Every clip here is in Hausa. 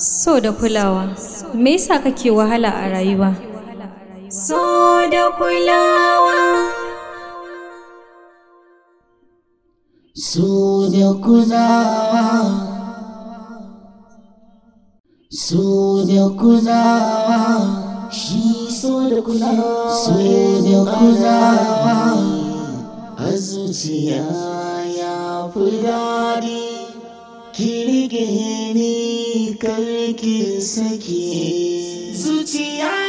so da kulawa me yasa kake wahala a rayuwa so da kulawa so da kulawa so da kulawa shi so da kulawa so da kulawa a zuciya ya fi daɗi ni. karki saki zuciya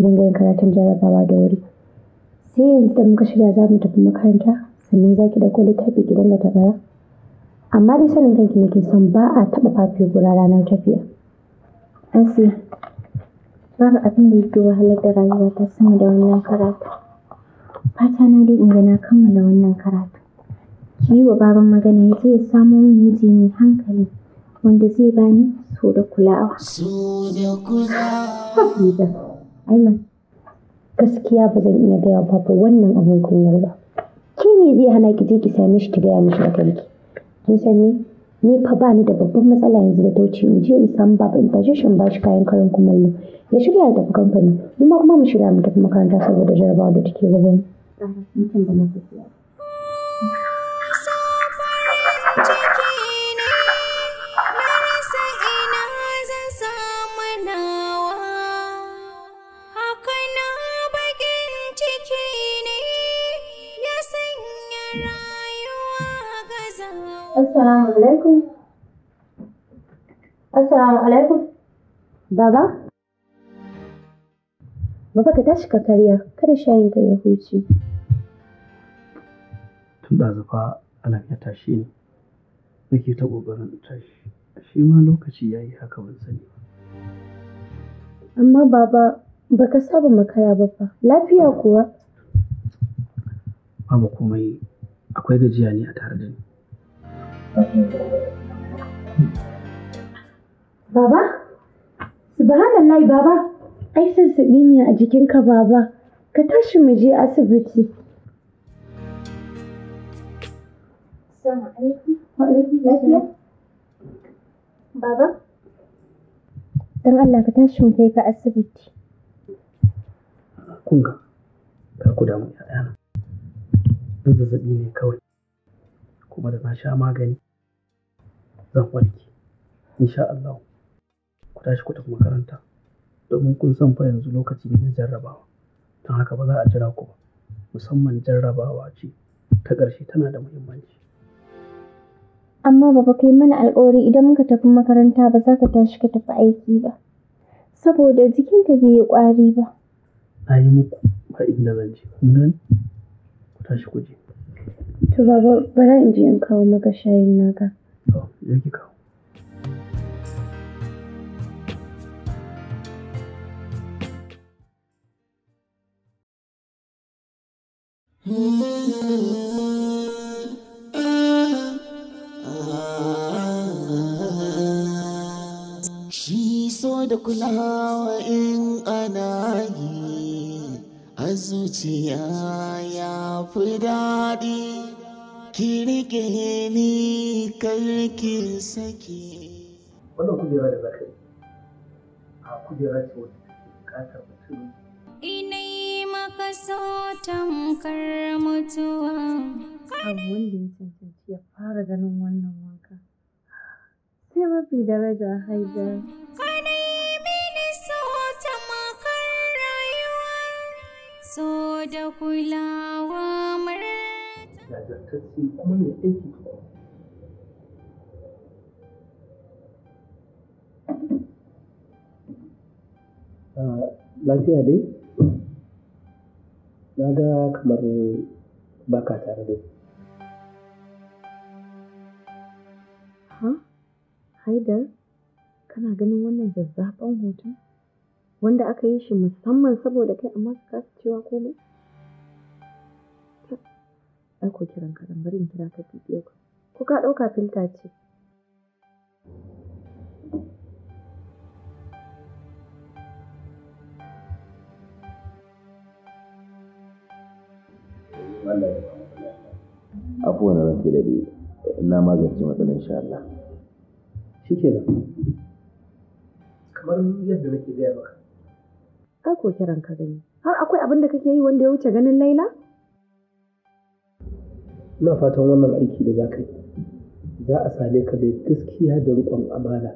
ki dinga yin karatun jarabawa da wuri sai yanzu da muka shirya za mu tafi makaranta sannan za ki ɗauko littafi ki dinga taɓara amma dai sanin kanki ne ke san ba a taɓa fafe gura ranar tafiya Asiya, babu abin da yake wahalar da rayuwa ta sama da wannan karatu. Fata na dai inda na kammala wannan karatu. Ki yi wa baban magana ya ce ya samo min miji mai hankali wanda zai bani so da kulawa. So da kulawa. Aiman, gaskiya ba zan iya gaya ba wannan abin kunyar ba. Ki me zai hana ki je ki same shi ki gaya mishi da kanki? Kin san ni? Ni fa ba ni da babban matsala yanzu da tauci in je in san ba in tashi shin ba shi kayan karin kumallo. Ya shirya ya tafi kamfani, mu ma kuma mu shirya mu tafi makaranta saboda jarabawa da take gaban. Assalamu alaikum. Baba? Baba ka tashi ka karya, kada shayin ka ya huce. Tun ɗazu fa Alam ya tashi ne Nake ta ƙoƙarin tashi. Shi ma lokaci ya yi haka ban sani Amma baba baka saba makara ba fa. Lafiya kuwa? Babu komai akwai gajiya ne a tare da ni. Baba? Subhanallah baba, ai sassaɓi ne a jikinka baba, ka tashi mu je asibiti. Baba? Don Allah ka tashi mu kai ka asibiti. Kunga, kar ku damu ‘ya'yana. Don zazzaɓi ne kawai, kuma da na sha magani zan warke, insha Allah. ku tashi ku tafi makaranta domin kun san fa yanzu lokaci ne na jarrabawa don haka ba za a jira ku ba musamman jarrabawa ce ta ƙarshe tana da muhimmanci amma baba kai mana alƙawari idan muka tafi makaranta ba za ka tashi ka tafi aiki ba saboda jikinka bai yi ƙwari ba na yi muku ba inda zan je kun gani ku tashi ku je to baba bara in je in kawo maka shayin naka to je kawo Shi so da kulawa in ana yi, a zuciya ya fi daɗi, ki rike ni karki sake. Wannan kujera da za ka yi, a kujera ce wadda take bukatar so karmutuwa. mutuwa. Abu wanda ya cancanci ya fara ganin wannan wanka. Sai mafi daraja haidar. So da kulawa marata. Jajirtacce kuma mai aiki ah, Lafiya dai? na ga kamar baka tare da ha haidar kana ganin wannan zazzafan hoton wanda aka yi shi musamman saboda kai amma ka cewa komai ai ko kiran ka bari in kira ka ko ka ɗauka filta ce afuwan ran ke da na magance matsalar insha Allah nan. kamar yadda nake gaya maka ai ko kiran ka gani har akwai abin da kake yi wanda ya wuce ganin Laila ina fatan wannan aiki da za ka yi za a same ka da gaskiya da riƙon amana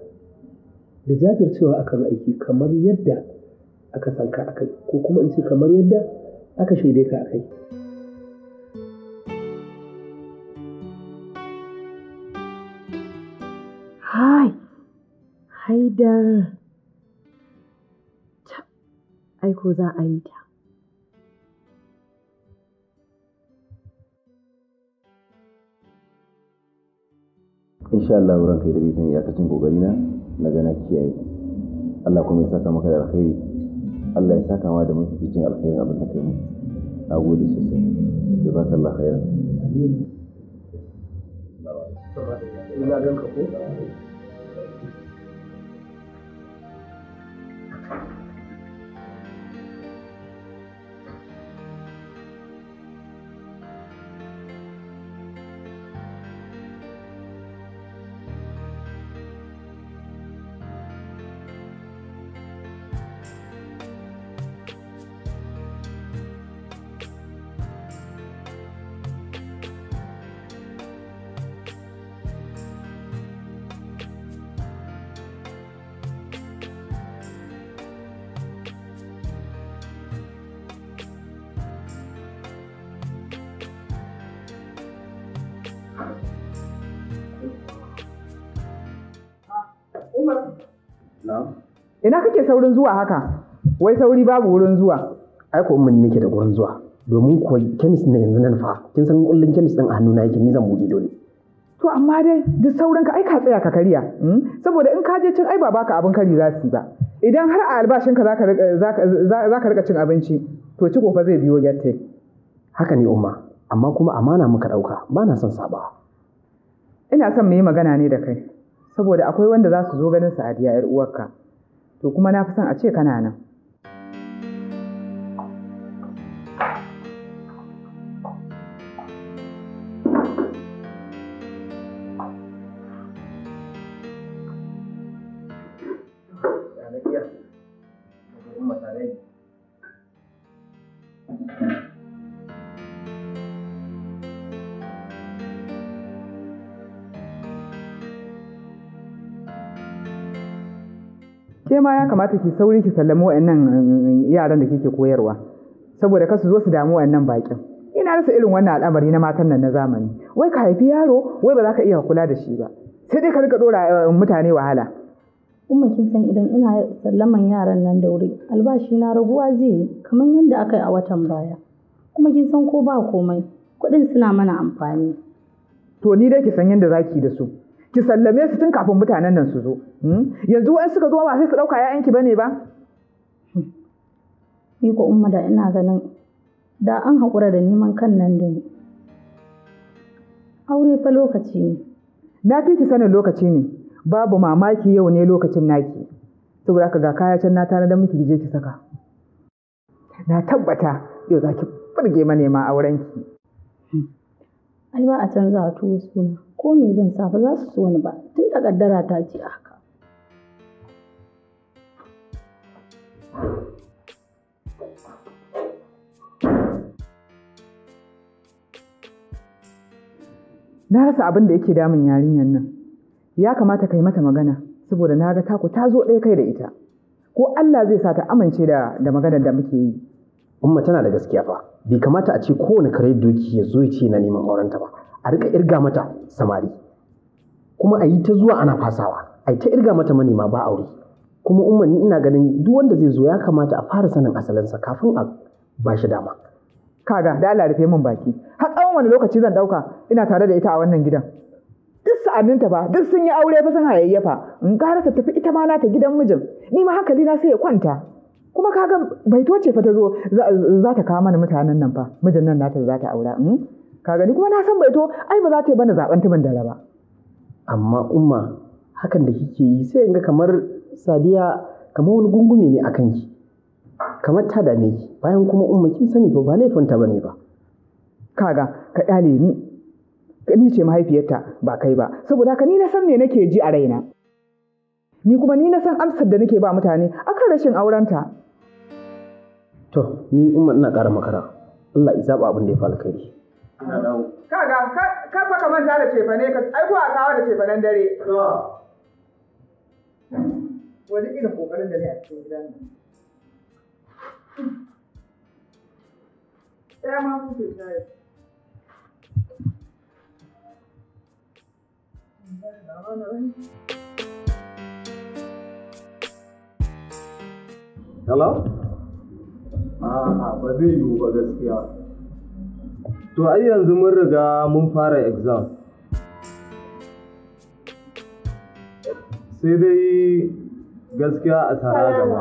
da jajircewa akan aiki kamar yadda aka sanka akai ko kuma in ce kamar yadda aka shaide ka akai. Haidar! Tab! Ai za a yi ta. insha Allah wurin kai dare zan iyakacin kokari na na gana kiyaye Allah kuma ya saka maka da alkhairi Allah ya saka ma da cikin alkhairin abin da kai mu na gode sosai jazakallah khairan ina ganka ko saurin zuwa haka wai sauri babu wurin zuwa ai ko mun nake da wurin zuwa domin kuwa kemis ne yanzu nan fa kin san kullun kemis din a hannu na yake ni zan buɗe dole to amma dai duk sauranka ai ka tsaya ka karya hmm? saboda in ka je cin ai ba baka abin kari za su ba idan har a albashinka za ka rika cin abinci to ci fa zai biyo gyatte haka ne umma amma kuma amana muka ɗauka ba na son saba ina son mu yi magana ne da kai saboda akwai wanda za su zo ganin sa'adiya 'yar uwarka to kuma na fi son a ce kana nan ke ma ya kamata ki sauri ki sallamo wa'annan eh, yaran da kike koyarwa saboda kasu zo su damu wa'annan bakin ina rasa irin wannan al'amari na matan nan na zamani wai ka haifi yaro wai ba za ka iya kula da shi ba sai dai ka rika dora eh, mutane wahala umma kin san idan ina sallaman yaran nan da wuri albashi na raguwa zai yi kamar yadda aka yi a watan baya kuma kin san ko ba komai kuɗin suna mana amfani to ni dai ki san yadda za zaki da su ki sallame su tun kafin mutanen nan su zo hmm? yanzu wa'in suka zo ba sai su ɗauka ‘ya'yanki ba ne ba ni ko umma da ina ganin da an haƙura da neman kan nan da ni aure fa lokaci ne na fi ki sanin lokaci ne babu mamaki yau ne lokacin naki saboda ka ga kaya can na tare da miki je ki saka na tabbata yau za ki burge manema aurenki hmm. ai ba a canza wa tuwo suna ko me zan sa ba za su so wani ba tun da kaddara ta ce haka na rasa abin da yake damun yarinyar nan ya kamata ka yi mata magana saboda na ga taku ta zo ɗaya kai da ita ko Allah zai sa ta amince da maganar da muke yi umma tana da gaskiya fa bai kamata a ce kowane kare doki ya zo ya ce na neman aurenta ba a rika irga mata samari kuma a yi ta zuwa ana fasawa a yi ta irga mata manema ba aure kuma umma ni ina ganin duk wanda zai zo ya kamata a fara sanin asalinsa kafin a ba shi dama kaga da Allah rufe min baki har tsawon wani lokaci zan dauka ina tare da ita a wannan gidan duk sa'anninta ba duk sun yi aure fa sun hayayyafa in gara ta tafi ita ma na ta gidan mijin ni ma hankali na sai ya kwanta kuma kaga bai toce fa ta zo za ta kawo mana mutanen nan fa mijin nan nata za ta aura hmm? kaga ni kuma na san bai to ai ba za ta yi bana zaben tumin dare ba amma umma hakan da kike yi sai ga kamar sadiya kamar wani gungume ne akan ki kamar ta dame ki bayan kuma umma kin sani to ba ta bane ba kaga ka kyale ni ni ce mahaifiyarta ba kai ba saboda ka ni na san me nake ji a raina ni kuma ni na san amsar da nake ba mutane akan rashin aurenta To, ni umma ina ƙara makara. Allah isa ba abin da ya fi alkhairi. Kaga, ka fa ka manta da cefane ka aiko a kawo da cefanen dare. To. Wani irin ƙoƙarin da ne a cikin gidan nan. Ɗaya ma mutu shayar. Hello? A'a ba zai yiwu ba gaskiya. To ai yanzu mun riga mun fara exam. Sai dai gaskiya a tara gaba.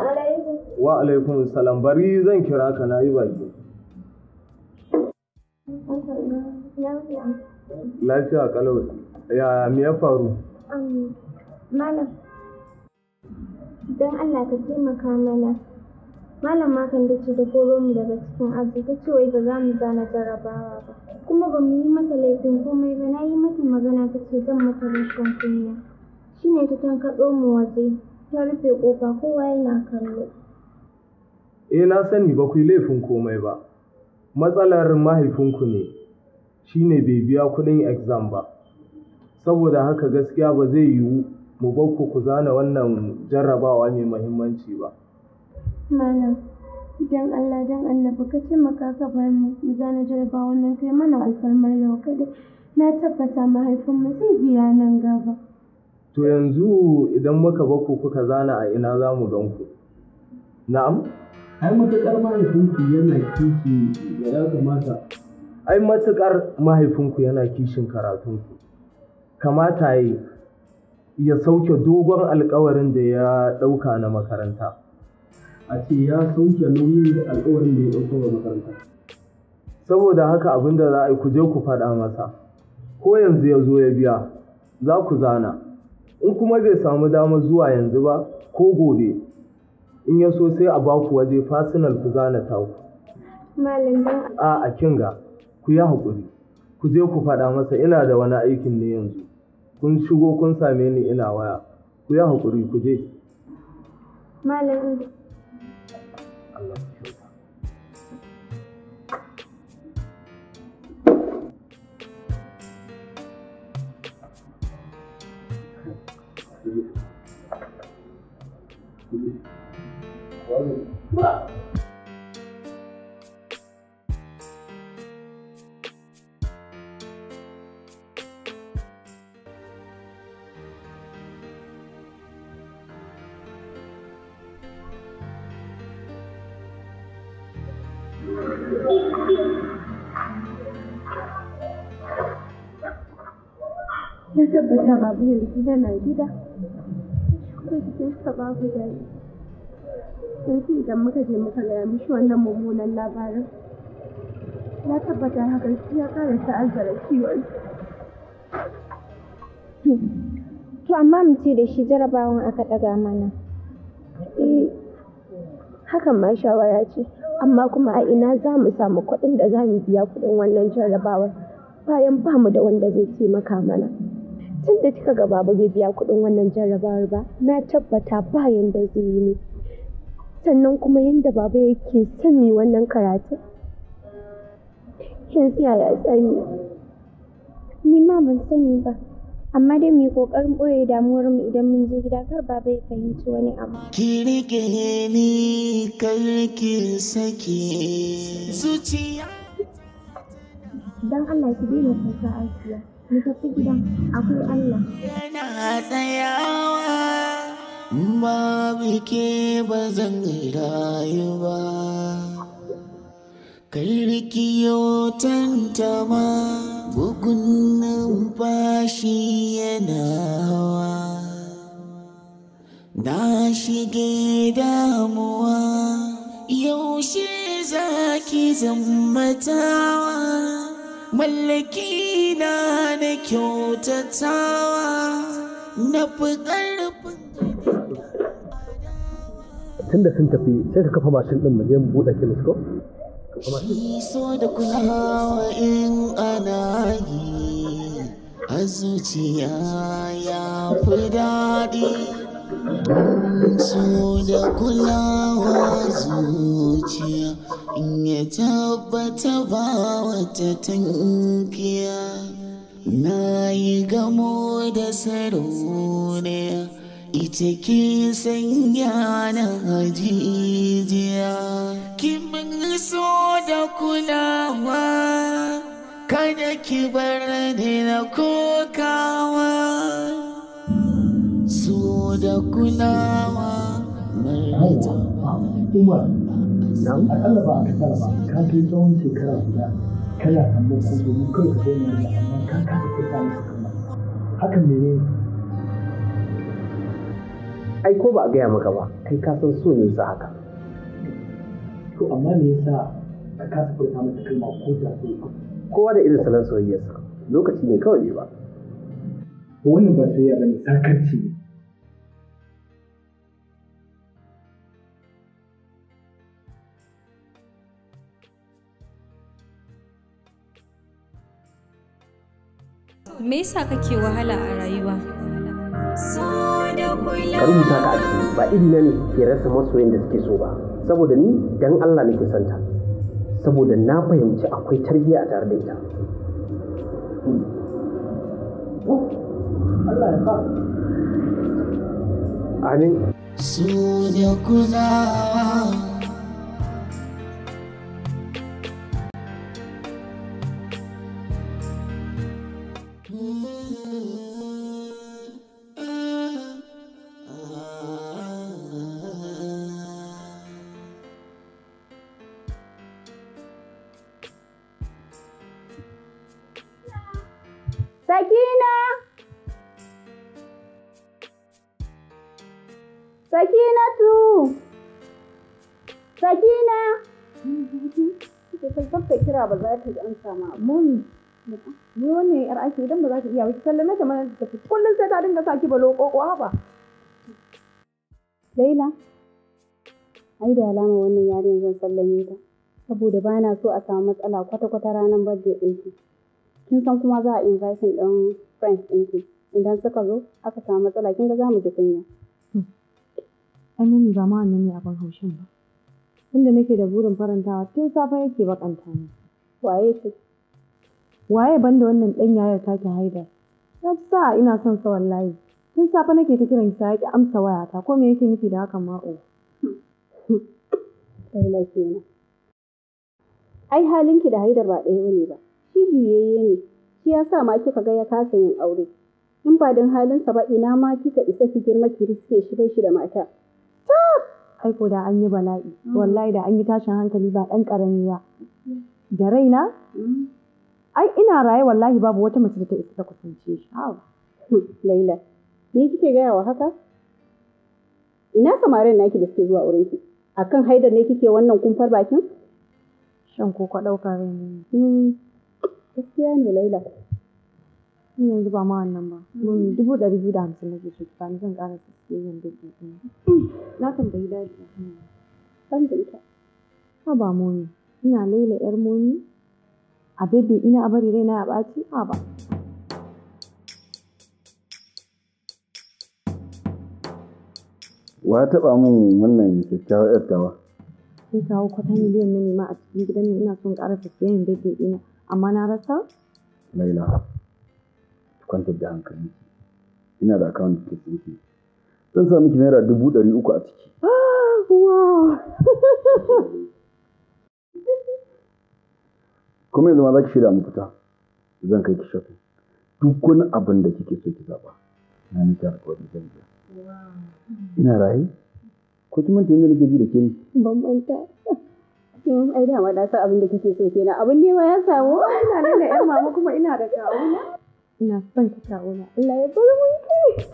Wa alaikun salam bari zan kira ka na yi baki. Lafiya kalau ya me ya faru? Malam, don Allah ka taimaka mana. Malama Kande ce ta koro mu daga cikin aji ta ce wai ba za mu zana jarabawa ba. Kuma ba mu yi mata laifin komai ba na yi mata magana ta ce zan mata rashin kunya. Shi ne ta tankaɗo mu waje ta rufe ƙofa kowa yana kallo. Eh na sani ba ku yi laifin komai ba. Matsalar mahaifinku ne shi ne bai biya kuɗin exam ba. Saboda haka gaskiya ba zai yiwu mu bar ku ku zana wannan jarrabawa mai muhimmanci ba. Malam, don Allah don annabi ka taimaka ka bar mu mu zana jarabawar nan kai mana alfarmar yau kaɗai. Na tabbata mahaifinmu zai biya nan gaba. To yanzu idan muka bako kuka zana a ina za mu gan ku. Na'am? Ai matuƙar mahaifinku yana kishi ya kamata. Ai matuƙar mahaifinku yana kishin karatunku. Kamata ya sauke dogon alƙawarin da ya ɗauka na makaranta. a ce ya sauke nauyin alkawarin da ya ɗauko wa makaranta. Saboda haka abin da za a yi ku je ku faɗa masa, ko yanzu ya zo ya biya, za ku zana. In kuma bai samu damar zuwa yanzu ba, ko gobe, in ya so sai a ba ku waje fasinal ku zana taku. Malamin. A a kinga, ku yi haƙuri, ku je ku faɗa masa ina da wani aikin ne yanzu. Kun shigo kun same ni ina waya, ku yi haƙuri ku je. Malamin. Allah ya kyauta ka sa babu yanzu yana gida ko cikin sa babu daɗi yanzu idan muka je muka gaya mishi wannan mummunan labarin na tabbata hakan shi ya ƙara ta'azzara ciwon to amma mu ce da shi jarabawan aka ɗaga mana eh hakan ma shawara ce amma kuma a ina za mu samu kuɗin da za mu biya kuɗin wannan jarabawar bayan ba mu da wanda zai taimaka mana tun da kika ga baba bai biya kuɗin wannan jarrabawar ba na tabbata ba yanda zai yi ne sannan kuma yanda baba yake son mi wannan karatun yanzu yaya sani ni ma ban sani ba amma dai mu yi ƙoƙarin ɓoye damuwar mu idan mun je gida kar baba ya fahimci wani abu. ki rike ni ki saki zuciya. Don Allah ki daina kuka Asiya. ni gidan, akwai Allah. Yana tsayawa ba bike ba zan rayu ba. Kai rikiyo tantama bugun numfashi yana hawa. Na shige damuwa yaushe za ki zammatawa. mallaki na na kyautatawa na fi ƙarfin tun da sun tafi sai ka kafa mashin ɗin mu je mu buɗe kemis ko? so da kulawa in ana yi a zuciya ya fi daɗi so da kulawa zuciya in ya tabbata ba wata tankiya na yi gamo da sarauniya ita ke sanya na hajijiya kimin so da kulawa kada ki bar ni na kokawa da kulawa ko Ai, ko ba a gaya maka ba, kai ka san so ne sa haka. To, amma me yasa ka kasa kusa mata kalma ko da so Kowa da irin salon soyayyarsa, lokaci ne kawai ba. Wannan ba soyayya ba ne, sakarci ne. me yasa kake wahala a rayuwa ka rubuta ka a ba iri na ne ke rasa masoyin da suke so ba saboda ni dan Allah nake santa saboda na fahimci akwai tarbiyya a tare da ita oh, Allah ya sa amin su da kuzawa amsa ba za ta yi an sama mun ni wannan yar ake idan ba za ta iya ba ki na ta mana ta kullum sai ta dinga sa ki ba lokoko haba Laila ai da alama wannan yarinyar zan sallame ta saboda ba na so a samu matsala kwata-kwata ranar birthday dinki kin san kuma za a invite ɗin friends dinki idan suka zo aka samu matsala kin ga za mu ji kunya ai mummy ba ma a ne haushin ba Inda nake da burin farantawa tun safe yake bakanta ne. Waye kai? Waye ban da wannan ɗan yayar take haida? Ya sa ina son sa wallahi. Tun safe nake ta kiran ta ya amsa wayata ko me yake nufi da hakan ma o. Kaila kenan. Ai halinki da haidar ba ɗaya bane ba. Shi juyayye ne. Shi ya sa ma kika ga ya kasa yin aure. In ba don halinsa ba ina ma kika isa ki girma ki riske shi bai shi da mata. Aiko da an yi bala'i, mm. wallahi da an yi tashin hankali ba ɗan ƙarami ba. da raina mm. ai ina raye wallahi babu wata mace da ta isa ta kusance shi laila me kike gaya wa haka ina samarin naki da suke zuwa wurin ki akan haidar ne kike wannan kumfar bakin shan ko ka ɗauka rai ne mm. gaskiya ne laila ni yanzu ba ma wannan ba mm. mun dubu ɗari biyu da hamsin nake so ki bani zan ƙara siyan dubu ɗaya na tambayi daji. ban da ita ha ba mu ne Ina laila 'yar momi? A bebe ina a bari raina a ɓaci? ba. Wa ya taɓa min wannan kyakkyawar 'yar tawa? Sai kawo kwata miliyan na nema a cikin gidan ina son ƙarasa siyan bebe ina amma na rasa? Laila, kwantar da hankali. Ina da akawun da ke tsinki. Zan sami miki naira dubu ɗari uku a ciki. Ah, wow! kuma yanzu ma za ki shirya mu fita zan kai ki shafi duk wani abin da kike so ki zaba na miki alƙawari zan biya ina raye ko kin manta yadda nake ji da ke ni ban manta ai dama da sa abin da kike so kenan abin ne ma ya samu ina nan da yar mama kuma ina da kawuna ina son ki kawuna Allah ya bar mu kai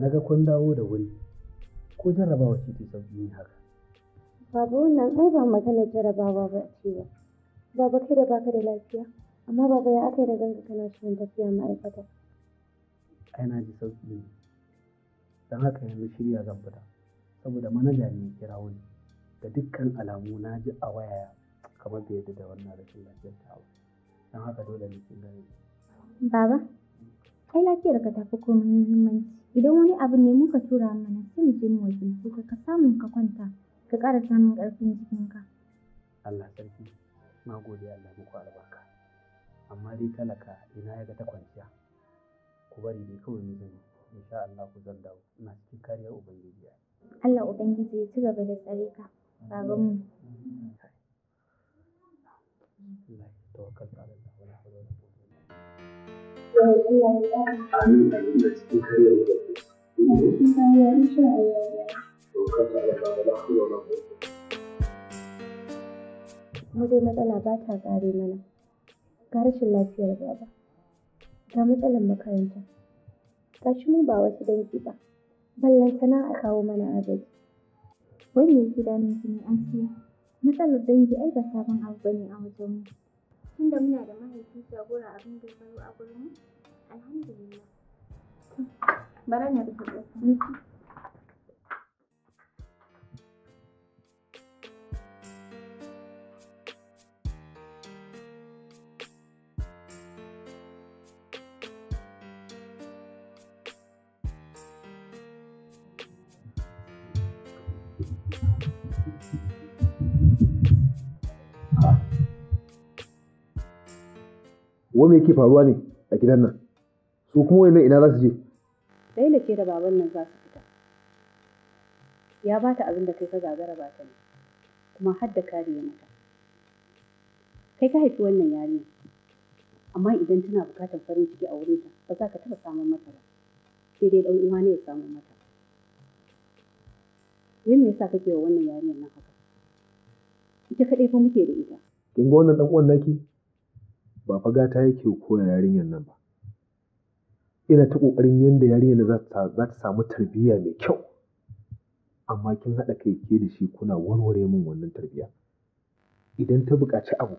na ga kun dawo da wuri ko jarrabawa ce ta sauki ne haka babu wannan ai ba magana jarrabawa ba ce ba baba kai da baka da lafiya amma baba ya aka yi da ganga kana shirin tafiya ma'aikata ai na ji sauki ne don haka yanzu shirya zan fita saboda manaja ne ya kira wani da dukkan alamu na ji a waya kamar bai yadda da wannan rashin lafiyar ta hau don haka dole ne kin gane baba ai lafiyar ka tafi komai muhimmanci Idan wani abu ne mu ka tura mana sai mu je mu ko ka ka samu ka kwanta ka ƙara samun ƙarfin jikinka. Allah sarki na gode Allah muku albarka amma dai talaka ina ya ga ta kwanciya ku bari dai kawai ni zan insha Allah ku zan dawo ina cikin kariyar ubangiji Allah ubangiji ya ci gaba da tsare ka mu. Allah ya tawakkal Amin cikin da dai matsala ba ta ƙare mana. Ga rashin lafiyar gaba Ga matsalar makaranta. Ga shi ba wasu dangi ba. tana a kawo mana agaji. Wani gida ne an siya. Matsalar dangi ai ba sabon abu bane a wajen mu. tunda muna da mahaifi jagora abin dogaro a gurin mu alhamdulillah bara na rufe wa me yake faruwa ne a gidan nan su kuma wani ina za su je sai da ke da baban nan za su fita ya ba ta abin da kai ka gagara ba ta ne kuma har da ya mata kai ka haifi wannan yarinya amma idan tana bukatar farin ciki a wurin ta, ba za ka taɓa samun mata ba sai dai ɗan uwa ne ya samu mata yin yasa kake wa wannan yarinya nan haka ita kaɗai fa muke da ita kin ga wannan dan uwan naki ba fa gata yake koya yarinyar nan ba ina ta kokarin yadda yarinyar za ta samu tarbiyya mai kyau amma kin haɗa kai ke da shi kuna warware min wannan tarbiyya idan ta buƙaci abu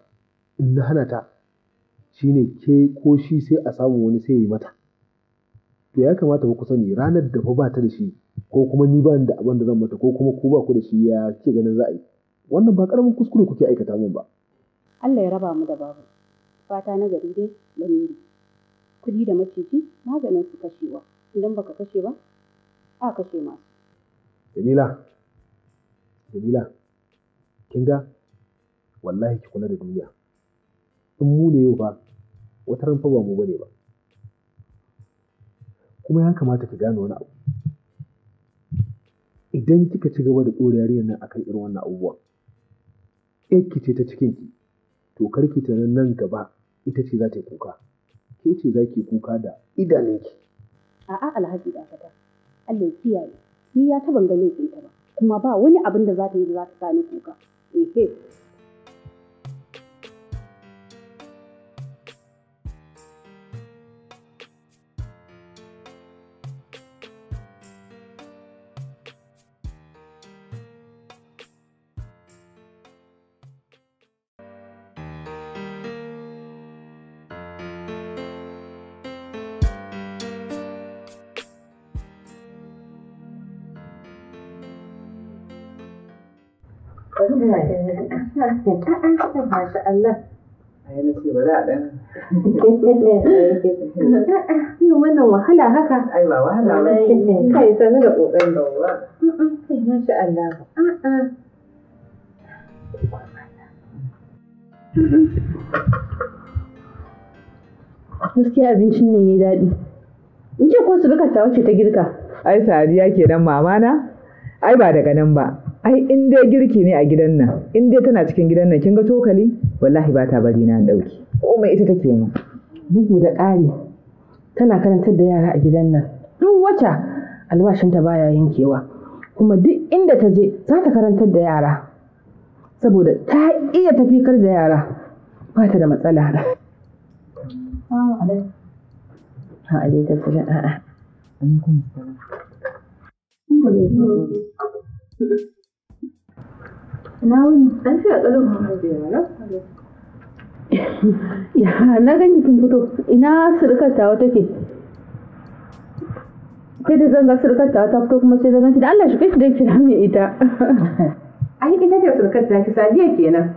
in na hana ta shine ke ko shi sai a samu wani sai ya yi mata to ya kamata ba ku sani ranar da fa ba ta da shi ko kuma ni ba da abin da zan mata ko kuma ku ba ku da shi ya ke ganin za a yi wannan ba ƙaramin kuskure kuke aikata min ba Allah ya raba mu da babu fata na gari dai lamiri kuɗi da maciji maganin su kashewa idan baka kashe ba a kashe masu jamila jamila kin ga wallahi ki kula da duniya in mu ne yau ba wata ran ba mu bane ba kuma ya kamata ki gane wani abu idan kika ci gaba da ɗora yarinyar nan akan irin wannan abubuwa ki ce ta cikin ki to karki ta nan gaba ita ce za ta yi kuka ke ce za ki kuka da idanunki a'a alhaji da fata Allah ya kiyaye ni ya taɓa ganin ta ba kuma ba wani abin da za ta yi da za ta sani kuka ehe ina ce ta wannan wahala haka ai ba wahala ba kai sanu da kokarin da wa masha Allah a'a gaskiya abincin nan ya daɗi in ce ko su duka ta wacce ta girka ai sadiya kenan mamana ai ba daga nan ba ai in dai girki ne a gidan nan in dai tana cikin gidan nan kin ga tokali? wallahi ba ta bari na dauki komai ita take mu bugu da ƙari tana karantar da yara a gidan nan duk wata albashinta baya yankewa kuma duk inda ta je za ta karantar da yara saboda ta iya tafikar da yara ba ta da matsala da Thank you. Ina wani? An fiye ƙalau. Ya na gani kin fito. Ina surukar tawa take? Sai da zanga surukar tawa ta fito kuma sai da ganci da Allah shiga shi da kira mai ita. Ai ita ce surukar ta ki sadiya kenan.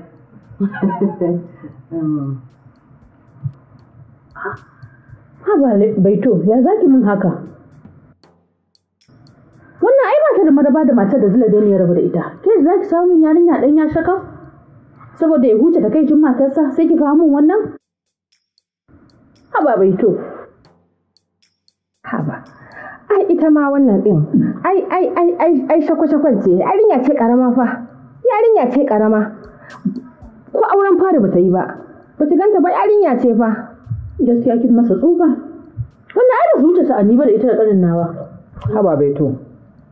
Ha ba baito ya zaki min haka. wannan ai ba ta da maraba da matar da zila ya rabu da ita ke za ki samu yarinya dan ya shaka saboda ya huce kai takaicin matarsa sai ki kawo min wannan haba bai to haba ai ita ma wannan din ai ai ai ai ai shakwa shakwan ce yarinya ce karama fa yarinya ce karama ko auren fari bata yi ba bata ganta ba yarinya ce fa gaskiya kin masa tsufa wannan ai da zuciya sa ba da ita da karin nawa haba bai to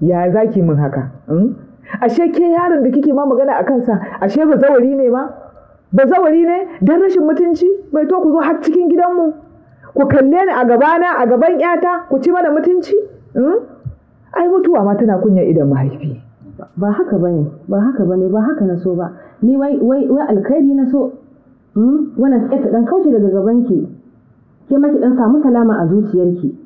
ya zaki min haka hmm? ashe ke yaron da kike ma magana a kansa ashe ba zawari ne ma ba zawari ne don rashin mutunci bai to ku zo har cikin gidanmu ku kalle ni a gabana a gaban yata ku ci mana mutunci hmm? ai mutuwa ma tana kunya idan mahaifi ba haka ne ba haka ne ba haka na so ba ni wai wai wai alkhairi na so hmm? wannan ɗan ta kauce daga gaban ki ke maki ɗan samu salama a zuciyarki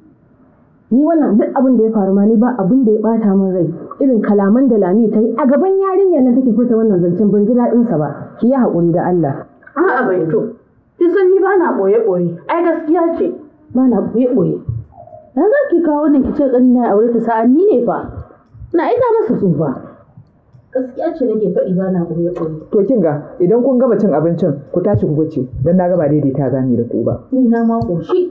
ni wannan duk abin da ya faru ma ni ba abin da ya bata min rai irin kalaman da lami ta yi a gaban yarinyar nan take furta wannan zancen ban ji daɗin sa ba ki yi haƙuri da Allah a'a bai to ki san ni ba na boye boye ai gaskiya ce ba na boye boye dan za ki kawo ni ki ce ganin na aure ta sa'a ni ne fa na aika masa tsufa gaskiya ce nake faɗi ba na boye boye to kin ga idan kun gaba cin abincin ku tashi ku gace dan na gaba daidaita gani da ku ba ni na ma koshi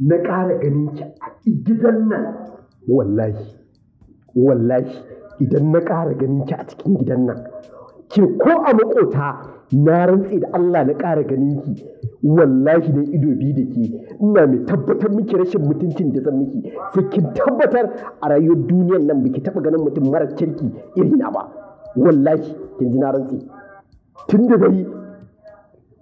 na ƙara ganin ki a gidan nan wallahi wallahi idan na ƙara ganin ki a cikin gidan nan ki ko a makota na rantse da Allah na ƙara ganin ki wallahi da ido biyu da ke ina mai tabbatar miki rashin mutuncin da zan miki sai kin tabbatar a rayuwar duniyar nan biki taba ganin mutum mara kirki irina ba wallahi kin ji na rantse tun da dai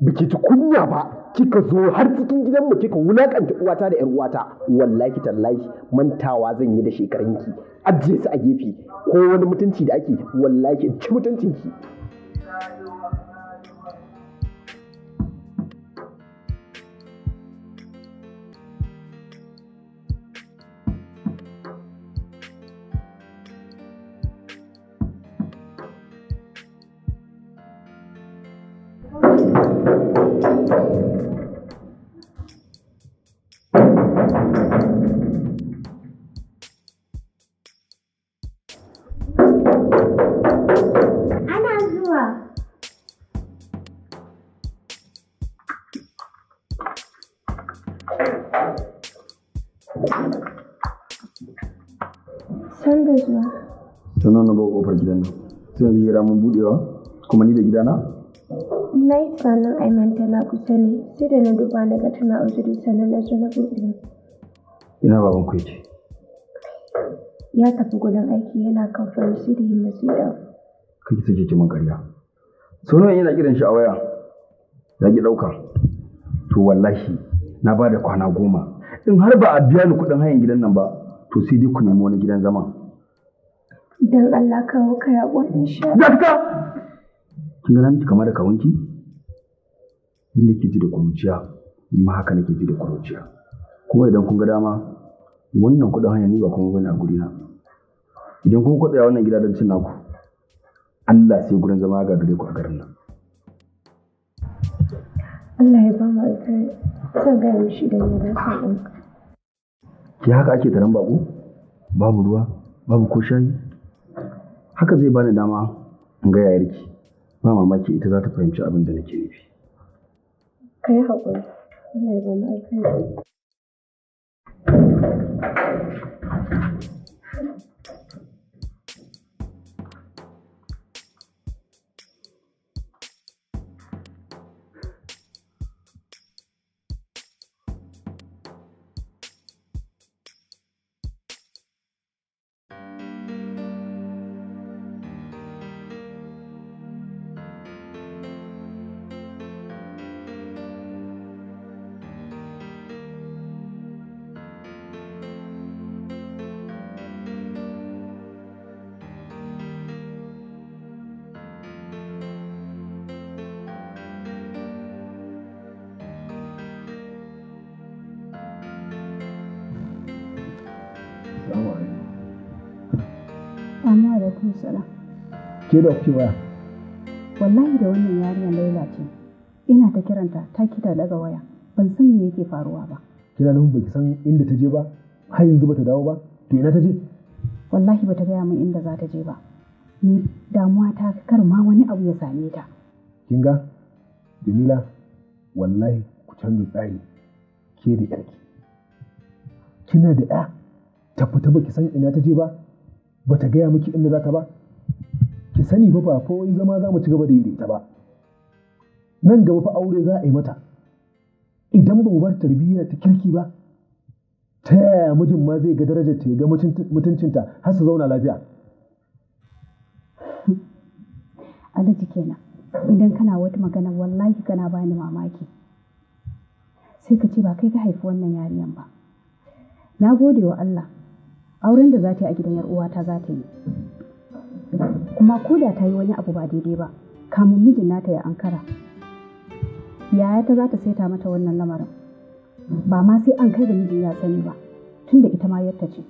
biki tukunya kunya ba kika zo har cikin gidanmu kika wulakanta uwata da yar uwata wallahi tallahi mantawa zan yi da shekarunki ajiye su a gefe ko wani mutunci da ake wallahi ci mutuncin ki! tun yanzu gida mun budewa kuma ni da gidana? na yi tunanin aimanta na kusa sai da na duba na ga tana uzuri sannan na zo na buɗe ina baban ku yake ya tafi gudan aiki yana kan farin city masida kake take ki mun ƙarya sonon yana kiran shi a waya ya ki ɗauka to wallahi na ba da kwana goma in har ba a biya ni kuɗin hayan gidan nan ba to sai dai ku nemi wani gidan zama Idan Allah kawo ka yaƙon insha. Gaska! Kin ga miki kamar da ka Ni ne ke ji da kuruciya, ni ma haka nake ji da kuruciya. Kuma idan kun ga dama, wannan kuɗin hanya ni ba kuma bane a na. Idan kun kwatsaya wannan gida don cin naku, Allah sai gurin zama ga gare ku a garin nan. Allah ya ba mu alkhairi. Zan ga shi da ya dace ɗin. Ke haka ake taron baƙo? Babu ruwa, babu ko shayi, haka zai bani dama in ga yarki ba mamaki ita za ta fahimci abin da nake nufi kai haƙuri ke da kuke wallahi da wannan yarinyar laila ce ina ta kiranta ta kita daga waya ban san me yake faruwa ba kina nan baki san inda ta je ba har yanzu ba ta dawo ba to ina ta je wallahi ba ta gaya min inda za ta je ba ni damuwa ta kar ma wani abu ya same ta kin ga jamila wallahi ku canza tsari ke da yarki kina da ya tabbata baki san ina ta je ba ba ta gaya miki inda za ta ba sani ba ba fa wai zama za mu ci gaba da ta ba nan gaba fa aure za a yi mata idan ba mu bar tarbiyya ta kirki ba ta yaya mijin ma zai ga darajar ta ga mutuncinta har su zauna lafiya alhaji kenan idan kana wata magana wallahi kana bani mamaki sai ka ce ba kai ka haifi wannan yariyan ba na gode wa Allah auren da za ta yi a gidan yar uwata za ta yi kuma ko da ta yi wani abu ba daidai ba kamun mijin nata ya ankara yaya ta za ta saita mata wannan lamarin ba ma sai an kai da mijin ya sani ba tunda ita ma yadda ce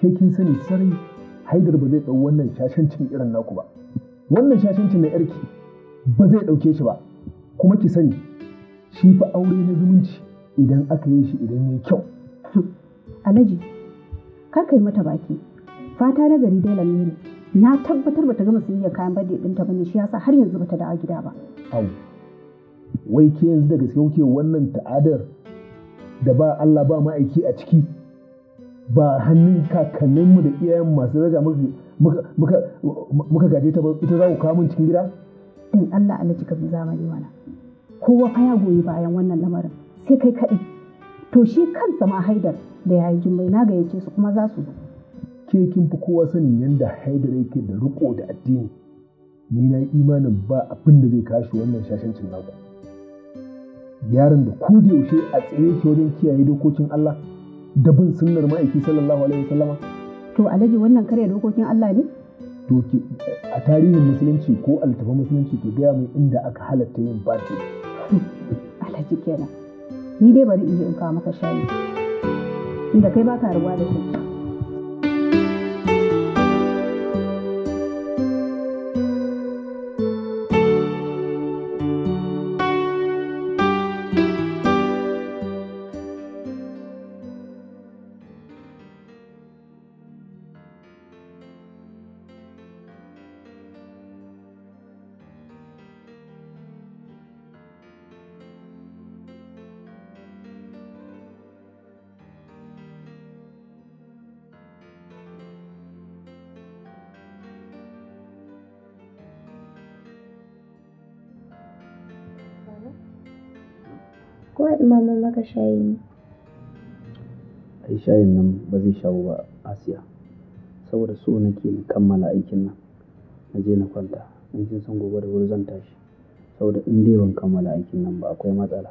ke kin sani sarai haidar ba zai ɗau wannan shashancin irin naku ba wannan shashancin na yarki ba zai ɗauke shi ba kuma ki sani shi fa aure na zumunci idan aka yi shi idan ya yi kyau alhaji kar yi mata baki fata na gari dai ne. na tabbatar bata gama siyayyar kayan birthday ɗinta bane shi yasa har yanzu bata dawo gida ba au wai ke yanzu da gaske kuke wannan ta'adar da ba Allah ba ma'aiki a ciki ba hannun kakanninmu da iyayen masu daraja muka gaje ta ba ita za ku kawo min cikin gida in Allah Allah cika bi zamani mana kowa fa ya goyi bayan wannan lamarin sai kai kaɗi to shi kansa ma haidar da yayi jummai na gayyace su kuma za su zo ke kin fi kowa sanin yadda haidar yake da riko da addini ni na imanin ba abin da zai kashi wannan shashancin naku yaron da ku da yaushe a tsaye ke wajen kiyaye dokokin Allah da bin sunnar ma'aiki sallallahu alaihi wasallama to alhaji wannan karya dokokin Allah ne to a tarihin musulunci ko altafa musulunci to gaya mai inda aka halatta yin baki alhaji kenan ni dai bari in je in kawo maka shayi inda kai ka ruwa da shi ɗumama maka shayi ne. Ai shayin nan ba zai shawo ba Asiya, saboda so nake na kammala aikin nan na je na kwanta. Don kin san gobe da wuri zan tashi saboda in dai ban kammala aikin nan ba akwai matsala.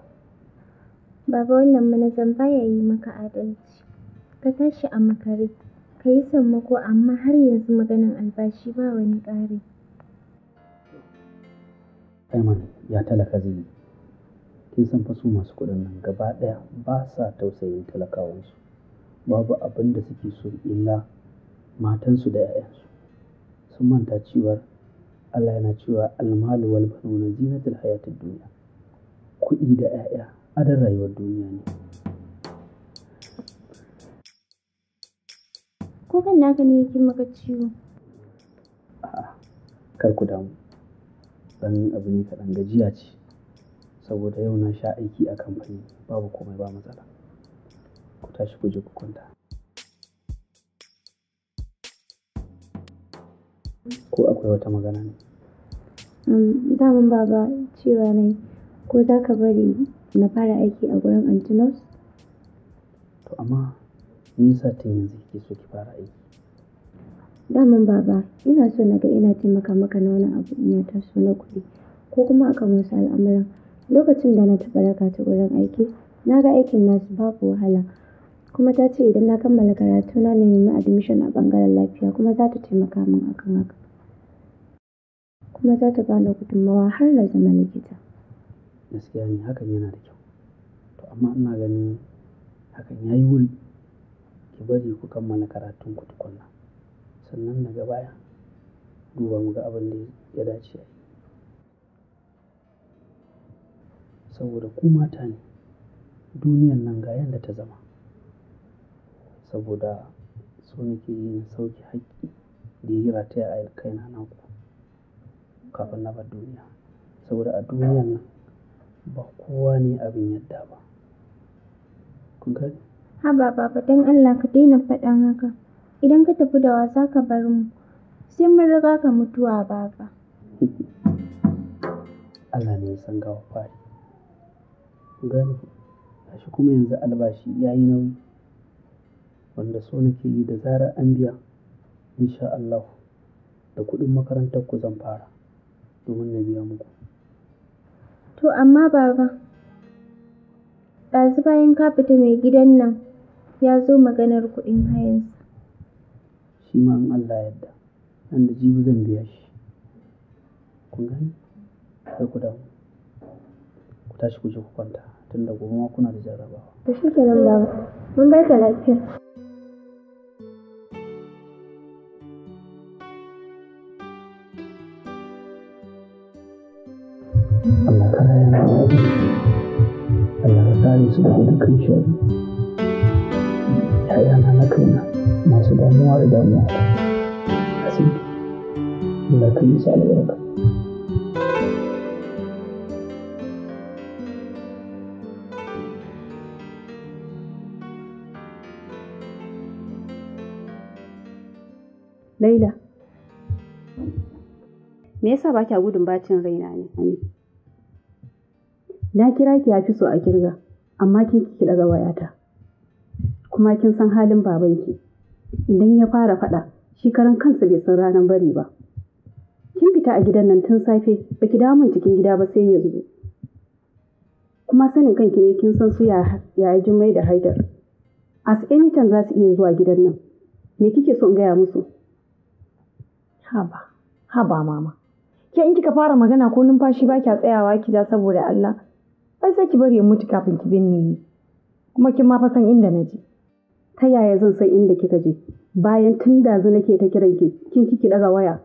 Baba wannan manajan baya yi maka adalci. Ka tashi a makare, ka yi sammako amma har yanzu maganan albashi ba wani ƙari. Aiman ya talaka zai yi. kin san fa su masu kuɗin nan gaba ɗaya ba sa tausayin talakawansu babu abin da suke so illa matansu da 'ya'yansu sun manta cewa Allah yana cewa almalu wal banuna zinatul hayatid duniya kuɗi da 'ya'ya adan rayuwar duniya ne ko kan naka ne yake maka ciwo a'a kar ku damu dan abu ne kaɗan gajiya ce saboda yau na sha aiki a kamfani babu komai ba matsala ku tashi ku je ku kwanta ko akwai wata magana ne mm, daman baba cewa ne ko za ka bari na fara aiki a gurin antinos to amma me yasa tun yanzu kike so ki fara aiki daman baba ina so na ga ina taimaka maka na wani abu in ya taso na kuɗi ko kuma aka musa al'amuran Lokacin da na taɓa raka ta wurin aiki, na ga aikin nasu babu wahala, kuma ta ce idan na kammala karatu na nemi admission a ɓangaren lafiya kuma za ta taimaka min a haka, kuma za ta bani gudunmawa har na zama likita. Gaskiya ne, hakan yana da kyau. To amma ina ganin hakan ya yi wuri. Ki bari ku kammala karatun ku tukunna, sannan daga baya duba mu ga abin da ya dace a saboda ku mata ne duniyan nan ga yadda ta zama saboda so nake yi na haƙƙi da ya rataya a kaina naku kafin na bar duniya saboda a duniyan nan ba kowa ne abin yadda ba kun gani ba don Allah ka daina faɗan haka idan ka tafi da wasa ka bar mu sai mun riga ka mutuwa baba Allah ne ya san gawa fari Kun gane ko? kuma yanzu albashi ya yi nauyi wanda so nake yi da zarar an biya insha Allahu da kuɗin makarantar ku zan fara domin na biya muku. To amma baba, ɗazu bayan ka fita mai gidan nan ya zo maganar kuɗin hayansa. Shi ma in Allah yadda nan da jibi zan biya shi. Kun gani Kar ku damu. ku tashi ku je ku kwanta tunda gobe ma kuna da jarrabawa. To shi kenan baba, mun barka lafiya. Allah ka raya na Allah ka kare su daga dukkan shari. ‘Ya'yana na kaina masu damuwa da damuwa. Asiri, Allah ka yi su Laila. Me yasa ba kya gudun bacin raina ne? Na kira ki ya fi so a kirga, amma kin ki daga wayata. Kuma kin san halin babanki. Idan ya fara faɗa, shi karan kansa bai san ranar bari ba. Kin fita a gidan nan tun safe, baki dawo min cikin gida ba sai yanzu. Kuma sanin kanki ne kin san su ya yi Jummai da Haidar. As anytime za su iya zuwa gidan nan. Me kike so in gaya musu? Haba, haba mama. Ke in kika fara magana ko numfashi ba kya tsayawa ki ja saboda Allah. Ai sai ki bari ya mutu kafin ki binne ni. Kuma kin ma fa san inda na je. Ta yaya zan san inda kika je? Bayan tun da zu nake ta kiran ki, kin kiki daga waya.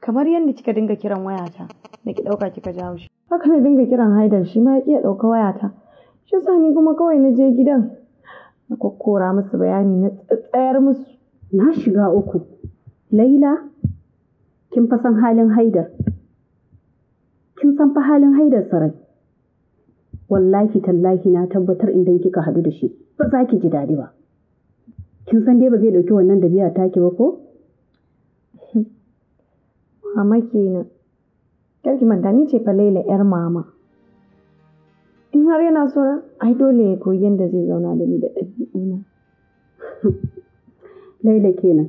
Kamar yadda kika dinga kiran wayata, na ki dauka kika jawo shi. Haka na dinga kiran Haidar shi ma ya iya dauka wayata. Shi sa kuma kawai na je gidan. Na kokkora musu bayani na tsayar musu. Na shiga uku. Laila, kin fa san halin Haidar. Kin san fa halin Haidar sarai. Wallahi tallahi na tabbatar idan kika hadu da shi, ba za ki ji daɗi ba. Kin san dai ba zai ɗauki wannan da biya ki ba ko? Mama kenan. ki manta ni ce fa Laila 'yar mama. in har yana so ai dole ya koyi yadda zai zauna da ni da ɗabi'una. Laila kenan.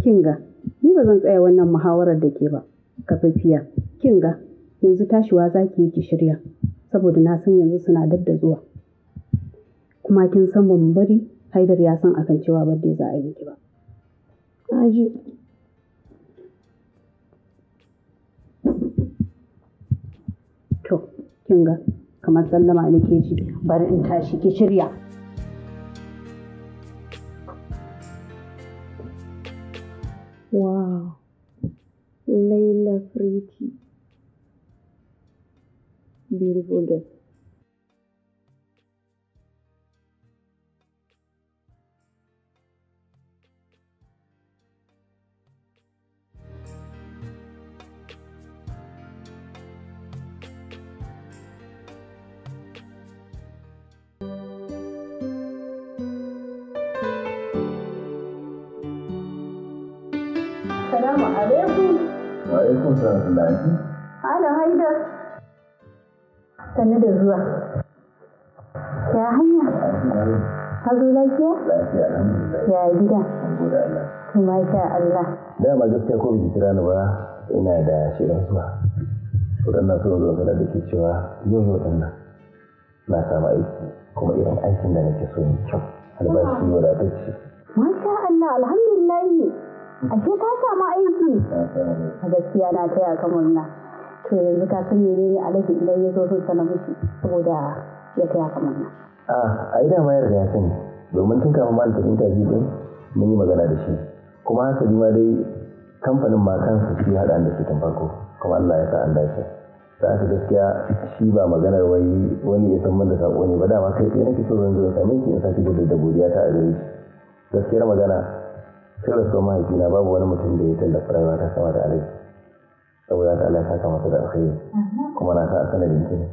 Kinga, ni ba zan tsaya wannan muhawarar da ke ba. Kafafiya, kinga, yanzu tashiwa za ki yi ki shirya, saboda na san yanzu suna dadda da zuwa. Kuma kin san ba bari, Haidar ya san akan cewa ba dai za a yi ki ba. Aji. To, kinga, kamar sallama nake ji, bari in tashi ki shirya. Wow. Layla Freaky. Beautiful day. Assalamu alaikum. Wa alaikum salam lafi. Ala haidar. Sannu da zuwa. Ya hanya? Hazo lafiya? Lafiya Ya gida? Kuma sha Allah. Dama gaskiya ko biki kira ni ba ina da shirin zuwa. Waɗannan sun zo sanar da ke cewa yau yau ɗin nan na samu aiki kuma irin aikin da nake so ne kyau albashi wadatacce. Masha Allah alhamdulillahi ashe ka samu aiki a gaskiya na taya ka murna to yanzu ka ne ne alaji idan ya zo sun sanar mishi saboda ya taya ka murna a ina mayar da ya sani domin tun kafin ma ta interview din mun yi magana da shi kuma haka ma dai kamfanin ma kansa shi haɗa da su farko kuma Allah ya sa an dace da haka gaskiya shi ba maganar wai wani ya san da saƙo ne ba dama kai tsaye nake so zan zo same ki in sake da godiya ta a gare shi gaskiyar magana sai da soma ya jina babu wani mutum da ya tallafa rayuwa ta sama da alaji saboda ta Allah saka masa da alkhairi kuma na sa a sanadin ne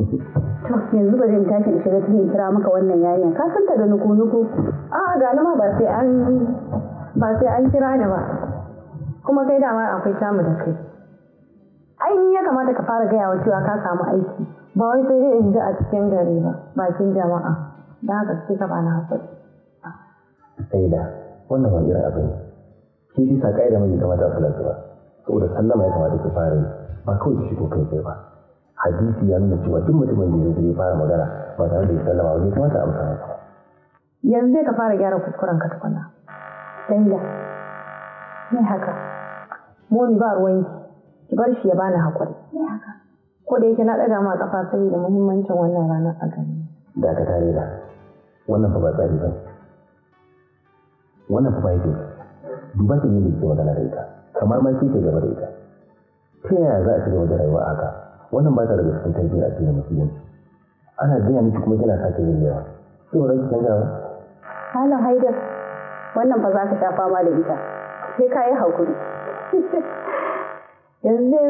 to yanzu ba zan tashi da shiga cikin kira maka wannan yarinyar ka san ta da nuku nuku a ga ma ba sai an ba sai an kira ni ba kuma kai dama akwai samu da kai ai ni ya kamata ka fara gaya wa cewa ka samu aiki ba wai sai dai in ji a cikin gari ba bakin jama'a da haka sai ka ba na sai wannan wani irin abin shi bisa ka'ida mai kamata a salatu ba saboda sallama ya kamata ki fara yi ba kawai ki shigo kai kai ba hadisi ya nuna cewa duk mutumin da zai ya fara magana ba tare da ya sallama ba zai kamata a amsa masa yanzu zai ka fara gyara kuskuren ka tukuna danja me haka moni ba ruwanki ki bar shi ya bani hakuri me haka ko da yake na ɗaga ma kafa saboda muhimmancin wannan ranar a gani da ka tare da wannan ba ba tsari ba wannan fa yake duba ta ne ke magana da ita kamar mai kike gaba da ita ta yaya za a ci gaba da rayuwa haka wannan ba ta daga cikin tarbiyya a cikin musulunci ana gaya miki kuma kina sake yayyawa shi ba za ki canza ba halin haidar wannan ba za ka sha fama da ita sai ka yi hakuri yanzu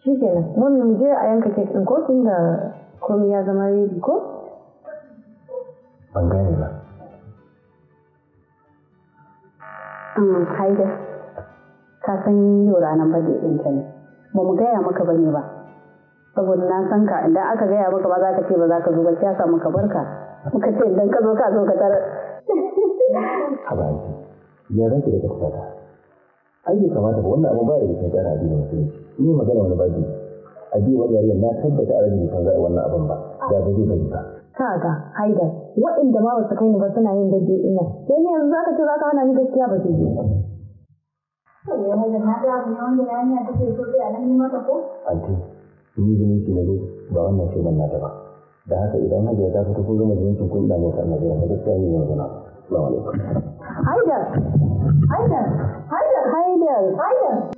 shi kenan mami mu je a yanka kek ɗin ko tun da komai ya zama ready ko ban gane ba Mm, kai da ka san yau ranar bade ɗinta ne ba mu gaya maka ba ne ba saboda na san ka idan aka gaya maka ba za ka ce ba za ka zo ba ya sa muka barka muka ce idan ka zo ka zo ka tarar habaji ya ki da kafata ai bai kamata ba wannan abin ba da cikin tsara addini musulmi ni magana wani baji addini wani yare na tabbata a rajin kan za'a wannan abin ba da ba zai fahimta kaga haidar waɗanda ba su kai ni ba suna yin daidai ina sai ni yanzu zaka ce zaka hana ni gaskiya ba zai yi Ake, ni zumunci na zo ba wannan shirin na ta ba. Da haka idan hajiya ta tafi tukuru zama yin cikin ɗan mota na zuwa da gaskiya ne yanzu na. Haidar! Haidar! Haidar! Haidar! Haidar!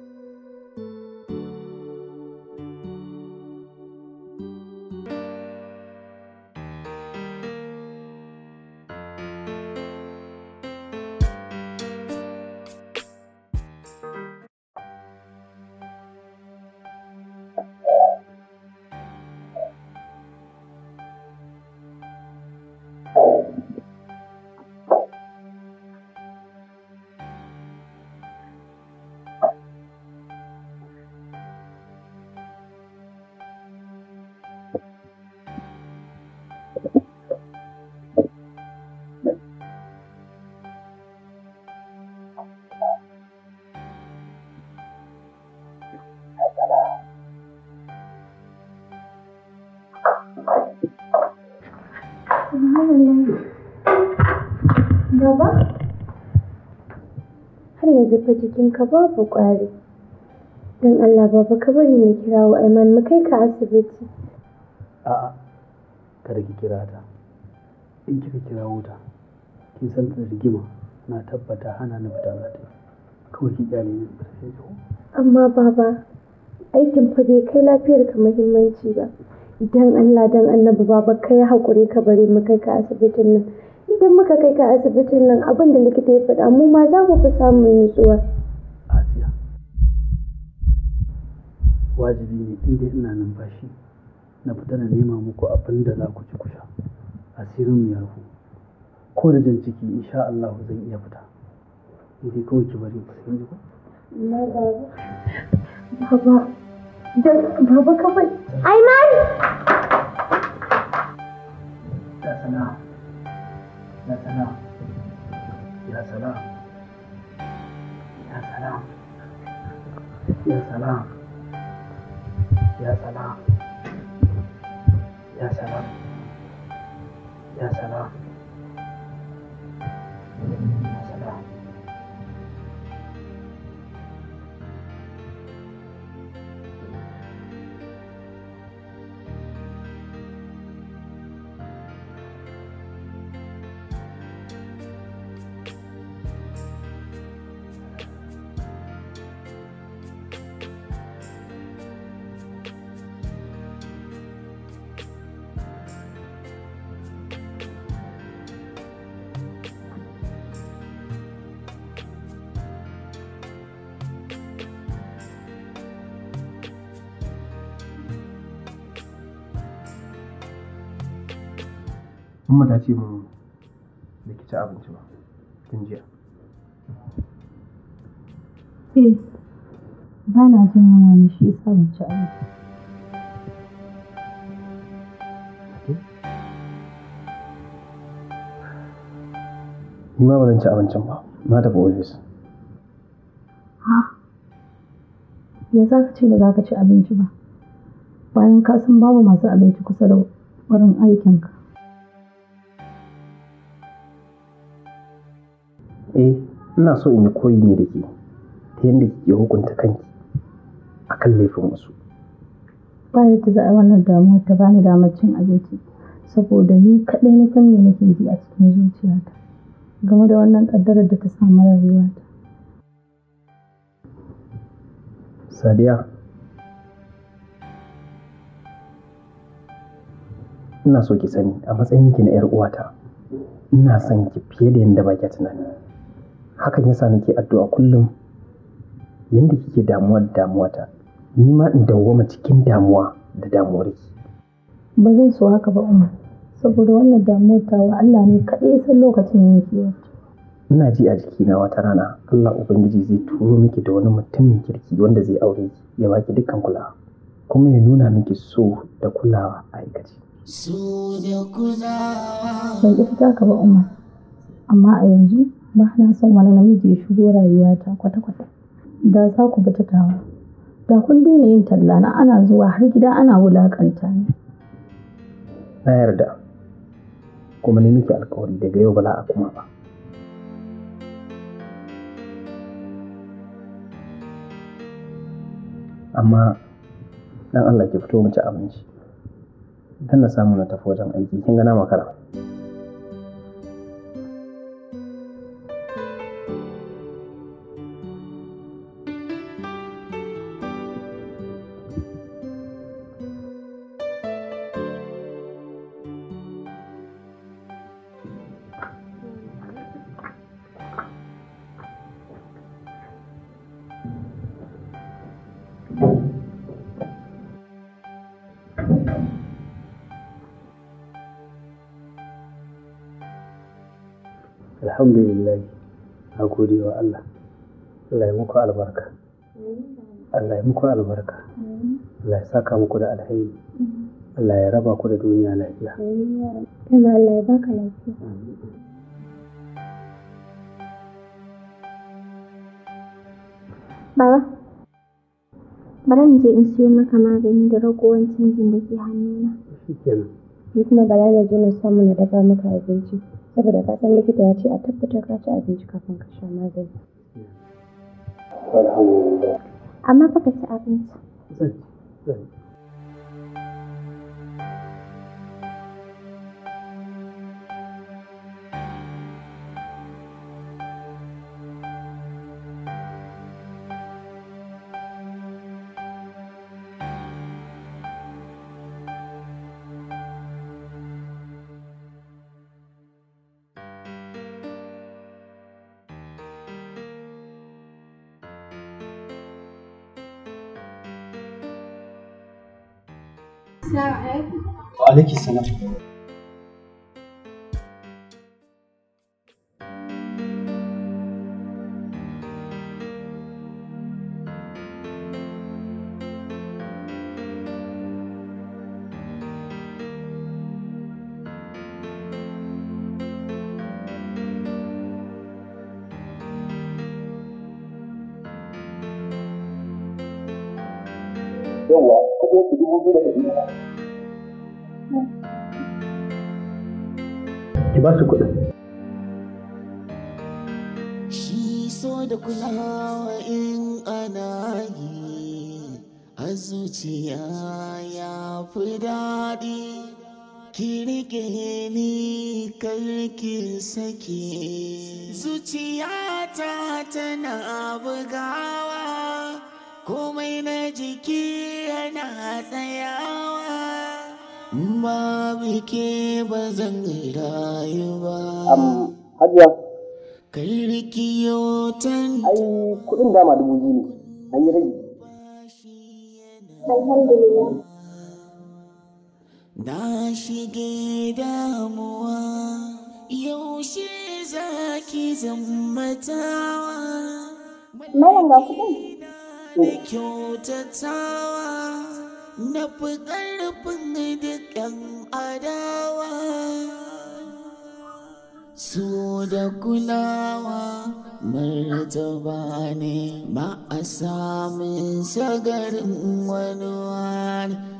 yanzu fa jikinka babu ƙwari. Don Allah baba ka bari na wa Aiman mu kai ka asibiti. A'a, kada ki kira ta. In kika kira wuta kin san ta rigima na tabbata hana na fita za Kawai ki kyale ni ba Amma baba, aikin fa bai kai ka muhimmanci ba. idan Allah dan Annabi baba kai haƙuri ka bari mu kai ka asibitin nan. idan muka kai ka asibitin nan abin da likita ya faɗa mu ma za mu fi samun nutsuwa. Asiya, wajibi ne inda ina numfashi na fita na nema muku abin da za ku ci kusha asirin mu ya rufu ko da jan ciki insha Allah zan iya fita. kawai ki bari ku Baba, baba kawai. Aiman! Da sana'a. يا سلام يا سلام يا سلام يا سلام يا سلام يا سلام يا سلام umma ta ce min da ci abinci ba tun jiya eh ba na jin yunwa ne shi yasa ban ci abinci eh? Ni ma ba ci abincin ba, na tafi ofis. Ha? Ya za ka ce ba za ka ci abinci ba? Bayan ka san babu masu abinci kusa da wurin aikinka. eh ina so in yi koyi ne da ke ta yadda kike hukunta kanki a kan laifin wasu ba ya ta za'a wannan damuwar ta bani damar cin abinci saboda ni kaɗai na san me nake ji a cikin zuciyata game da wannan ƙaddarar da ta samu rayuwata sadiya ina so ki sani a matsayinki na 'yar uwata ina son ki fiye da yadda ba ke tunani hakan yasa nake addu'a kullum yanda kike damuwa da damuwata ni ma in dawwama cikin damuwa da ki ba zan so haka ba umma saboda wannan damuwar tawa Allah ne kaɗai san lokacin yanki ina ji a jikina wata rana Allah ubangiji zai turo miki da wani mutumin kirki wanda zai aure ki ya baki dukkan kulawa kuma ya nuna miki so da kulawa a aikace so da kuzawa ban ita ka ba umma amma a yanzu Ba na son wani namiji ya shigo rayuwata kwata-kwata. Da za ku bi ta tawa. Da kun daina yin talla na ana zuwa har gida ana wulaƙanta ne. Na yarda, kuma ni miki alkawari daga yau bala a kuma ba. Amma dan Allah ki fito mu ci abinci. Dan na samu na tafi wajen aiki, kin ga na makara. muku albarka Allah ya muku albarka Allah ya saka muku da alheri Allah ya raba ku da duniya lafiya Kana Allah ya baka lafiya Baba, bari in je in siyo maka magani da ragowar canjin da ke hannuna. Shi Ni kuma bala da je na samu na dafa maka abinci. saboda ka san likita ya ce a tabbatar ka ci abinci kafin ka sha magani. Alhamdulillah. Amma fa ci abinci. Zan, alaiki salam sake zuciyata tana bugawa komai na jiki yana tsayawa ba bike ba zan rayu ba hajiya kai rikiyo tan ai kudin dama dubu biyu ne an yi rage alhamdulillah na shige damuwa yaushe za ki zammatawa malam ga kuɗin kyautatawa na fi ƙarfin dukkan adawa su da kulawa martaba ne ba a samun sagarin wani wani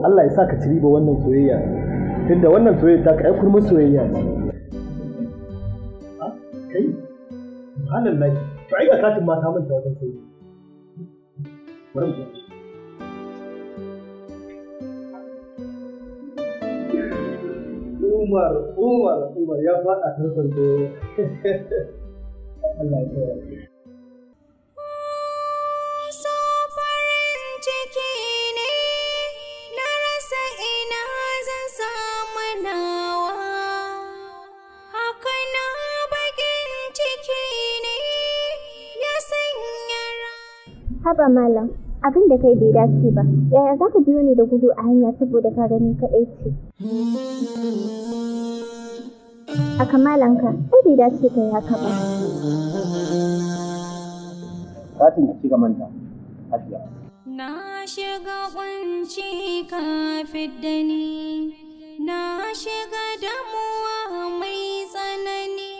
Allah ya sa ka ciri ba wannan soyayya tunda wannan soyayya ta ka ai kurma soyayya ne kai to ai ga katin mata ya faɗa Allah ya Haba malam, abin da kai bai dace ba. Yaya za ka biyo ni da gudu a hanya saboda ka gani kaɗai ce? A kamalanka, ai bai dace ka ya ba. Katin ki shiga manta, Hajiya. Na shiga kwanci ka fidda ni, na shiga damuwa mai tsanani,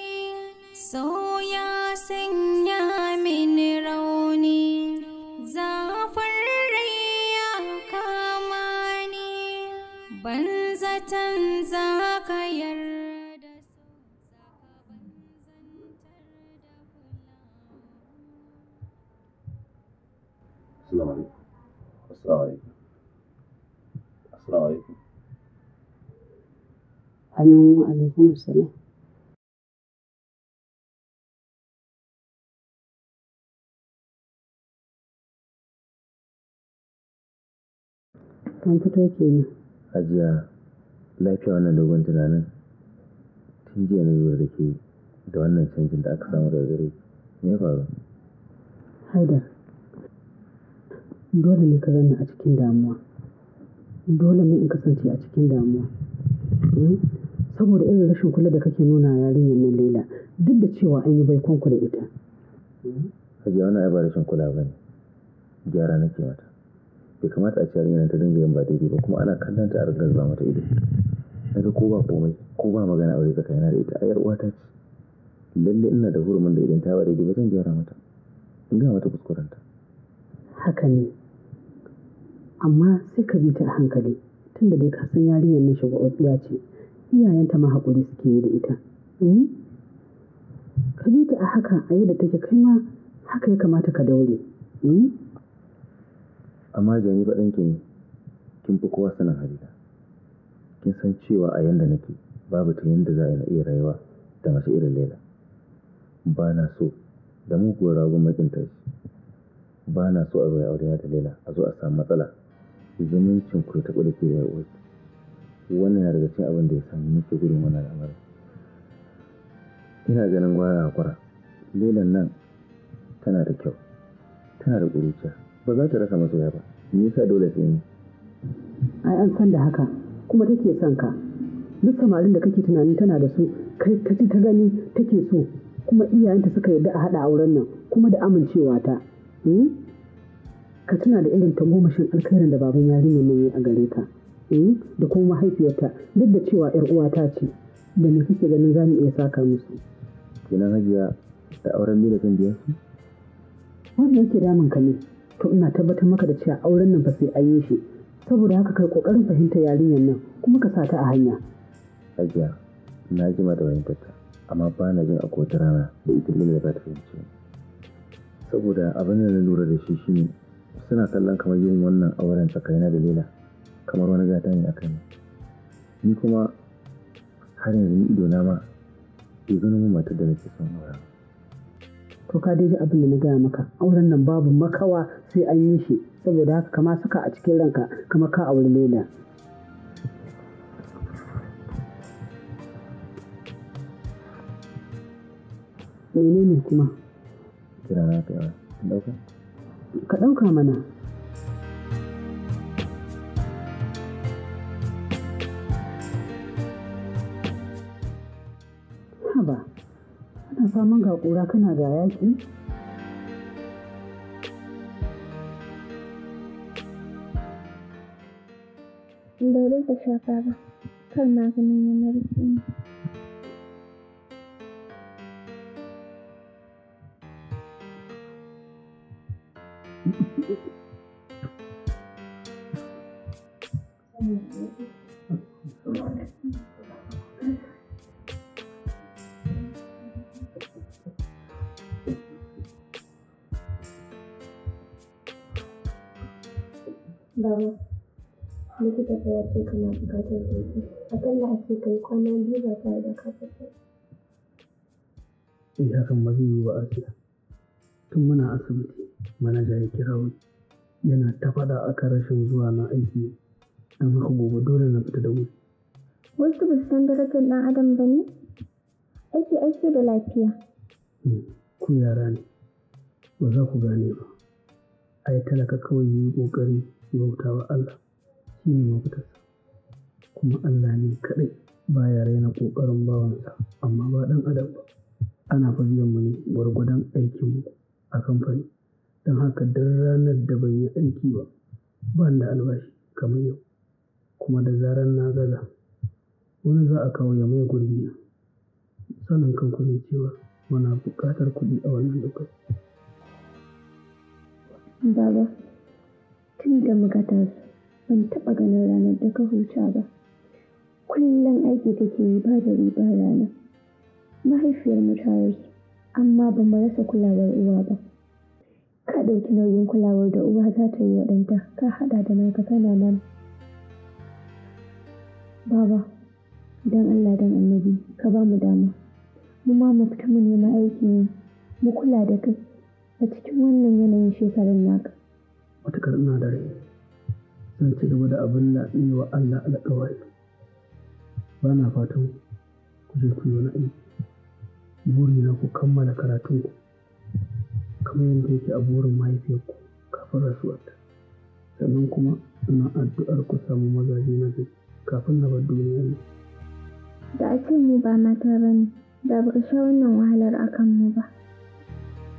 so ya sanya mini ban zaton za yarda Assalamu alaikum. Assalamu da alaikum salam. fito kenan. ajiya lafiya wannan dogon tunanin tun jiya na lura da ke da wannan canjin da aka samu daga gare ne faru haida dole ne ka zanna a cikin damuwa dole ne in kasance a cikin damuwa hmm? saboda irin rashin kula da kake nuna yarinyar nan laila duk da cewa an yi baikonku da ita hajiya wani ai rashin kula ba ne gyara nake mata bai kamata a ce yarinya ta dinga yin ba daidai ba kuma ana kallon ta a rigar zuba mata ido daga ko ba komai ko ba magana aure tsakanina da ita ayar uwata ce lalle ina da hurumin da idan ta ba daidai ba zan gyara mata in ga mata kuskurenta haka ne amma sai ka bi ta hankali tunda dai ka san yarinyar nan shagwabbiya ce iyayenta ma hakuri suke yi da ita hmm? ka bi ta a haka a yadda take kai ma haka ya kamata ka daure hmm? amma jani faɗan ɗanki ne kin fi kowa sanin halina kin san cewa a yanda nake babu ta yanda za a na iya rayuwa da mace irin laila ba na so da muguwar ragon makin tashi ba na so a zo ya aure na da laila a zo a samu matsala zumuncin ku ta kuɗi ke da wannan na daga cikin abin da ya sami muke gudun wani al'amarin ina ganin gwara hakura lailan nan tana da kyau tana da ƙuruciya ba za ta rasa masoya ba me yasa dole sai ni ai an san da haka kuma take son ka duk samarin da kake tunanin tana da su kai ka ta gani take so kuma iyayenta suka yarda a haɗa auren nan kuma da amincewa ta hmm? ka tuna da irin ta tagomashin alkhairin da baban yarinyar nan ya a gare ka hmm? da kuma mahaifiyarta duk da cewa yar uwata ce da me kike ganin za mu iya saka musu kenan hajiya da auren ne da zan biya su wanda yake damun ka ne to ina tabbatar maka da cewa auren nan fa sai an yi shi saboda haka kai kokarin fahimta yarinyar nan kuma ka sa ta a hanya ajiya na jima da fahimtar ta amma ba na jin a wata rana da ita ne za ta fahimci saboda abin da na lura da shi shine suna kallon kamar yin wannan auren tsakanin da lela kamar wani gata ne a kai ni kuma har yanzu ni ido na ma bai gano mu matar da nake son aura to ka dai ji abin da na gaya maka auren nan babu makawa sai an yi shi saboda haka kama suka a cikin ranka kama ka auri leda menene kuma kira na ka dauka ka dauka mana haba ana faman ga kura kana ga yaki bai rage shaka ba kan maganin ya likita ta yace kana bukatar hutu akalla a ce kai kwana biyu ba tare da ka fita eh, hakan ba zai yi ba asiya tun muna asibiti manaja ya kira wani yana ta faɗa aka rashin zuwa na aiki don haka gobe dole na fita da wuri wasu ba su san darajar ɗan adam ba ne aiki aiki da lafiya hmm, ku yara ne ba za ku gane ba ai talaka kawai yi ƙoƙari wa Allah shi ne mafitarsa kuma Allah ne kaɗai ba ya raina ƙoƙarin bawansa amma ba ɗan adam ba ana biyan mu ne gwargwadon aikinmu a kamfani don haka duk ranar da ban yi aiki ba ba da albashi kamar yau kuma da zarar na gaza wani za a kawo ya mai gurbi na sanin kanku ne cewa muna buƙatar kuɗi a wannan lokaci. Baba, tun da muka taso, ban taɓa ganin ranar da ka huta ba kullum aiki kake yi ba da riba rana mahaifiyarmu ta rasu amma ban mu rasa kulawar uwa ba ka ɗauki nauyin kulawar da uwa za ta yi waɗanta ka haɗa da naka kana nan baba don allah don annabi ka ba mu dama mu ma mu fita mu nema aiki ne mu kula da kai a cikin wannan yanayin shekarun naka Matuƙar ina da rai zan ci gaba da abin da yi wa Allah alƙawari ba na fatan ku je ku yi wani aiki buri na ku kammala karatun ku kamar yadda yake a burin mahaifiyarku kafin rasuwarta sannan kuma ina addu'ar ku samu mazaje na zai kafin na bar duniya ne da ake mu ba mata ba ne, da ka sha wannan wahalar akan mu ba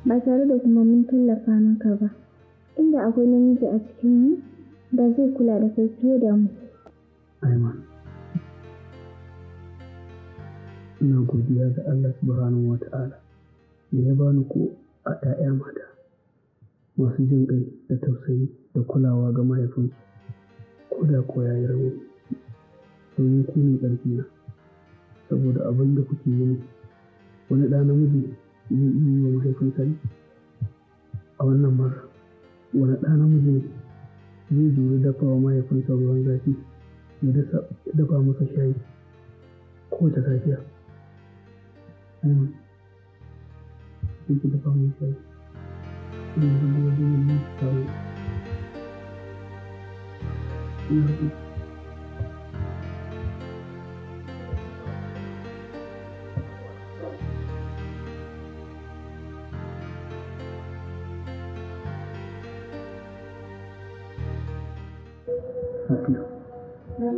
ba tare da kuma mun tallafa maka ba inda akwai namiji a cikin mu ba zai kula da kai fiye da mu. Aiman, ina godiya ga Allah subhanahu wa ta'ala da ya bani ko a ɗaya mata masu jin ƙai da tausayi da kulawa ga mahaifinsu, ko da ko ya yi rauni, domin ku ne ƙarfina, saboda abin da kuke yi ne, wani ɗa namiji zai iya yi wa mahaifinsa ne a wannan mara wani ɗa namiji ne zai juri dafa wa mahaifinsa ruwan zafi ya dafa masa shayi ta safiya. Aiman, dafa mai shayi. Ina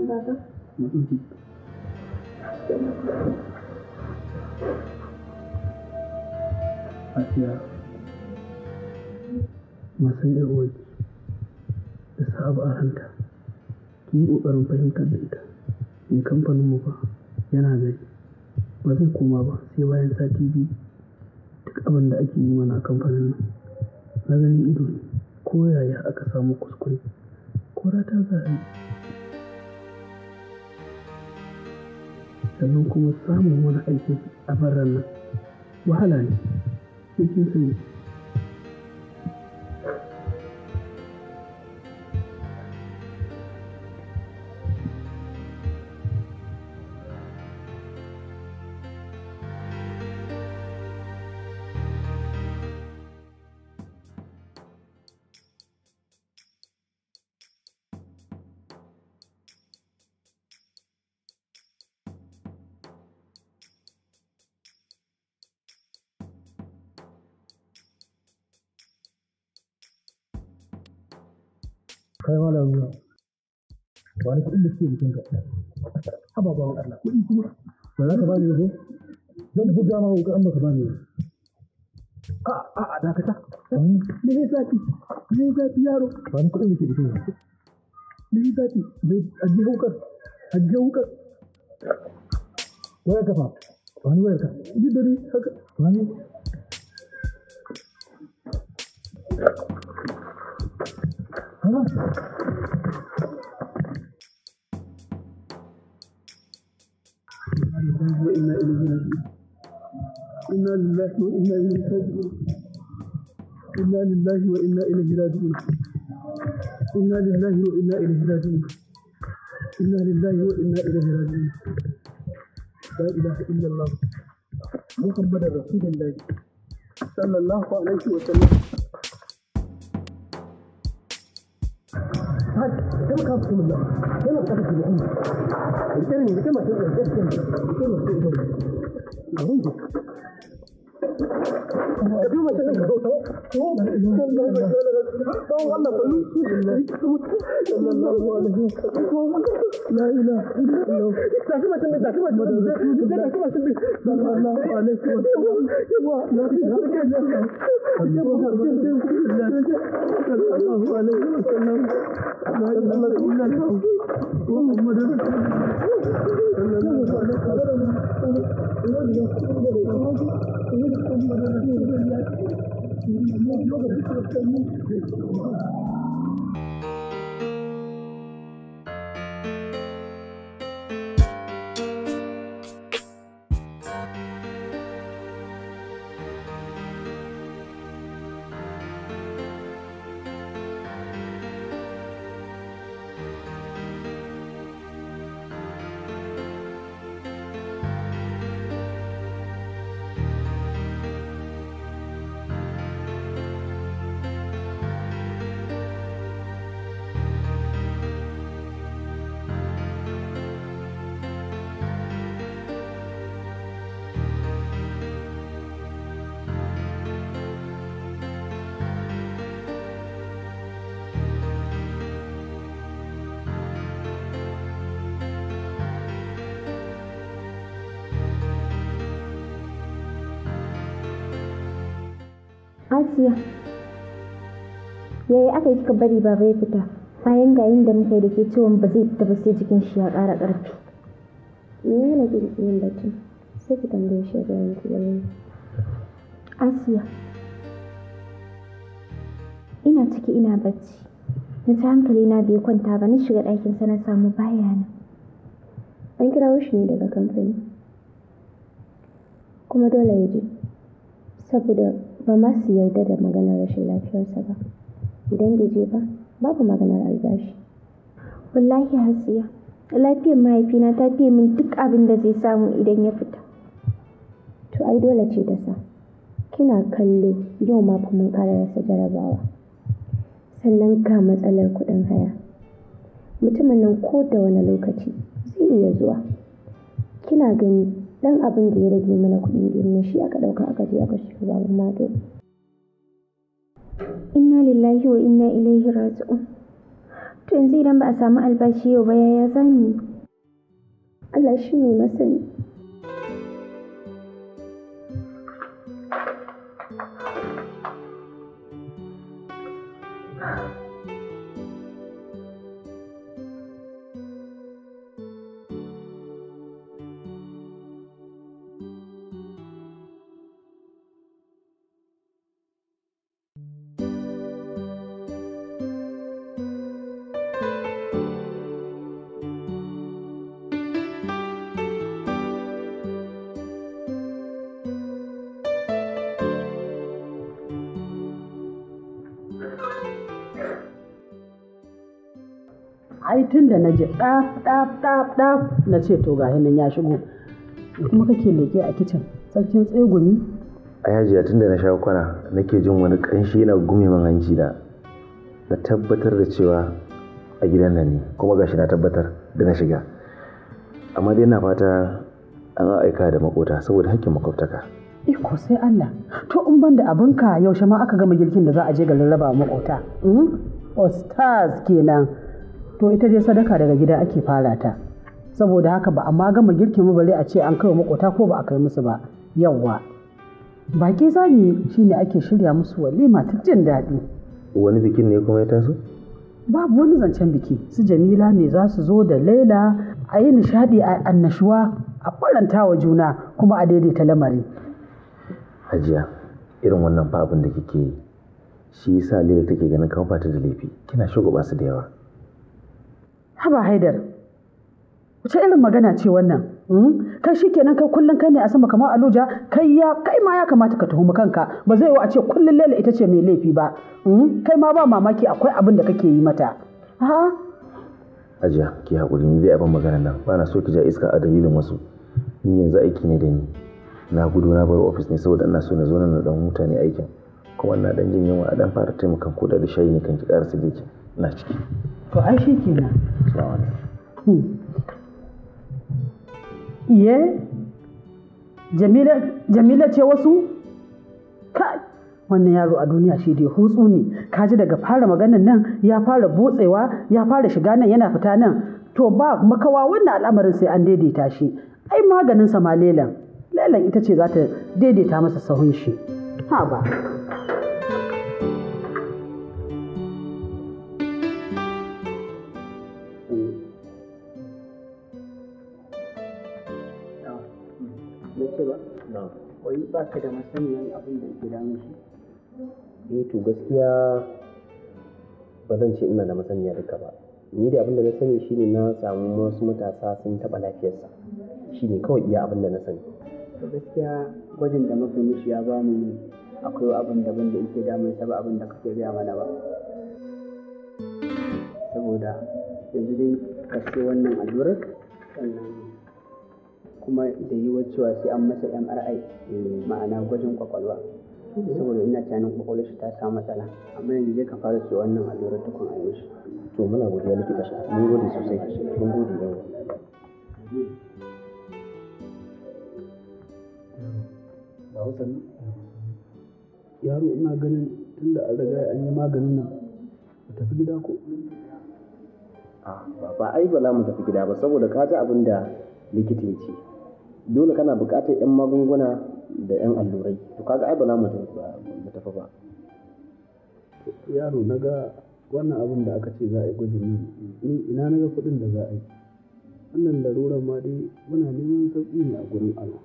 দাদা Asiya, masan yawanci da sabu a hanta, ki yi ƙoƙarin fahimtar da ita, mai kamfanin mu fa yana gari, ba zai koma ba sai bayan sati biyu duk abin da ake yi mana kamfanin nan. Na ganin ido ne, ko yaya aka samu kuskure, ko rata zahari. sannan kuma samun wani aiki a nan wahala ne cikin sani da suke bikin ka haba ba Allah kuɗi kuma ba za ka bani ba zan buga ma wuka an baka bani ba a a a dakata me ya zafi me ya zafi yaro ba ni kuɗin da ke bikin me ya zafi me ajiye wukar ajiye wukar waya kafa ba ni wayar ka duk dare haka ba ni Huh? الكتاب وإنا إليه راجعون إنا لله وإنا إليه راجعون إنا لله وإنا إليه راجعون إنا لله وإنا إليه راجعون إنا لله وإنا إليه راجعون لا إله إلا الله محمد رسول الله صلى الله عليه وسلم でも変わってくるんだ。でも形がいい。見てるに見てますよ。見てるに見てるに。見てるに見てるに。Tapi macam mana kau tahu? Kau kan dah macam mana kau Allah perlu. Sallallahu alaihi wasallam. La ilaha illallah. Tapi macam mana? Tapi macam mana? Tapi macam mana? Sallallahu alaihi wasallam. Wah, la ilaha illallah. Sallallahu alaihi wasallam. La ilaha illallah. محمد رسول الله. Sallallahu alaihi wasallam. Thank able going to t I'm you. hasiya yayi aka yi kika bari ba ya fita bayan ga yin da muka yi da ke ciwon ba zai fita ba sai jikin shi ya ƙara ƙarfi me yana ƙirƙirin bacci sai ki tambaye shi ga yanki da gani asiya ina ciki ina bacci na ta hankali na bai kwanta ba na shiga ɗakin sa na samu baya an kira shi ne daga kamfani kuma dole ya je saboda ba ma su yarda da maganar rashin lafiyarsa ba. Idan bai je ba, babu maganar albashi. Wallahi Hasiya, lafiyar mahaifina ta fiye min duk abin da zai samu idan ya fita. To ai dole ce ta sa. Kina kallo yau ma fa mun kara rasa jarabawa. Sannan ga matsalar kuɗin haya. Mutumin nan ko da wani lokaci zai iya zuwa. Kina gani dan abin da ya rage mana kuɗin girma shi aka ɗauka aka je aka shiga babban magani inna lillahi wa inna ilaihi raji'un to yanzu idan ba a samu albashi yau ba yaya zani Allah shi ne masani da na ji ɗaf ɗaf ɗaf ɗaf na ce to ga nan ya shigo kuma kake leke a kicin sarkin tsegumi a yajiya tun da na sha kwana nake jin wani ƙanshi yana gumi man hanci na na tabbatar da cewa a gidan nan ne kuma gashi na tabbatar da na shiga amma dai na fata an aika da makota saboda hakkin makwabtaka Iko sai Allah, to in banda da ka yaushe ma aka gama girkin da za a je ga rarraba makota. Hmm? Ostars kenan. to ita dai sadaka daga gida ake fara ta saboda haka ba amma gama girkin mu bare a ce an kai makota ko ba a kai musu ba yawwa baki zani shine ake shirya musu walima ta jin daɗi wani bikin ne kuma ya taso babu wani zancen biki su jamila ne za su zo da laila a yi nishaɗi a annashuwa a faranta wa juna kuma a daidaita lamari hajiya irin wannan babin da kike yi shi yasa laila take ganin kamfata da laifi kina shugaba su da yawa haba haidar wace irin magana ce wannan hmm? kai shi kenan kai kullum kai ne a sama kamar aluja kai ya kai ma ya kamata ka tuhumi kanka ba zai yi a ce kullum lele ita ce mai laifi ba hmm? kai ma ba mamaki akwai abin da kake yi mata ha ajiya ki hakuri ni dai abin magana nan ba na so ki ja iska a dalilin wasu ni yanzu aiki ne da ni na gudu na bar ofis ne saboda ina so na zo na dan huta ne aikin kuma ina dan jin yunwa a dan fara taimakon ko da shayi ne kan ki karasa girkin na hmm. iye jamila ce wasu kai wannan yaro a duniya shi dai hutsu ne kaji daga fara maganan nan ya fara botsewa ya fara shiga nan yana fita nan to ba makawa wannan al'amarin sai an daidaita shi ai maganin samalelan ma lelan lelan ita ce za ta daidaita masa sahun shi ha ba wai ba ka da masaniyan abin da ke damu shi eh to gaskiya ba zan ce ina da masaniya duka ba ni da abin da na sani shine na samu wasu matasa sun taɓa lafiyarsa shine kawai iya abin da na sani to gaskiya gwajin da muka mishi ya ba mu akwai abin da ban da yake damun sa ba abin da kake gaya mana ba saboda yanzu dai kashe ce wannan allurar sannan kuma da yiwuwar cewa sai an masa mri ma'ana gwajin kwakwalwa saboda ina tunanin kwakwalwa shi ta samu matsala amma yanzu zai ka fara ce wannan allurar tukun a shi. to muna godiya likita shi mun gode sosai mun gode yau ba yaro ina ganin tunda an riga an yi maganin nan mu tafi gida ko ah, a ba ai ba za mu tafi gida ba saboda ka ji abin da likita ya ce dole kana buƙatar 'yan magunguna da 'yan allurai to kaga ai ba za mu tafi ba yaro na ga wannan abin da aka ce za a yi gwajin nan ina na ga kuɗin da za a yi wannan larurar ma dai muna neman sauƙi ne a gurin Allah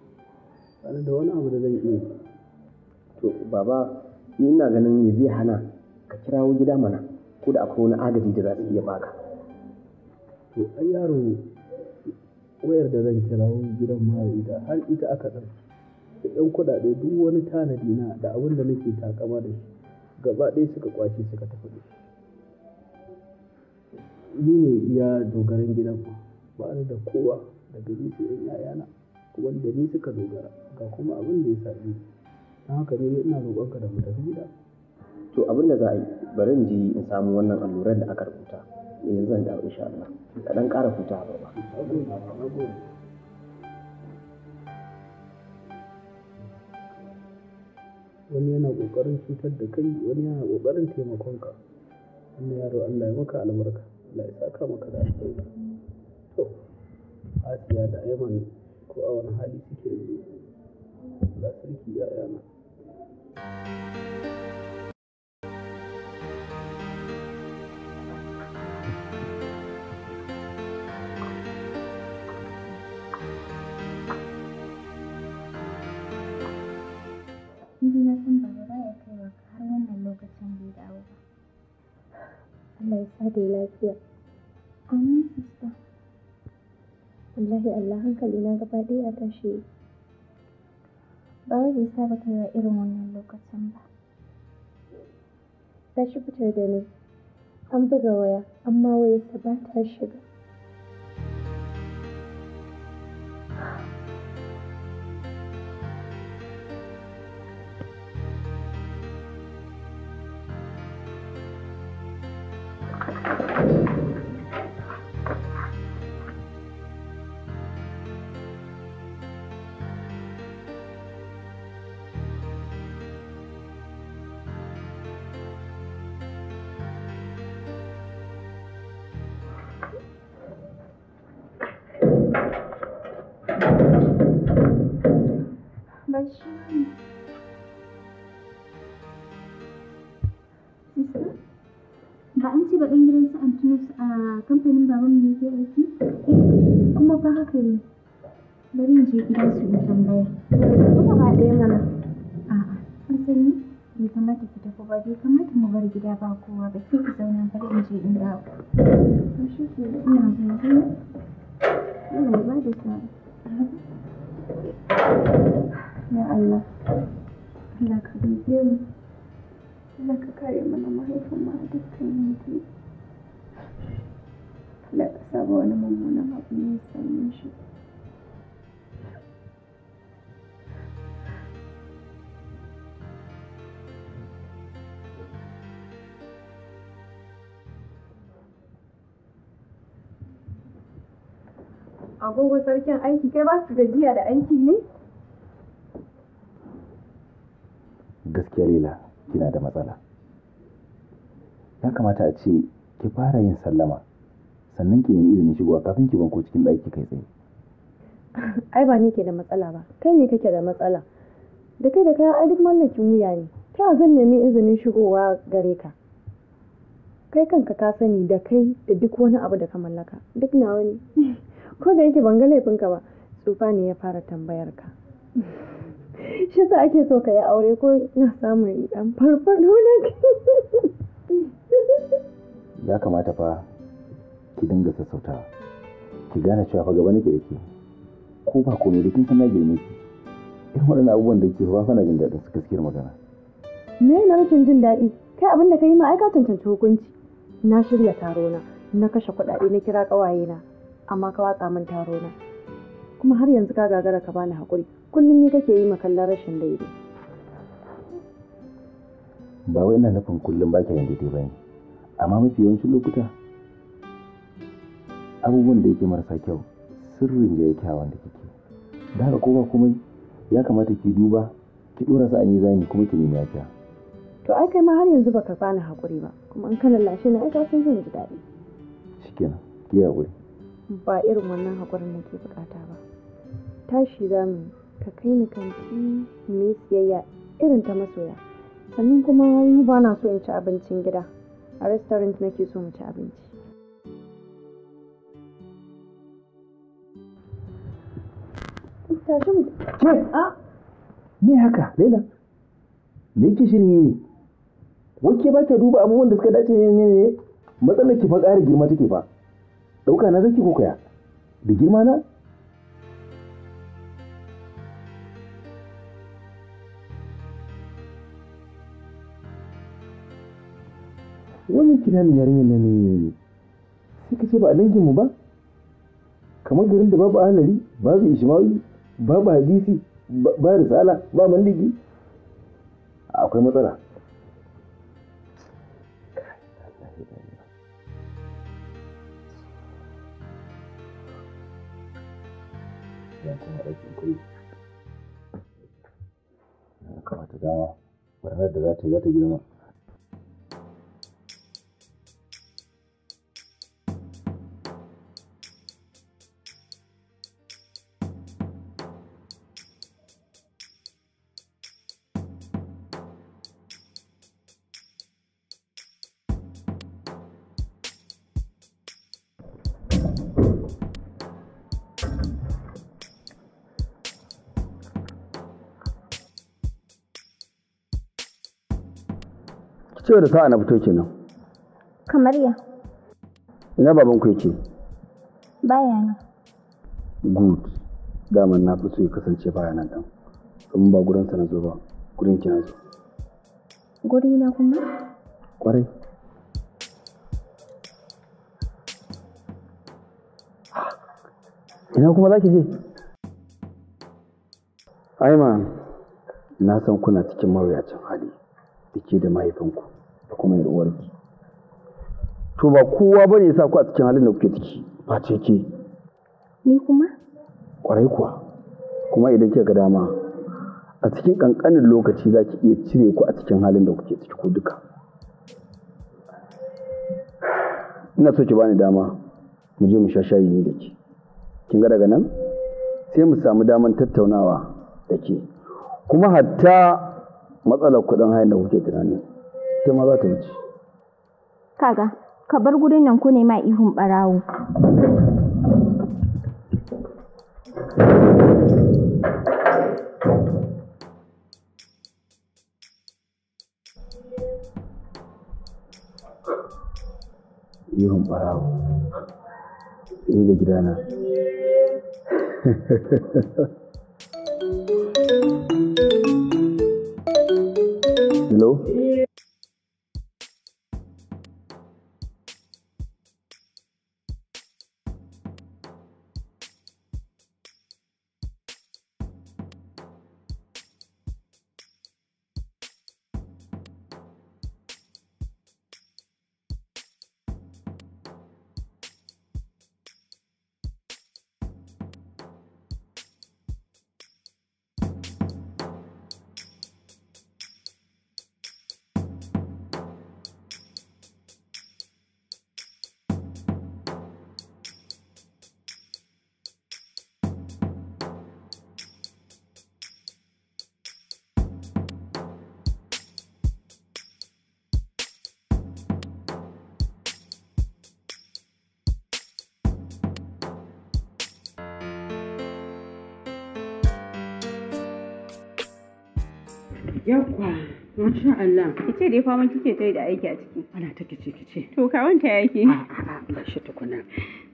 tare da wani abu da zan iya to baba ni ina ganin me zai hana ka kirawo gida mana ko da akwai wani agaji da za su iya baka to ai yaro wayar da zan kirawo gidan ma har ita aka ɗauki da ɗan kuɗaɗe duk wani tanadi na da abin da nake takama da shi gaba ɗaya suka kwashe suka tafi da shi ni ne iya dogaran gidan ba ba da kowa daga ni sai yayana kuma da ni suka dogara ga kuma abin da ya sami don haka ne ina ka da mu tafi gida to abin da za a yi bari in ji in samu wannan alluran da aka rubuta yanzu eh, zan dawo insha Allah ka dan ƙara wani yana ƙoƙarin cutar da kai wani yana ƙoƙarin taimakon ka wani yaro Allah ya maka albarka Allah ya saka maka da alheri to Asiya da Aiman ko a wani hali suke yanzu Allah sarki ya yana. lokacin bai dawo ba. Allah ya sa da lafiya. Amin sista. Wallahi Allah hankali na gaba ɗaya ya tashi. Ba bai saba kaiwa irin wannan lokacin ba. Ta shi fitar da ni. An buga waya, amma wayarsa ba ta shiga. fa haka ne. Bari in je gida su yi tambaya. ba ɗaya mana. A'a, san ni? Bai kamata ki tafi ba, bai kamata mu bar gida ba kowa ba. Ke ki zauna bari in je To shi ke ina Ina ba da Ya Allah. Allah ka dubiye mu. Allah ka kare mana mahaifin ma dukkan yanzu. Allah wani mummunan abu agogo sarkin aiki kai ba su gajiya da aiki ne? gaskiya lila kina da matsala ya kamata a ce ki fara yin sallama sannan ki nemi izinin shigowa kafin ki banko cikin ɗaki kai tsaye ai ba ni ke da matsala ba kai ne kake da matsala da kai da kai ai duk mallakin wuya ne ta zan nemi izinin shigowa gare ka kai kanka ka sani da kai da duk wani abu da ka mallaka duk na wani ko da yake ban ga ka ba tsufa ne ya fara tambayar ka shi sa ake so ka yi aure ko na samun dan farfado da ya kamata fa ki dinga sassautawa ki gane cewa fa gaba nake da ke ko ba komai da kin san na girme ki irin waɗannan abubuwan da ke ba fa jin daɗin su gaskiyar magana me na rashin jin daɗi kai abin da ka yi ma ai hukunci na shirya taro na na kashe kuɗaɗe na kira ƙawaye na amma ka watsa min taro na kuma har yanzu ka gagara ka bani haƙuri kullum ni kake yi ma kallon rashin daidai ba wai ina nufin kullum ba ki yin daidai ba ne amma mafi yawancin lokuta abubuwan da yake marasa kyau sirrin da ya kyawun da ke da haka koma kuma ya kamata ki duba ki dora sa a mizani kuma ki nemi lafiya to ai kai ma har yanzu baka bani hakuri ba kuma an kana lashe na ai ka san zan ji daɗi shikenan ki hakuri ba irin wannan hakurin nake bukata ba tashi za mu ka kai ni kanti mu siyayya irin ta masoya sannan kuma yau ba na so in ci abincin gida a restaurant nake so mu ci abinci tashi mu ke a me haka laila me yake shirin yi ne wacce ba ta duba abubuwan da suka dace ne ne ne matsalar ki fa ƙara girma take fa ɗauka na zaki ko kaya da girma na wannan kina min yarinyar nan ne sai ka ce ba a dangin mu ba kamar garin da babu alari babu ishmawi ba ba hadisi ba risala ba mandigi akwai matsala kamata dama barnar da za ta yi za ta girma sai da sa'a na fito kenan kamar ya ina baban ku yake baya nan good daman na fi so ya kasance baya nan dan kuma ba gurin sa na zo ba gurin ki na zo guri na kuma kwarai ina kuma za ki je aiman na san kuna cikin mawuyacin hali da da mahaifinku kuma yar uwarki to ba kowa bane ya sa ku a cikin halin da kuke ciki ba ce ke ni kuma kwarai kuwa kuma idan kika ga dama a cikin kankanin lokaci za ki iya cire ku a cikin halin da kuke ciki ko duka ina so ki bani dama mu je mu sha shayi ne da ke kin ga daga nan sai mu samu daman tattaunawa da ke kuma hatta matsalar kuɗin hayan da kuke tunani ita ma za ta wuce kaga ka bar gurin nan ku ne ma ihun barawo ihun barawo sai da gidana Hello? Masha Allah. Ki ce dai faman kike ta yi da aiki a ciki. Ana ta kice kice. To ka wanta yake. a ba shi tukuna.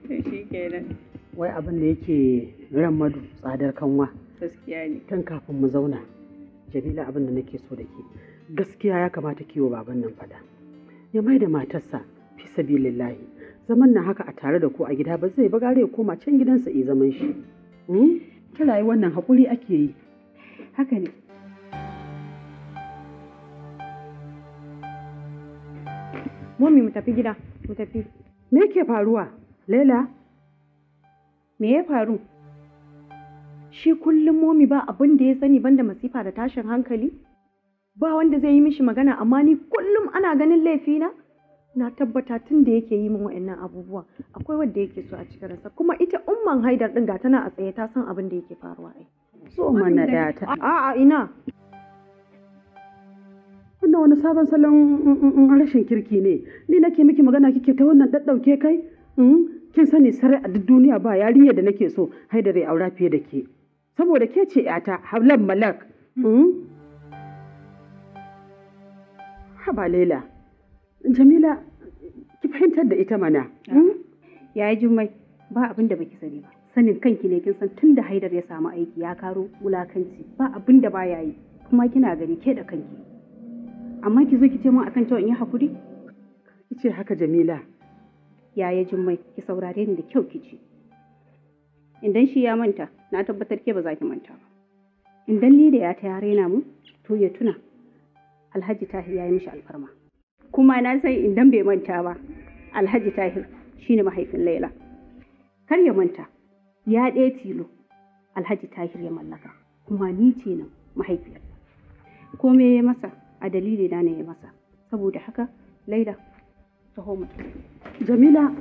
To Wai abin da yake ran madu tsadar kanwa. Gaskiya ne. Tun kafin mu zauna. Jamila abin da nake so da ke. Gaskiya ya kamata kiwo baban nan fada. Ya mai da matarsa fi sabilillahi. Zaman na haka a tare da ku a gida ba zai ba gare ya koma can gidansa ya zaman shi. Hmm? Ta rayuwar nan haƙuri ake yi. Haka ne. Mummy mu tafi gida, mu tafi. Me yake faruwa? Laila? Me ya faru? Shi kullum momi ba abin da ya sani banda masifa da tashin hankali? Ba wanda zai yi mishi magana amma ni kullum ana ganin laifina? Na tabbata tun da yake yi min wa'annan abubuwa akwai wanda yake so a cikin ransa kuma ita umman haidar din ga tana a tsaye ta san abin da yake faruwa ai. So mana data. A'a ina wannan wani sabon salon mm, mm, mm, rashin kirki ne ni nake miki magana kike ta wannan daddauke kai kin sani sarai a duk duniya ba yarinya da nake so haidare aura fiye da ke saboda ke ce yata hablan malak haba laila jamila ki fahimtar da ita mana yi jimai ba abin baki sani ba sanin kanki ne kin san tun da haidar ya samu aiki ya karo wulakanci ba abinda da baya yi kuma kina gani ke da kanki amma ki zo ki ce min akan cewa in yi hakuri kice ce haka jamila yaya jummai ki saurare ni da kyau ki ce idan shi ya manta na tabbatar ke ba za ki manta ba idan ni da ya ta yare na mu to ya tuna alhaji tahir ya yi mishi alfarma kuma na san idan bai manta ba alhaji tahir shine mahaifin laila kar ya manta ya ɗaya tilo alhaji tahir ya mallaka kuma ni ce nan mahaifiyar komai ya masa a dalili na ne ya masa saboda haka laila ta mu jamila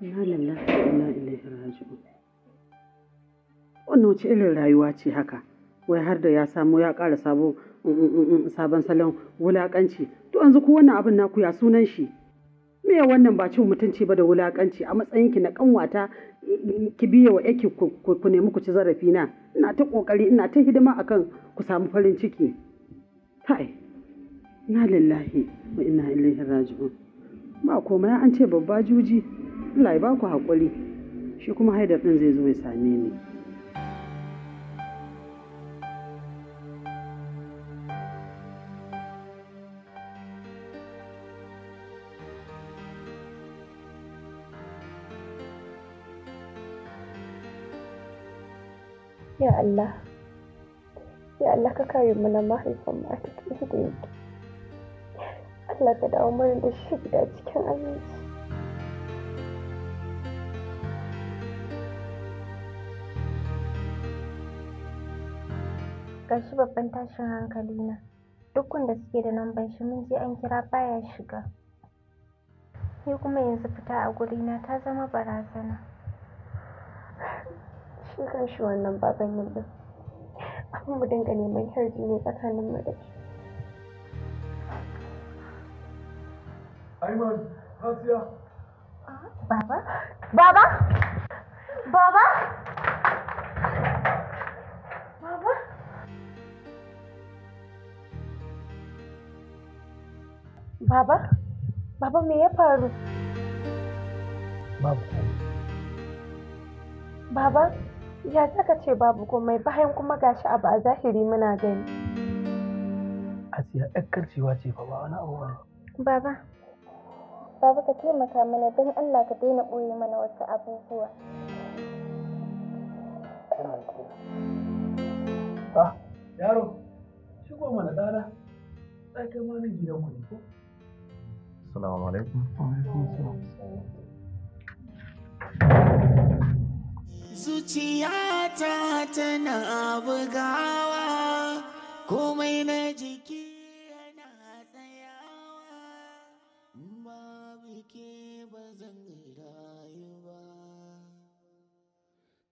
wannan wace irin rayuwa ce haka wai har da ya samu ya ƙara mm, mm, mm, sabon salon wulakanci. to yanzu zuku wannan abin naku ya sunan shi me wannan ba cin mutunci ba da wulakanci a matsayin ki na kanwata ki biya wa yake ku nemi ku ci zarafi na ina ta kokari ina ta hidima akan ku samu farin ciki kai na lillahi wa inna ilaihi raji'un ba komai an ce babba juji Allah ya ba ku haƙuri shi kuma haidar ɗin zai zo ya same ni. Ya Allah, ya Allah ka kare mu na mahaifin mata ta da yake. Allah ka dawo mana da shi gida cikin aminci. Gashi babban tashin hankali na. Duk wanda suke da namban shi mun je an kira baya shiga. Ni kuma yanzu fita a gurina ta zama barazana. shi kan shi wannan baban yin din abin mu dinga neman harji ne tsakanin mu da shi Aiman, Asiya. Baba? Baba? Baba? Baba? Baba? Baba me ya faru? baba, Baba? ya saka ce babu komai bayan kuma gashi abu a zahiri muna gani asiya ɗan cewa ce ba wani abu ba baba baba ka taimaka mana don allah ka daina ɓoye mana wasu abubuwa ah yaro shigo mana ɗana ɗan kai ma nan gidan ku ne ko Assalamu alaikum. Wa alaikum assalam. zuciyata tana bugawa komai na jiki yana tsayawa Ba ke ba zan rayu ba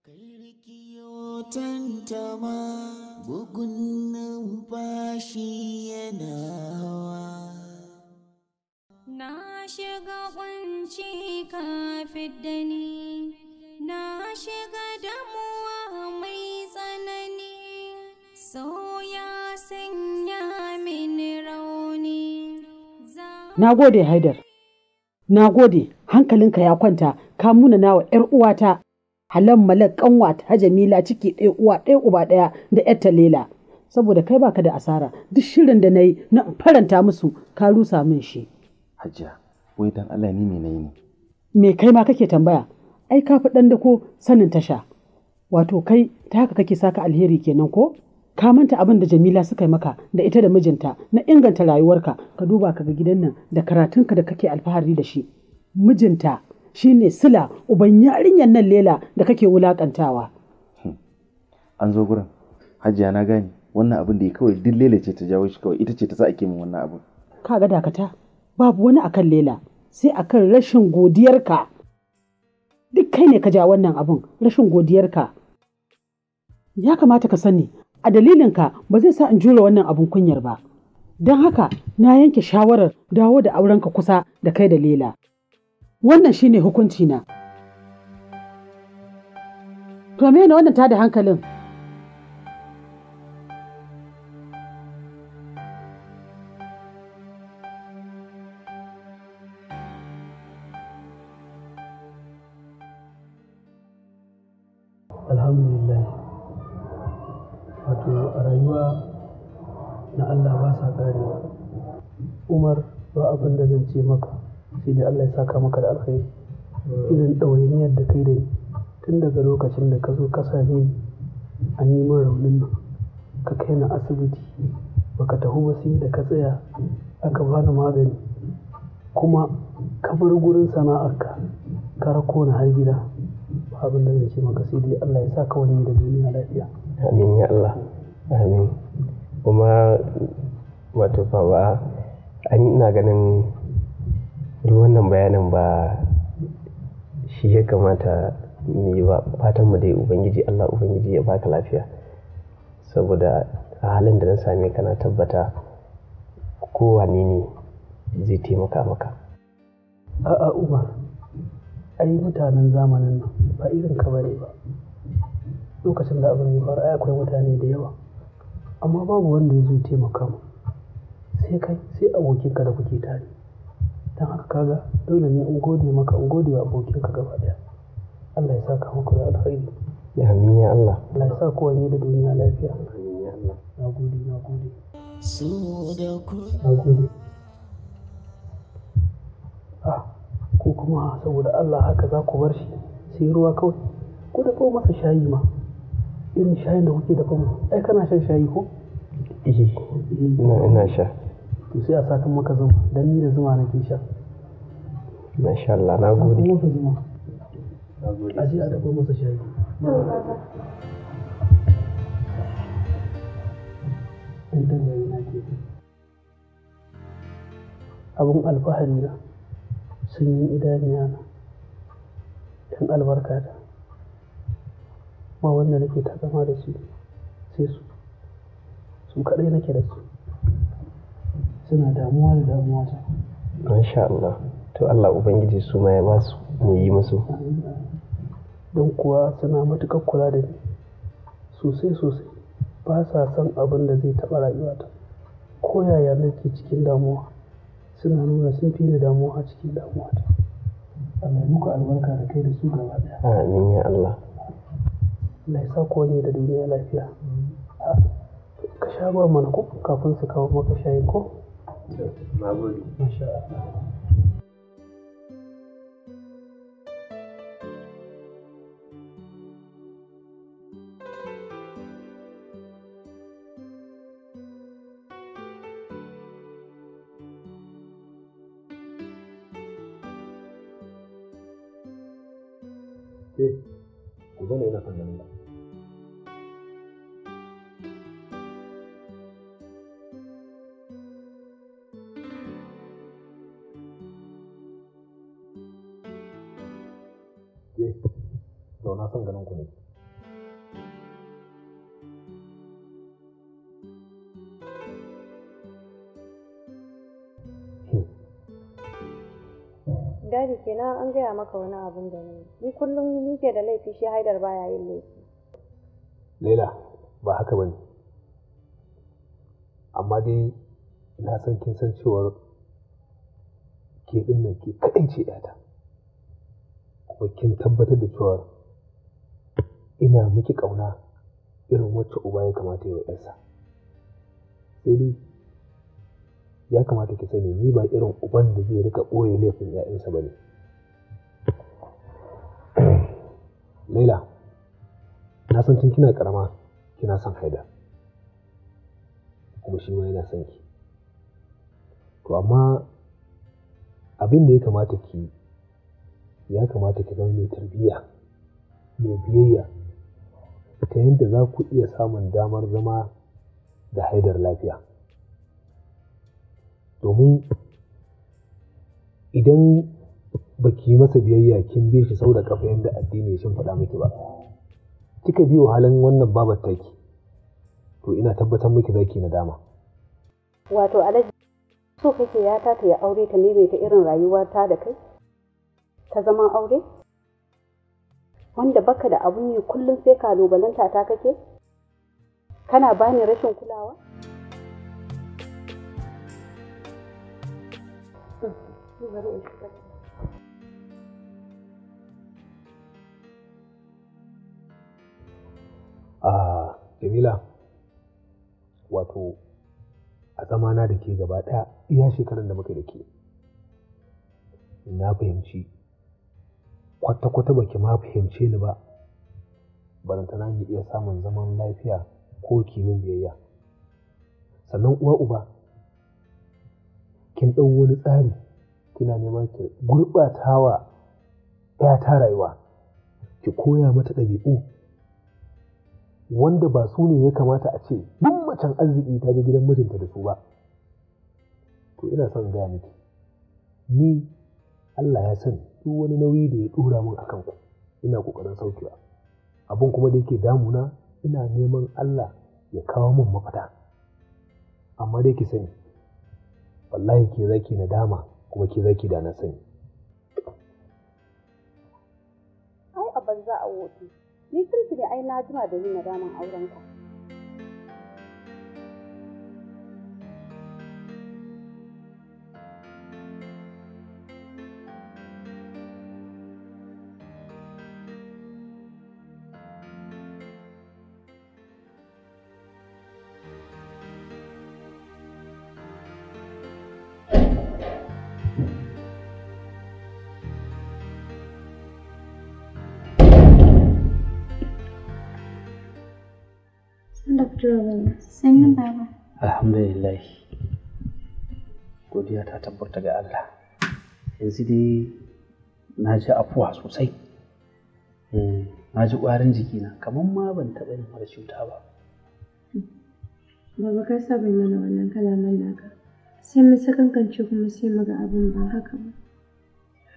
karkiyo tantama bugun numfashi yana hawa na shiga kwanci kafin dani. na gode haidar na gode hankalinka ya kwanta ka muna wa yar uwata halan malak kanwa ta jamila ciki ɗaya uwa ɗaya uba ɗaya da yar talela saboda kai baka da asara duk shirin da na yi na faranta musu ka rusa min shi hajiya wai dan Allah ni me yi. ne me kai ma kake tambaya ai ka fi ɗan da ko sanin tasha wato kai ta haka kake saka alheri kenan ko ka manta abin da Jamila suka yi maka da ita da mijinta na inganta rayuwarka ka duba ka ga gidan nan da karatunka da kake alfahari da shi mijinta shine sila uban yarinyar nan lela da kake wulakantawa hmm. an zo gurin hajiya na gane wannan abin da ya kawai duk lela ce ta jawo shi kawai ita ce ta sa ake min wannan abin ka ga dakata babu wani akan lela sai akan rashin godiyarka duk kai ne ka ja wannan abin rashin godiyarka ya kamata ka sani a dalilinka ba zai sa in jure wannan abin kunyar ba don haka na yanke shawarar dawo da aurenka kusa da kai da lela wannan shine hukunci na to me wannan da hankalin Umar ba abin da zan ce maka sai dai Allah ya saka maka da alkhairi irin ɗawainiyar da kai da tun daga lokacin da ka zo ka same an yi min raunin nan ka kai ni asibiti baka tafi ba sai da ka tsaya aka bani magani kuma ka bar gurin sana'arka ka rako ni har gida ba abin da zan ce maka sai dai Allah ya saka wani da duniya lafiya amin ya Allah amin kuma wato fa ba ani ina ganin duk wannan bayanin ba shi ya kamata mu yi ba fatan mu dai ubangiji Allah ubangiji ya baka lafiya saboda a halin da na same ka na tabbata kowane ne zai taimaka maka a'a uba ai mutanen zamanin nan ba irin ka bane ba lokacin da abin ya fara ai akwai mutane da yawa amma babu wanda ya zo taimaka mu sai kai sai abokinka da kuke tare don haka kaga dole ne in gode maka in gode wa abokinka gaba daya Allah ya saka maka da alkhairi ya amin ya Allah Allah ya sa kowa ne da duniya lafiya amin ya Allah na gode na gode na gode ah ko kuma saboda Allah haka za ku bar shi sai ruwa kawai ko da masa shayi ma irin shayin da kuke dafa mu ai kana shan shayi ko eh, ina sha to sai a sakan maka zuma don ni da zuma nake sha Allah na gode a ce a dafa masa shayi abin alfahari na sun yi idaniya na yan albarka da ma wanda nake takama da su sai su su kaɗai nake da su suna damuwa da damuwa ta masha Allah to Allah ubangiji su ma ya basu, su yi musu don kuwa suna matukar kula da ni sosai sosai ba sa son abin da zai taɓa rayuwata ko yaya nake cikin damuwa suna nuna sun fi ni damuwa a cikin damuwa. ta a albarka da kai da su gaba ɗaya amin ya Allah Allah ya sa ku wani da duniya lafiya ka sha ba mana ko kafin su kawo maka shayi ko na gode kenan an gaya maka wani abin da ne ni kullum ni ke da laifi shi haidar baya yin laifi laila ba haka bane amma dai na san kin san cewar ke din nan ke kaɗai ce yata kuma kin tabbatar da cewa ina miki ƙauna irin wacce uba ya kamata ya wa sai dai ya kamata ki sani ni ba irin uban da zai rika ɓoye laifin 'ya'yansa ba ne Laila, na san tun kina karama kina son haida. Kuma shi ma yana son ki. To amma abin da ya kamata ki ya kamata ki zama mai tarbiyya, mai biyayya ta yadda za ku iya samun damar zama da haidar lafiya. Domin idan ba ki masa biyayya kin bi shi sau da kafa yadda addini sun faɗa miki ba kika biyo halin wannan babar taki to ina tabbatar miki zaki na dama wato alaji so kake ya ta ta ya aure ta ne ta irin rayuwa ta da kai ta zama aure wanda baka da abun yi kullum sai kalubalanta ta kake kana bani rashin kulawa Thank hmm, you. a jamila wato a zamana da ke gaba ɗaya iya shekarar da muka da ke na fahimci kwata-kwata baki ma fahimce ni ba barantana ni iya samun zaman lafiya ko kimin biyayya sannan uwa uba kin ɗau wani tsari kina neman ki gurɓatawa ya ta rayuwa ki koya mata ɗabi'u wanda ba su ne ya kamata a ce duk macen arziki ta je gidan mijinta da su ba to ina son gaya miki ni Allah ya sani duk wani nauyi da ya ɗora min a kanku, ina kokarin saukewa abin kuma da yake damuna ina neman Allah ya kawo min mafata, amma dai ki sani wallahi ke zaki na dama kuma ke zaki da na sani ai a banza a wote ni tuntuni ai na jima da yin nadaman aurenka Sannu Alhamdulillah. Godiya ta tabbata ga Allah. Yanzu dai na ji afuwa sosai. Hmm, na ji ƙwarin jikina kamar ma ban taɓa yin mara cuta ba. Baba ka sa bai mana wannan kalaman naka. Sai mu sakankance kuma sai mu ga abin ba haka ba.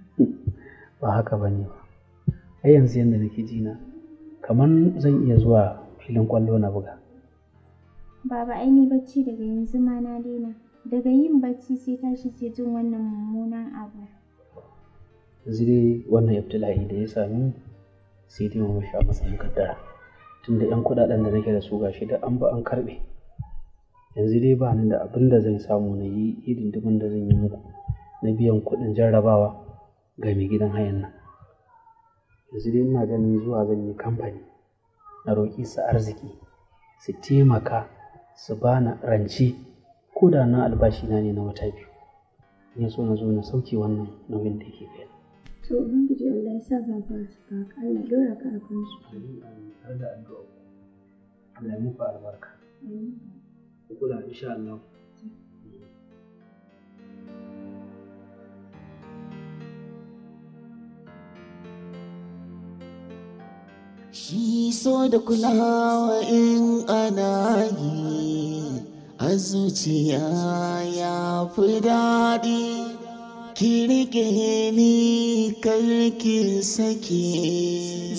Ba haka ba ne ba. Ai yanzu yadda nake jina kamar zan iya zuwa filin kwallo na buga. Baba ai ni bacci daga yanzu ma na daina. Daga yin bacci sai tashi sai jin wannan mummunan abu. Yanzu dai wannan ibtila'i da ya sami sai dai mu sha masa kaddara. Tunda 'yan kuɗaɗen da nake da su shi da an ba an karɓe. Yanzu dai ba ni da abin da zan samu na yi irin hidindimin da zan yi muku na biyan kuɗin jarrabawa ga mai gidan hayan nan. Yanzu dai ina ganin zuwa zan yi kamfani na roƙi su arziki su taimaka su bana rance ko da na albashi na ne na wata biyu ya so na zo na sauke wannan nauyin da ke kai to ubangiji Allah ya sa ba ba su ba dora ka a kan su har da addu'a Allah ya muku albarka kula insha Allah shi so da kulawa in ana yi a zuciya ya fi daɗi kirge ni karki sake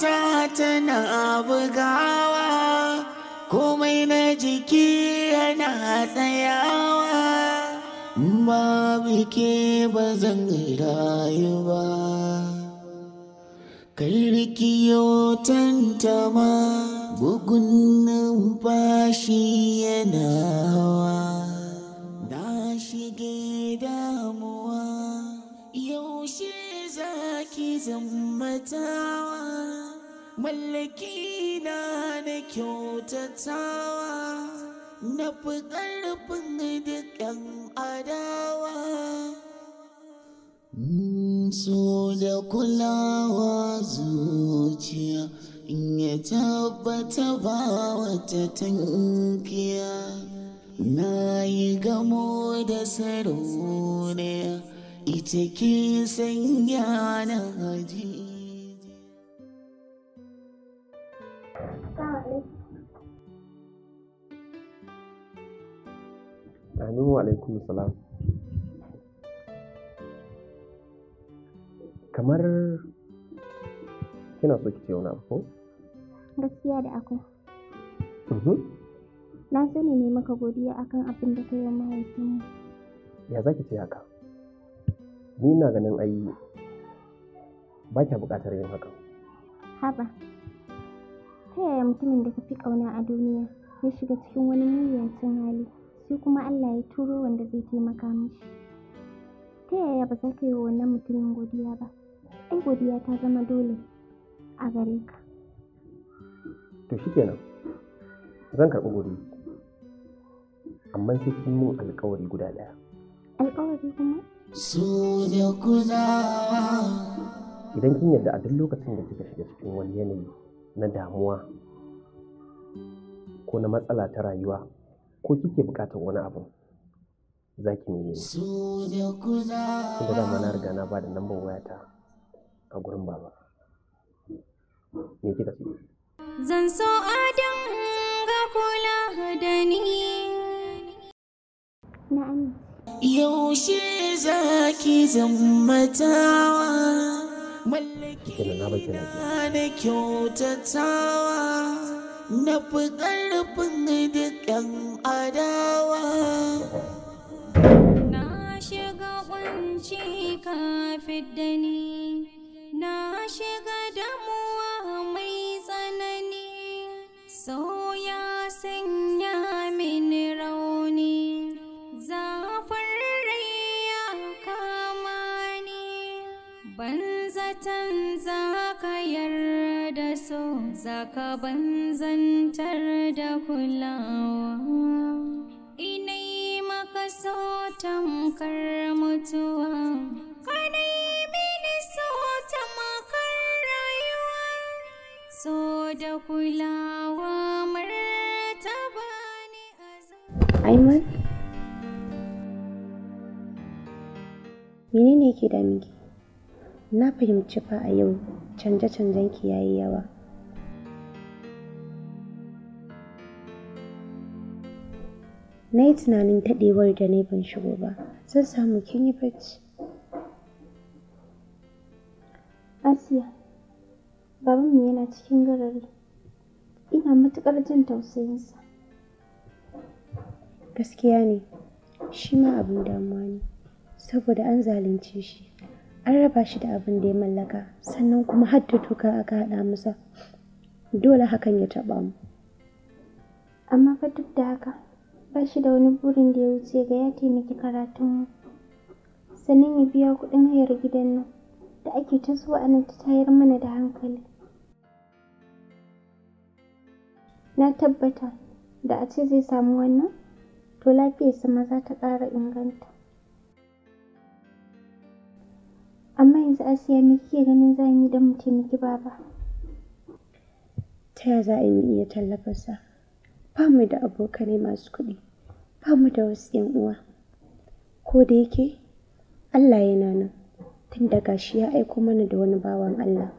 ta tana bugawa komai na jiki yana tsayawa babu ke ba zan rayu ba Karkiyo tantama bugun numfashi yana hawa, na shige damuwa yaushe za ki zammatawa, mallaki na na kyautatawa, na fi ƙarfin dukkan adawa. so da kulawa zuciya in ya tabbata ba wata tankiya na yi gamo da sarauniya ita ke sanya na haji Amin wa alaikum salam. kamar kina so ki ce wani abu ko? gaskiya da akwai mm-hmm. na sani ne maka godiya akan abin da kai wa mahaifinmu ya za ki ce haka ni na ganin ai ba kya buƙatar yin haka haba ta yaya mutumin da ka fi ƙauna a duniya ya shiga cikin wani muyancin hali sai kuma Allah ya turo wanda zai taimaka mishi ta yaya ba za ka yi wa wannan mutumin godiya ba in godiya ta zama dole a gare ka to shi kenan, zan karɓi gobe, amma sai sun mun alƙawari guda ɗaya alƙawari kuma su da kuzawa idan kin yarda a duk lokacin da kika shiga cikin wani yanayi na damuwa ko na matsala ta rayuwa ko kike bukatar wani abu za ki neme ni. Tunda dama na riga na ba da lambar wayata a gurin baba me kika ce zan so adam ga kula da ni na'am yaushe zaki zammatawa mallaki na kyautatawa na fi ƙarfin dukkan adawa na shiga kwanci kafin da ni so ya sanya min rauni zafin rai ya kama ni ban zaton za ka yarda so za ka ban zantar da kulawa inai maka so tamkar mutuwa So da kula Aiman? Menene yake damunki? Na fahimci fa a yau canje-canjenki ya yi yawa. Na yi tunanin taɗewar da na ban shigo ba, zan samu kin yi bacci. Asiya, babanmu yana cikin garari. Ina matuƙar jin tausayinsa. gaskiya ne shi ma abin damuwa ne saboda an zalunce shi an raba shi da abin da ya mallaka sannan kuma har da aka haɗa masa dole hakan ya taɓa mu amma fa duk da haka ba shi da wani burin da ya wuce ga ya taimaki karatun mu sannan ya biya kuɗin hayar gidan nan da ake ta zuwa anan ta tayar mana da hankali na tabbata da a ce zai samu wannan to lafiyarsa ma za ta ƙara inganta amma yanzu asiya me kike ganin za mu yi don mu taimaki baba ta yaya za a yi iya tallafarsa ba mu da abokanai masu kuɗi ba mu da wasu 'yan uwa ko da yake allah yana nan tun daga shi ya aiko mana da wani bawan allah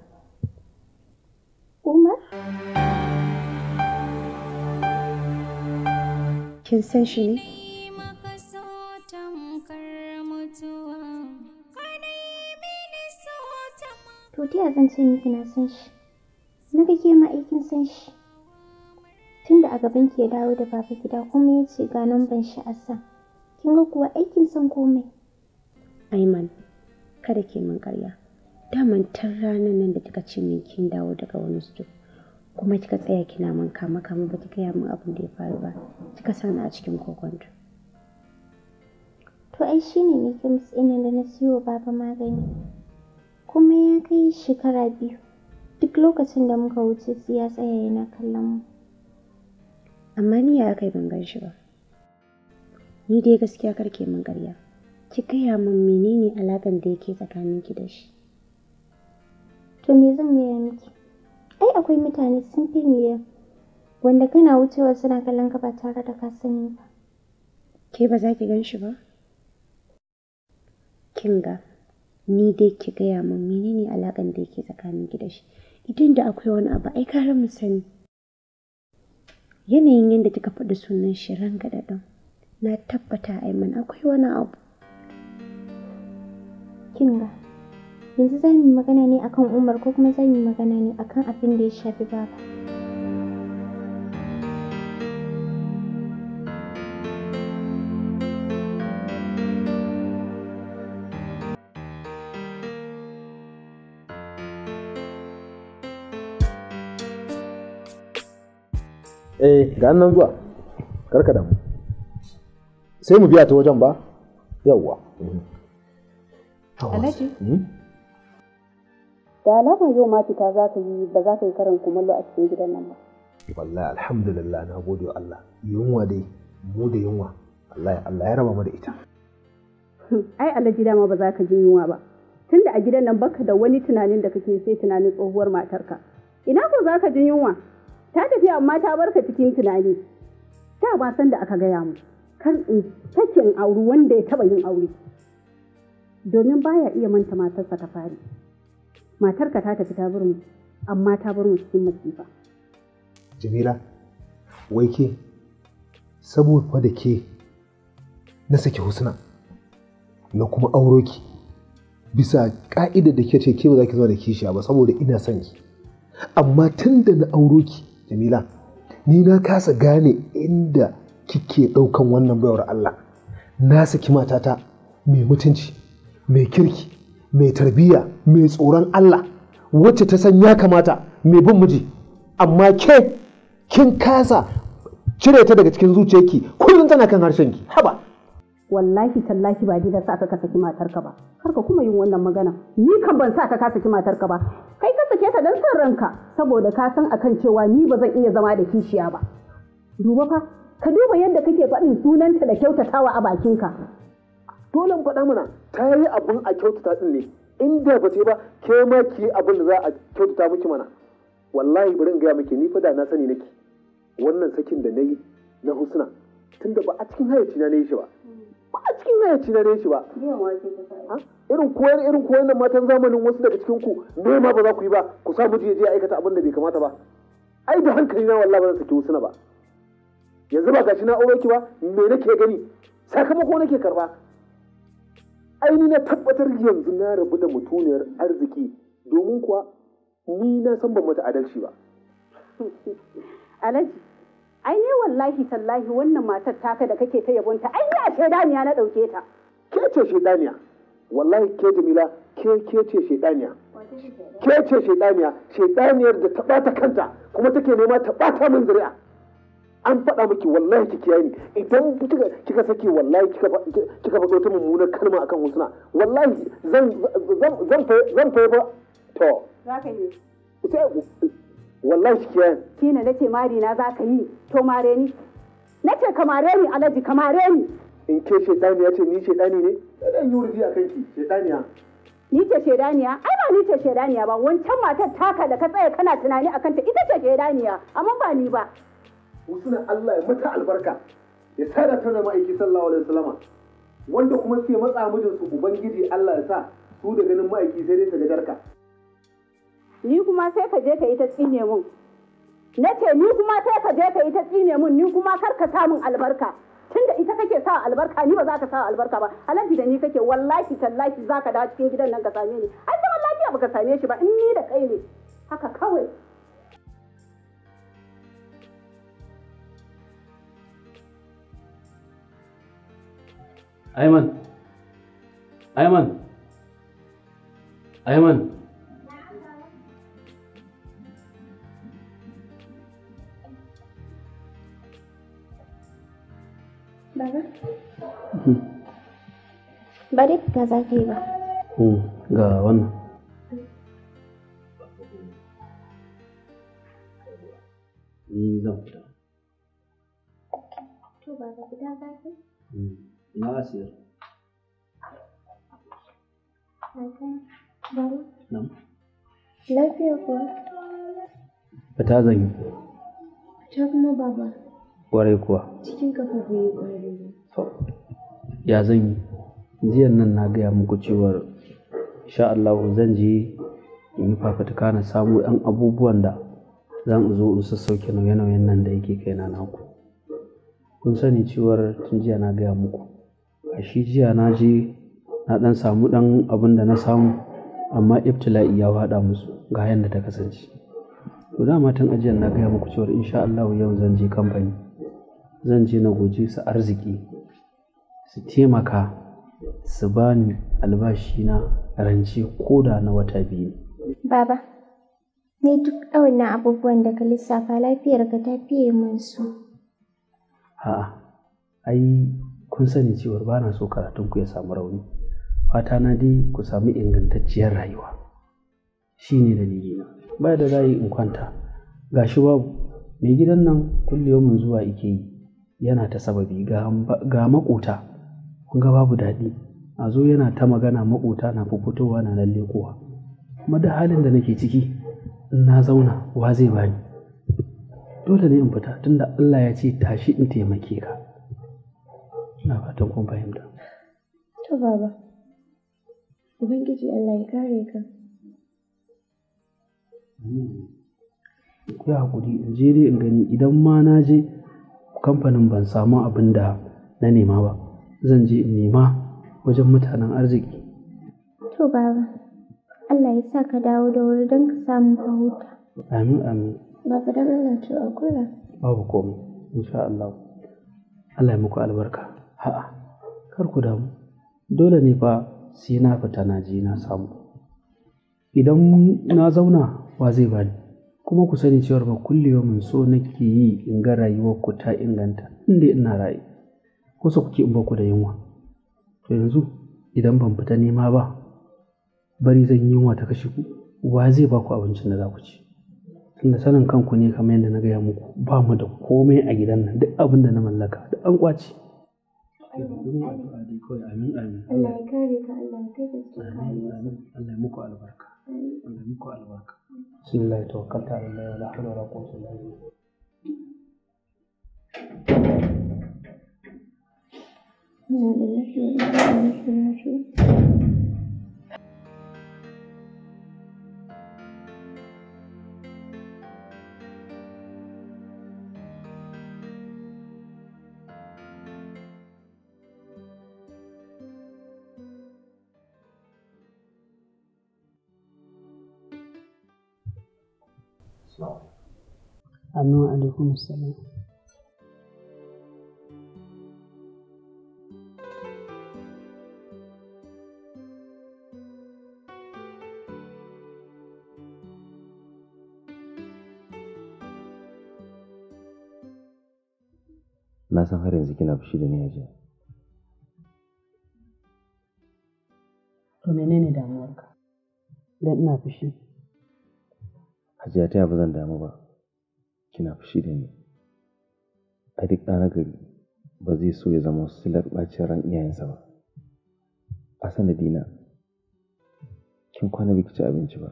umar kin san shi ne to ta zan ce miki na san shi na ga ma aikin san shi tunda a gaban ki ya dawo da baba gida kuma ya ce ga nan ban shi asa kin ga kuwa aikin san komai aiman kada ke min karya daman tar ranar nan da kika ce min kin dawo daga wani sto kuma kika tsaya kina min kama kama ba ta gaya min abin da ya faru ba kika sani a cikin kokonta to ai shine ne kims tsine da na siyo baba magani kuma ya kai shekara biyu duk lokacin da muka wuce sai ya tsaya yana kallon mu amma ni ya kai ban gan shi ba ni dai gaskiya karke min ƙarya ki gaya min menene alakan da yake ki da shi to me zan gaya miki ai akwai mutane sun fi wanda kana wucewa suna kallon ka ba tare da ka sani ba ke ba za ki gan shi ba kinga ni dai ki gaya min menene alakan da yake tsakanin ki da shi idan da akwai wani abu ai kare mu sani yanayin yadda kika faɗi sunan shi ran da na tabbata aiman akwai wani abu kinga yanzu za mu yi magana ne akan Umar ko kuma za mu yi magana ne akan abin da ya shafi Baba. Eh, ga nan zuwa, karka damu. Sai mu biya ta wajen ba? Yawwa. Mhm. Alhaji. Hmm? da alama yau ma fita za ka yi ba za ka yi karin kumallo a cikin gidan nan ba Wallah alhamdulillah na gode wa Allah yunwa dai mu da yunwa Allah Allah ya raba mu da ita hmm, ai alaji dama ba za ka ji yunwa ba tunda a gidan nan baka da wani tunanin da kake sai tunanin tsohuwar matarka ina ko za ka ji yunwa ta tafi amma ta barka cikin tunani ta ba san da aka gaya mu kar in sakin auri wanda ya taba yin aure domin baya iya manta matarsa ta fari matarka ta tafi ta bar mu amma ta bar mu cikin masifa jamila wai ke saboda da ke na saki husna na kuma auro ki bisa ka'idar da ke ce ke ba za ki zo da kishiya ba saboda ina son ki amma tun da na auro ki jamila ni na kasa gane inda kike ɗaukan wannan baiwar Allah na saki matata mai mutunci mai kirki mai tarbiyya mai tsoron Allah wacce ta san ya kamata mai bin miji amma ke kin kasa cire ta daga cikin zuciyarki kullum tana kan harshenki haba wallahi tallahi ba ni da sa ka saki matarka ba kar ka kuma yin wannan magana ni kan ban sa ka ki matar matarka ba kai ka sake ta dan san ranka saboda ka san akan cewa ni ba zan iya zama da kishiya ba duba fa ka duba yadda kake faɗin sunanta da kyautatawa a bakinka dole mu faɗa mana ta yi abin a kyautata ɗin ne inda ba sai ba ke ma ki yi abin da za a kyautata miki mana wallahi bari in gaya miki ni fa da na sani nake wannan sakin da na yi na husna tunda ba a cikin hayyaci na ne shi ba ba a cikin hayyaci na ne shi ba irin koyar irin koyar da matan zamanin wasu daga cikin ku ne ma ba za ku yi ba ku sa miji ya je aikata abin da bai kamata ba ai da hankali na wallahi ba zan saki husna ba yanzu ba gashi na aure ki ba me nake gani sakamako nake karba aini na tabbatar yanzu na rabu da mutuniyar arziki domin kuwa ni na san ban mata adalci ba alhaji ai ne wallahi tallahi wannan matar taka da kake ta yabonta ai ya shedaniya na ɗauke ta ke ce shedaniya wallahi ke jamila ke ke ce shedaniya ke ce shedaniya shedaniyar da ta ɓata kanta kuma take nema ta ɓata min zuri'a an faɗa miki wallahi ki kiyaye ni idan kika sake wallahi kika faɗo ta mummunar kalma akan husna wallahi zan zan fa ba to zaka yi sai wallahi ki kiyaye ni na nace mari na zaka yi to mare ni nace ka mare ni alaji ka mare ni in ke shedani ya ce ni shedani ne dan yurdi akan ki ya. ni ce shedaniya ai ba ni ce shedaniya ba wancan matar taka da ka tsaya kana tunani akan ta ita ce shedaniya amma ba ni ba wasu Allah ya mata albarka ya sada ta da ma'aiki sallallahu alaihi wasallama wanda kuma suke matsa mijin su ubangiji Allah ya sa su da ganin ma'aiki sai dai ta gadarka ni kuma sai ka je ka yi ta tsine mun na ce ni kuma sai ka je ka yi ta tsine mun ni kuma kar ka mun albarka tunda ita kake sa albarka ni ba za ka sa albarka ba alaji da ni kake wallahi tallahi za ka dawo cikin gidan nan ka same ni ai zaman lafiya ba ka same shi ba in ni da kai ne haka kawai Ayman Ayman Ayman Baba Barit ka za ka yi ba ga wannan ni zan fita to ba ka fita za ka yi Nasir. Lafiya kuwa? Fita zan yi. Fita kuma baba. Kwarai kuwa. Cikin kafa bai kwarai. Ya zanyi? yi. Jiyan nan na gaya muku cewar insha Allah zan je in yi fafutuka na samu 'yan abubuwan da zan zo in sassauke nauye-nauyen nan da yake na naku. Kun sani cewar tun jiya na gaya muku. shi jiya na je na ɗan samu ɗan abin da na samu amma iftila'i ya haɗa musu ga yadda ta kasance to dama tun ajiyar na gaya muku cewar insha Allah yau zan je kamfani zan je na goje su arziki su taimaka su bani albashi na rance koda na wata biyu baba ne duk ɗawannan abubuwan da ka lissafa lafiyar ka ta fiye mun su a'a ai kun sani cewar ba na so karatunku ya samu rauni fata na dai ku samu ingantacciyar rayuwa shi ne dalilina ba da rayu in kwanta ga shi babu mai gidan nan kulliyomin zuwa ike yi yana ta sababi ga makota kun ga babu daɗi a zo yana ta magana makota na fitowa na lalle kowa kuma da halin da nake ciki in na zauna wa zai bani dole ne in fita tunda Allah ya ce tashi in taimake ka Ina fatan kun fahimta. To baba, Ubangiji Allah ya kare ka. Hmm. Ku yi hakuri in je dai in gani idan ma na je kamfanin ban samu abin da na nema ba, zan je in nema wajen mutanen arziki. To baba, Allah ya sa ka dawo da wuri don ka samu ka huta. Amin amin. Baba don Allah to a kula. Babu komai, insha Allah. Allah ya muku albarka. A'a, kar ku damu. Dole ne fa sai na fita na je na samu. Idan na zauna wa zai bani. Kuma ku sani cewar ba mun so nake yi in ga rayuwar ku ta inganta inda ina rayu. Kusa kuke in ku da yunwa. To yanzu idan ban fita nema ba, bari zan yi yunwa ta kashe ku. Wa zai ba ku abincin da za ku ci? Tunda sanin kanku ne kamar yadda na gaya muku, ba mu da komai a gidan nan. Duk abin da na mallaka duk an ƙwace. gurin addu'a kawai amin amin Allah ya Allah ya muku albarka Allah ya muku albarka bismillah tawakkaltu ala Amin wa salam. na san har yanzu kina fushi da ni hajiya. To menene damuwarka? Dan ina fushi. Hajiya ta ba zan damu ba. kina fushi da ni a duk ɗa gari ba zai so ya zama silar ɓacin ran iyayensa ba a sanadina kin kwana biki ci abinci ba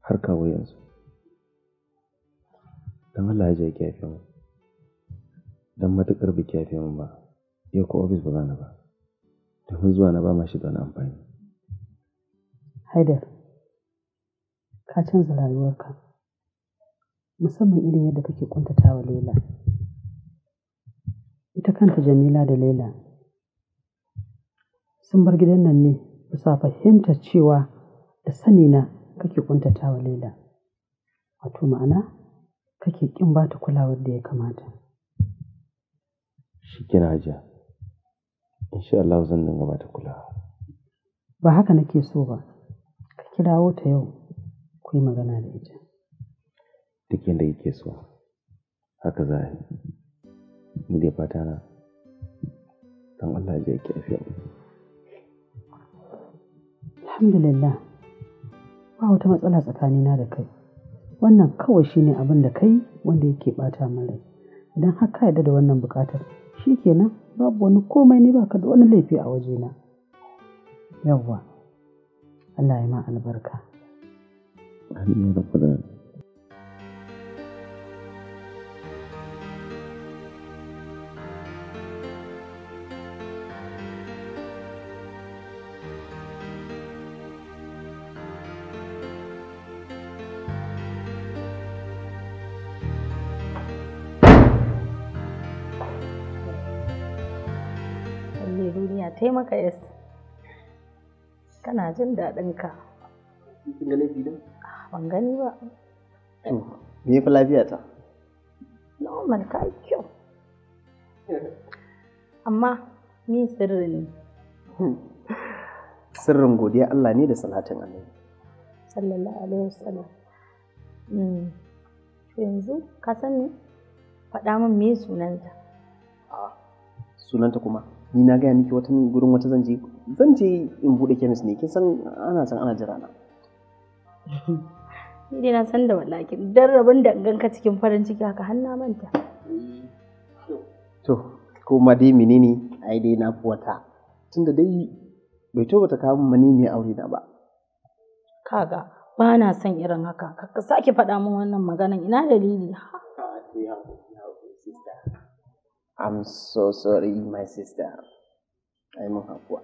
har kawo yanzu don Allah ya ki yafe mu don matuƙar biki yafe mu ba yau ko ofis ba za na ba domin zuwa na ba ma shi da amfani haidar ka canza rayuwarka musamman irin yadda kake kuntatawa Laila. Ita kanta Jamila da Laila sun bar gidan nan ne bisa fahimtar cewa da sanina kake kuntatawa Laila. Wato ma'ana kake ƙin ba ta kulawar da ya kamata. Shi kina hajiya. Insha Allah zan dinga ba ta kulawa. Ba haka nake so ba. Ka kirawo ta yau ku yi magana da ita. duk yadda yake so haka za a yi ni dai fata na don Allah ya ki afiya alhamdulillah ba wata matsala tsakanina da kai wannan kawai shine abin da kai wanda yake bata mara, rai idan har ka yarda da wannan bukatar shikenan babu wani komai ne baka da wani laifi a wajena yawwa Allah ya ma albarka amin rabu da. yi maka yes kana jin daɗin ka kin ga laifi din ah, ban gani ba me fa lafiya ta normal ka kyau eh. amma ni sirri ne hmm. sirrin godiya Allah ne da salatin annabi sallallahu alaihi wasallam hmm. to yanzu ka san faɗa min me sunanta ah, sunanta kuma ni na gaya miki wata gurin wata zan je zan je in bude kemis ne kin san ana san ana jira na ni dai na san da wallahi dan rabin da ganka cikin farin ciki haka har na manta to ma dai menene ai dai na wata tunda dai bai to bata kawo mani mai aure na ba kaga ba na son irin haka ka sake faɗa min wannan maganan ina dalili ha I'm so sorry my sister. Ai mun hakuwa.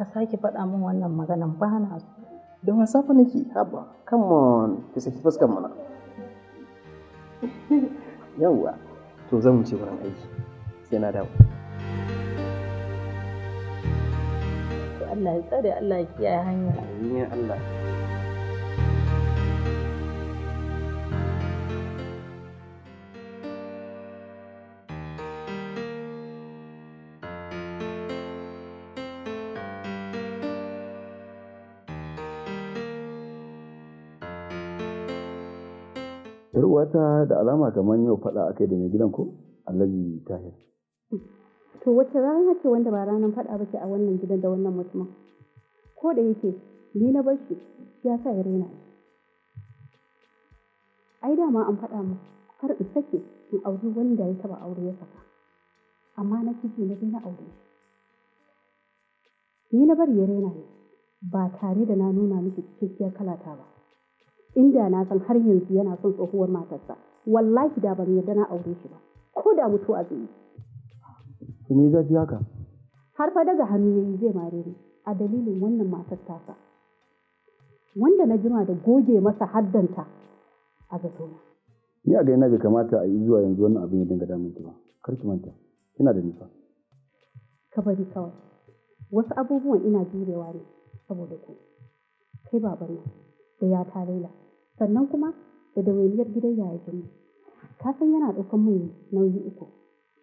Ka sake faɗa min wannan maganan ba na so. Da wasa fa nake haba. Come on, ki saki fuskar mana. Yawwa, to zan wuce wurin aiki. Sai na dawo. Allah ya tsare Allah ya kiyaye hanya. Amin Allah. yar uwata da alama kamar yau faɗa akai da mai gidan ko alhaji tahir to wace rana ce wanda ba ranar faɗa ba ce a wannan gidan da wannan mutumin ko da yake ni na bar ya sa ya raina ai dama an faɗa mu har in sake in auri wanda ya taba aure ya saka amma na kiji na na aure ni na bari ya raina ne ba tare da na nuna miki cikakkiyar kalata ba inda na san har yanzu yana son tsohuwar matarsa wallahi da ban yarda na aure shi ba ko da mutu a zai yi za ki haka har fa daga hannu yayi zai mare ni a dalilin wannan matar tasa wanda na jima da goge masa haddanta a zatona ni a ga yana bai kamata a yi zuwa yanzu wannan abin ya dinga damun ki ba kar ki manta kina da nifa ka bari kawai wasu abubuwan ina jurewa ne saboda ku kai baban nan da ya ta laila sannan kuma da dawainiyar gidan yayakinmu ka san yana ɗaukan mun nauyi uku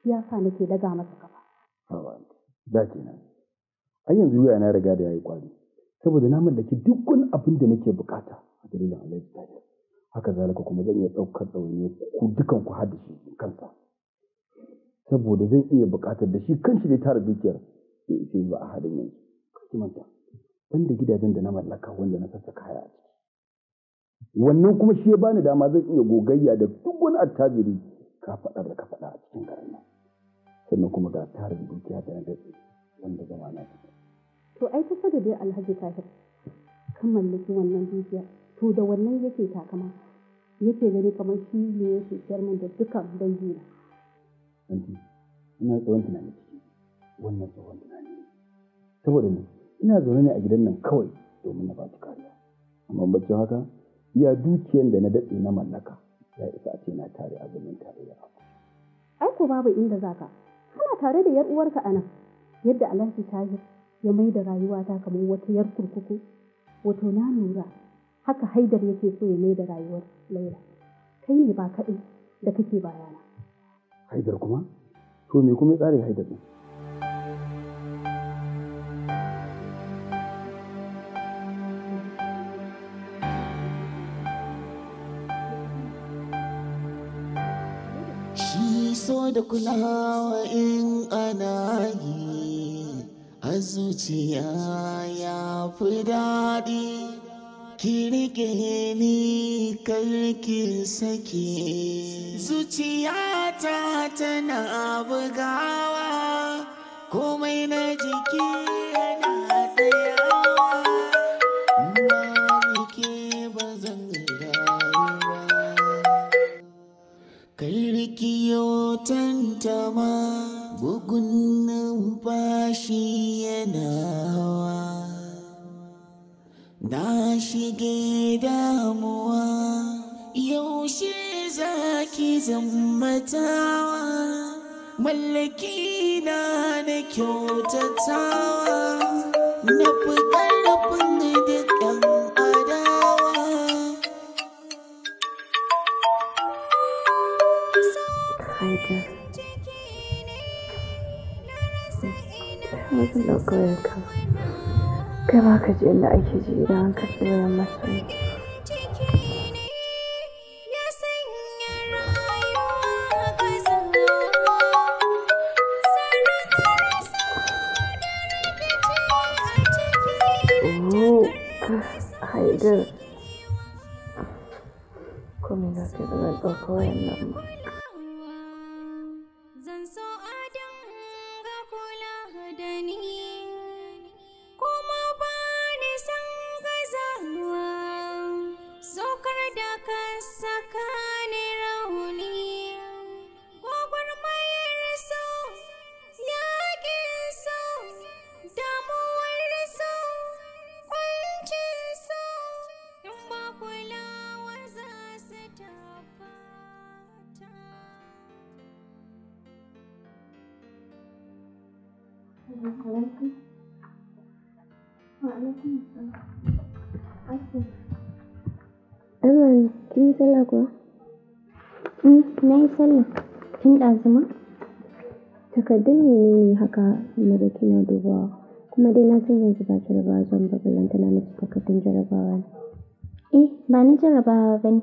shi ya sa nake daga masa kafa da kenan an yanzu wuya na riga da yayi kwari saboda na mallaki dukkan abin da nake bukata a dalilin ta Tahir haka zalika kuma zan iya ɗaukar ɗawainiyar ku dukan ku har shi kansa saboda zan iya buƙatar da shi kanshi da tara dukiyar sai ba a haɗin yanzu ka manta banda gidajen da na mallaka wanda na sassa kaya a ciki wannan kuma shi ya bani dama zan iya gogayya da duk wani attajiri ka faɗa da ka faɗa a cikin garin nan sannan kuma ga tarin dukiya da yadda wanda zama na to ai ta da dai alhaji tahir kan mallaki wannan dukiya to da wannan yake takama yake gani kamar shi ne yake kyarmin da dukkan dangi na ina tsawon tunani ciki wannan tsawon tunani ne. Saboda ne, ina zaune ne a gidan nan kawai domin na ba kariya. Amma bacci haka, iya dukiyan da na datse na mallaka ya isa a ce na tare a da abu. ai ko babu inda zaka kana tare da yar uwarka a nan yadda alhaji tahir ya mai da rayuwata kamar wata yar kurkuku wato na lura haka haidar yake so ya mai da rayuwar laila kai ne ba kaɗai da kake bayana haidar kuma to me kuma ya tsare haidar ɗin so da kulawa in ana yi a zuciya ya fi daɗi ki rike ni karki sake zuciyata tana bugawa komai na jiki yau tantama bugun numfashi yana hawa na shige damuwa yaushe za ki zammatawa mallaki na na kyautatawa na fi sun ɗauka wayarka kai ba ka inda ake ji idan an kashe wayan masoyi sallah? kin ɗazu ma? Takardun ne haka naga kina dubawa? Kuma dai na san yanzu ba jarabawa zan ba ballantana nace takardun jarabawa ne. Eh, ba na jarabawa ba ne.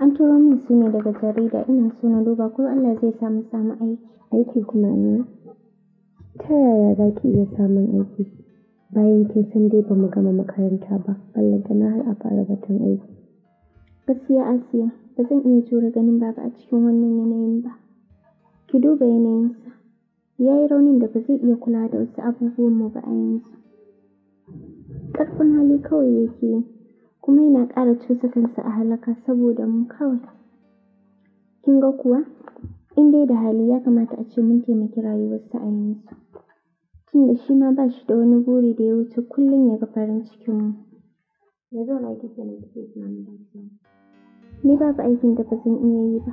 An turo min su ne daga jarida ina so na duba ko Allah zai samu samu aiki. Aiki kuma ina? Ta yaya za ki iya samun aiki bayan kin san dai ba mu gama makaranta ba na har a fara batun aiki? Gaskiya Asiya. ba zan iya jure ganin baba a cikin wannan yanayin ba. Ki duba yanayinsa, ya yi raunin da ba zai iya kula da wasu abubuwan mu ba a yanzu. Ƙarfin hali kawai yake yi, kuma yana ƙara cusa kansa a halaka saboda mu kawai. Kin ga kuwa, in dai da hali ya kamata a ce mun taimaki rayuwarsa a yanzu. Tunda shi ma ba shi da wani buri da ya wuce kullum ya ga farin cikinmu. Ya zauna kike nan Ni babu aikin da ba zan iya yi ba,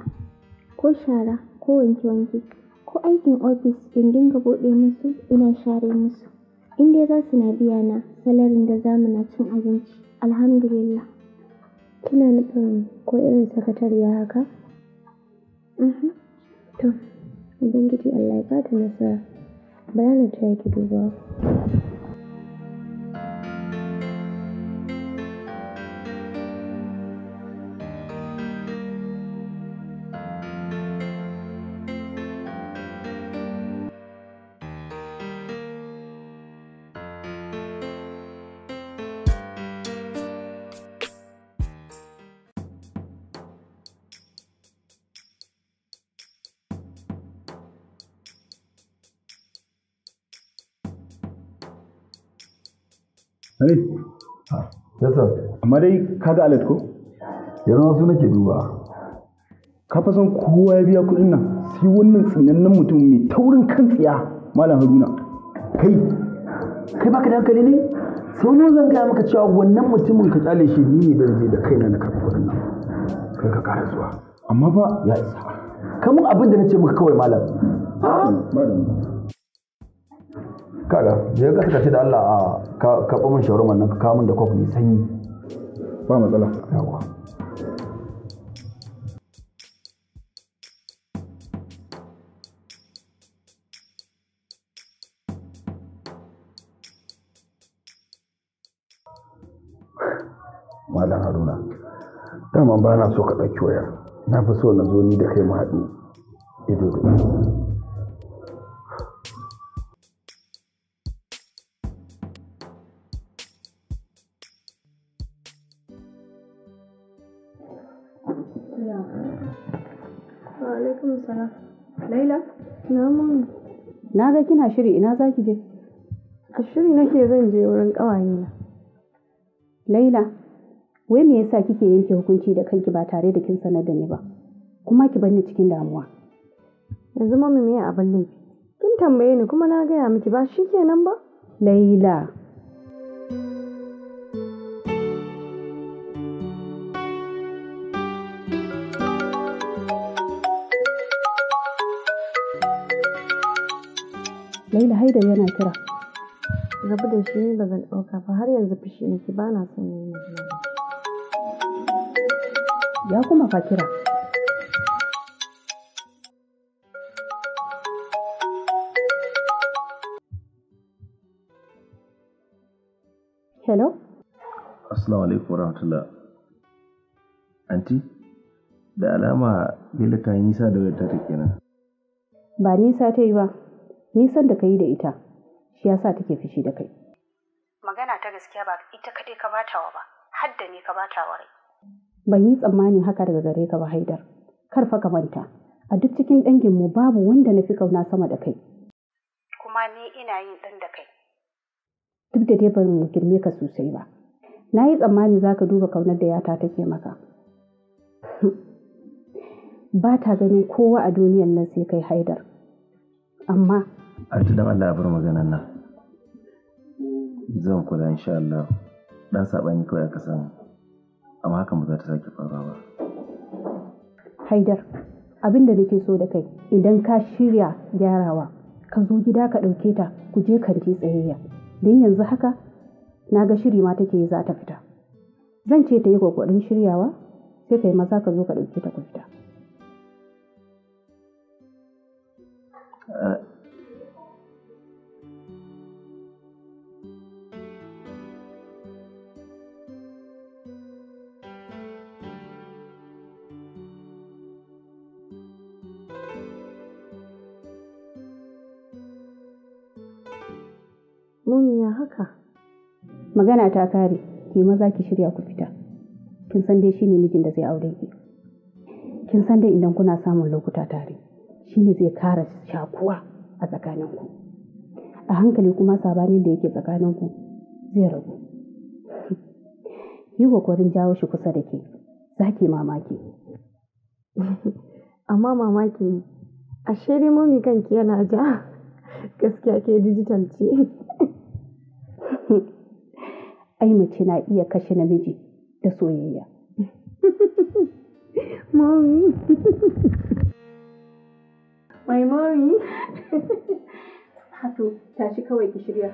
ko shara ko wanke-wanke ko aikin ofis in dinga buɗe musu ina share musu. In dai za su na biya na salarin da zamu na cin abinci, Alhamdulillah. Kina nufin ko irin sakatariya haka? Mhm. To, Ubangiji Allah ya ba ta nasara. Bara na taya ki dubawa. amma dai ka ga alat ko yanzu su nake duba ka fa san kowa ya biya kuɗin nan sai wannan tsinannen mutum mai taurin kan tsiya malam haruna kai kai baka da hankali ne sau nawa zan gaya maka cewa wannan mutumin ka kyale shi ni ne zan je da kaina na karɓi kuɗin nan kai ka ƙara zuwa amma ba ya isa kamun abin da na ce maka kawai malam kaga da ya ga da Allah a kaɓa min shawarar nan ka kawo min da kofi sanyi ba matsala yawa Malam Haruna, dama ba na so ka ɗauki waya, na fi so na zo ni da kai mu haɗu ido da Laila? Na Na ga kina shiri ina za ki je? A shiri nake zan je wurin ƙawayena. Laila, wai me yasa kike yanke hukunci da kanki ba tare da kin sanar da ni ba? Kuma ki bar ni cikin damuwa. Yanzu mami me abin laifi? Kin tambaye ni kuma na gaya miki ba shi kenan ba? Laila, haida yana kira rabu da shi ne ba zan ɗauka ba har yanzu fushi ki ba na son yin magana ya kuma ka kira hello assalamu alaikum rahmatullah. anti da alama lila ta yi nisa da wata ta kenan ba nisa ta yi ba nisan da ka da ita shi yasa take fishi da kai magana ta gaskiya ba ita kaɗai ka batawa ba har da ni ka batawa rai ban yi tsammanin haka daga gare ka ba haidar kar fa ka manta a duk cikin dangin mu babu wanda na fi kauna sama da kai kuma ni ina yin ɗan da kai duk da dai ban girme ka sosai ba na yi tsammani za ka duba kaunar da yata take maka ba ta ganin kowa a duniyar nan sai kai haidar amma a don Allah bar maganan nan zan kula insha Allah dan ni kawai aka san amma hakan ba za ta sake faruwa ba haidar abin da nake so da kai idan ka shirya gyarawa ka zo gida ka ɗauke ta ku je kanti tsayayya don yanzu haka na ga shiri ma take za ta fita zan ce ta yi kokarin shiryawa sai kai maza ka zo ka ɗauke ta ku fita eh, magana ta kare ki maza ki shirya ku fita kin san dai shine mijin da zai aure ki kin san dai idan kuna samun lokuta tare shine zai kara shakuwa a tsakaninku a hankali kuma sabanin da yake ku zai ragu yi kokarin jawo shi kusa da ke za ki mamaki amma mamaki ashe dai mami kanki yana ja gaskiya ke digital ce ai mace na iya kashe namiji da soyayya mommy my mommy hato tashi kawai ki shirya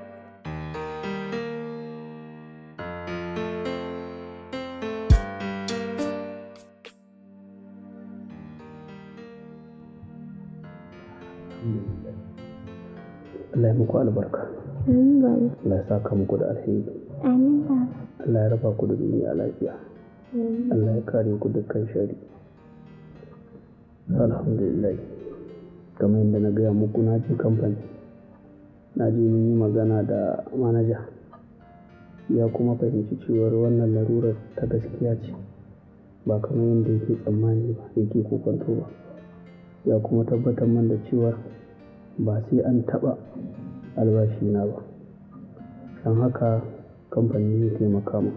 Allah ya muku albarka. Allah ya ka muku da alheri. Allah ya raba ku da duniya lafiya. Allah ya kare ku dukkan shari. Alhamdulillah. Kamar yadda na gaya muku na je kamfani. Na je mun yi magana da manaja. Ya kuma fahimci cewar wannan larurar ta gaskiya ce. Ba kamar yadda yake tsammani ba, yake kokonto ba. Ya kuma tabbatar man da cewar ba sai an taɓa albashina ba. Don haka kamfani zai taimaka mu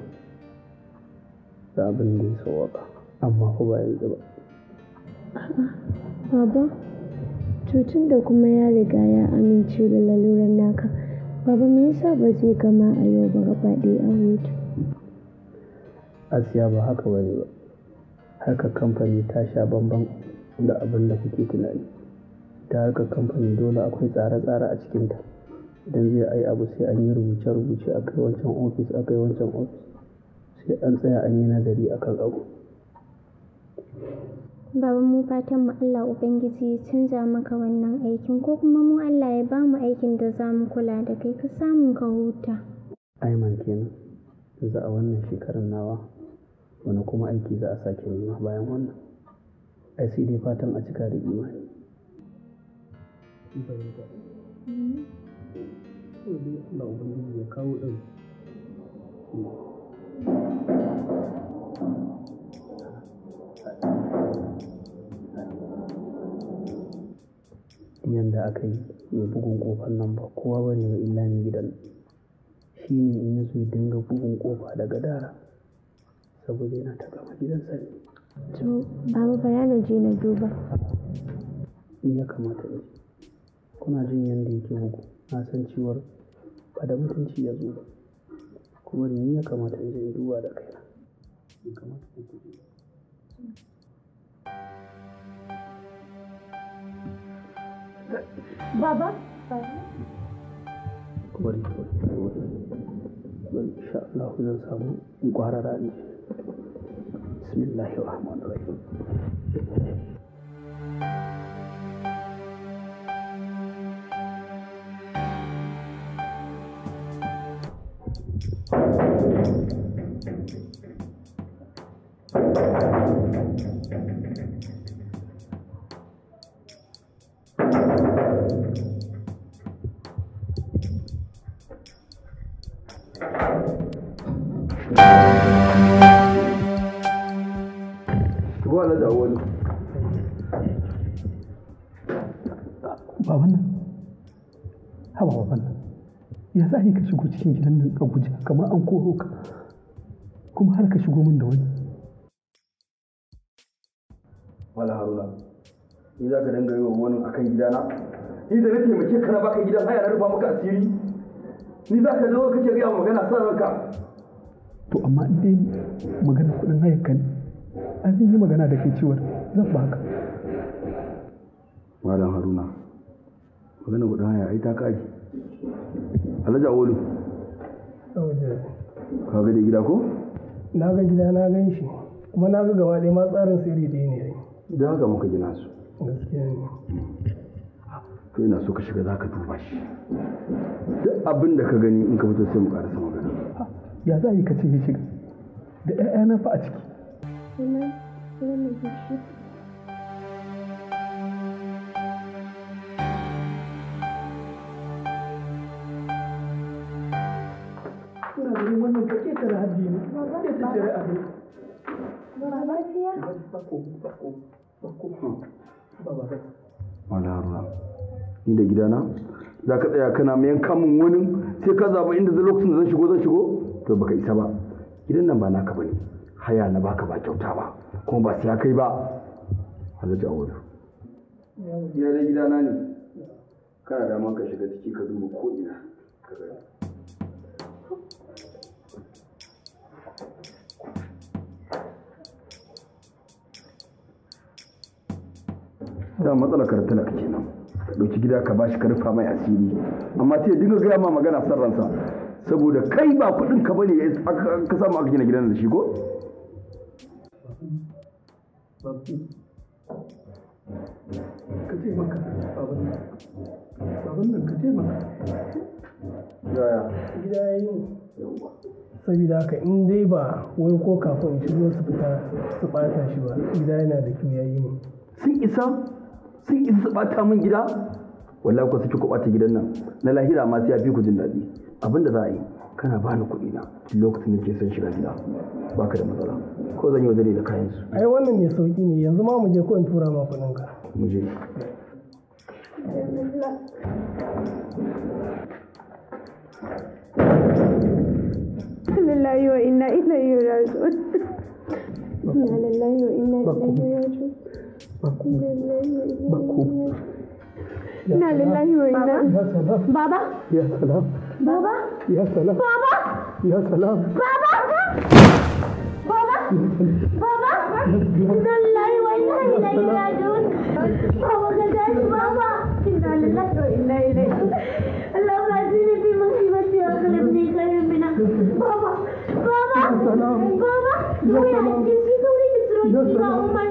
da abin da ya amma fa ba yanzu ba baba tutun da kuma ya riga ya amince da laluran naka baba me yasa ba zai gama a yau ba gaba ɗaya a hutu asiya ba haka ba ne ba haka kamfani ta sha bamban da abin da kuke tunani ta haka kamfani dole akwai tsare-tsare a cikinta idan zai ayi abu sai an yi rubuce-rubuce a kai wancan ofis a kai wancan ofis sai an tsaya an yi nazari a kan abu. Baban mu fatan mu Allah Ubangiji ya canja maka wannan aikin ko kuma mu Allah ya ba mu aikin da za mu kula da kai ka samu ka huta. Aiman kenan za a wannan shekarun nawa wani kuma aiki za a sake nema bayan wannan. Ai sai dai fatan a cika da imani. Mm-hmm. to dai Allah ubangiji ya kawo ɗan yanda aka yi mai bugun kofar nan ba kowa ba ne ba illa mai gidan shi ne in ya ya dinga bugun kofa daga dara saboda yana ta kama gidansa ne to babu bara na je na duba ya kamata ne kuna jin yadda yake bugu na san cewar ba da mutunci ya zo ba kuma ni ya kamata in je duba da kai ya kamata in Baba, baba. Bari, Insha Allah zan samu in rani. Bismillahirrahmanirrahim. ولد أول بابنا هو بابنا ya za ka shigo cikin gidan nan a kamar an koro ka kuma har ka shigo min da wani wala haruna ni za ka dinga yi wa wani akan gidana ni da nake mace kana baka gidan haya na rufa maka asiri ni za ka zo kake riya magana sa ranka to amma in dai magana kudin haya ka ne an yi magana da ke cewar zan baka malam haruna magana kudin haya ai ta kai alhaji awolu ka ga dai gida ko na ga gida na gan shi kuma na ga gaba ma tsarin sirri dai ne da haka muka gina su gaskiya ne to ina so ka shiga za ka duba shi duk abin da ka gani in ka fito sai mu karasa magana ya za yi ka ce shiga da 'ya'ya na fa a ciki wannan wannan shi wannan ka ƙetare haddi ne ƙetare abin ni da gidana za ka tsaya kana mayan kamun wani sai ka zaba inda zai lokacin da zan shigo zan shigo to baka isa ba gidan nan ba naka bane haya na baka ba kyauta ba kuma ba sai kai ba Alhaji Awadu ya da gidana ne kana dama ka shiga ciki ka duba ko ina ka da matsala ka talaka kenan ka ɗauki gida ka bashi ka rufa mai asiri amma sai dinga gaya ma magana san ransa saboda kai ba kuɗin ka bane ka samu aka gina gidan da shi ko gida ya yi saboda haka in dai ba wai ko kafin shigo su fita su ɓata shi ba gida yana da kyau yi mu sun isa sun isa su bata min gida wallahi ku suke ku gidan nan na lahira ma sai ya fi ku jin daɗi abinda za a yi kana ba ni kuɗi na lokacin da ke son shiga gida baka da matsala ko zan yi wa da kayan su ai wannan ne sauki ne yanzu ma mu je ko in tura ma kuɗin ka mu je lillahi wa inna ilaihi rasu. inna lillahi wa inna ilaihi rasu. बखूब बखूब ना लिल्लाही व इन्ना या सलाम बाबा या सलाम बाबा या सलाम बाबा या सलाम बाबा बाबा बाबा इन्ना लिल्लाही व इन्ना इलैहि राजिऊन बाबा गजाज बाबा इन्ना लिल्लाही व इन्ना इलैहि अल्लाह हाजिर की मुसीबत से और कलब नहीं करे बिना बाबा बाबा बाबा या सलाम किसी को नहीं किसी को उम्र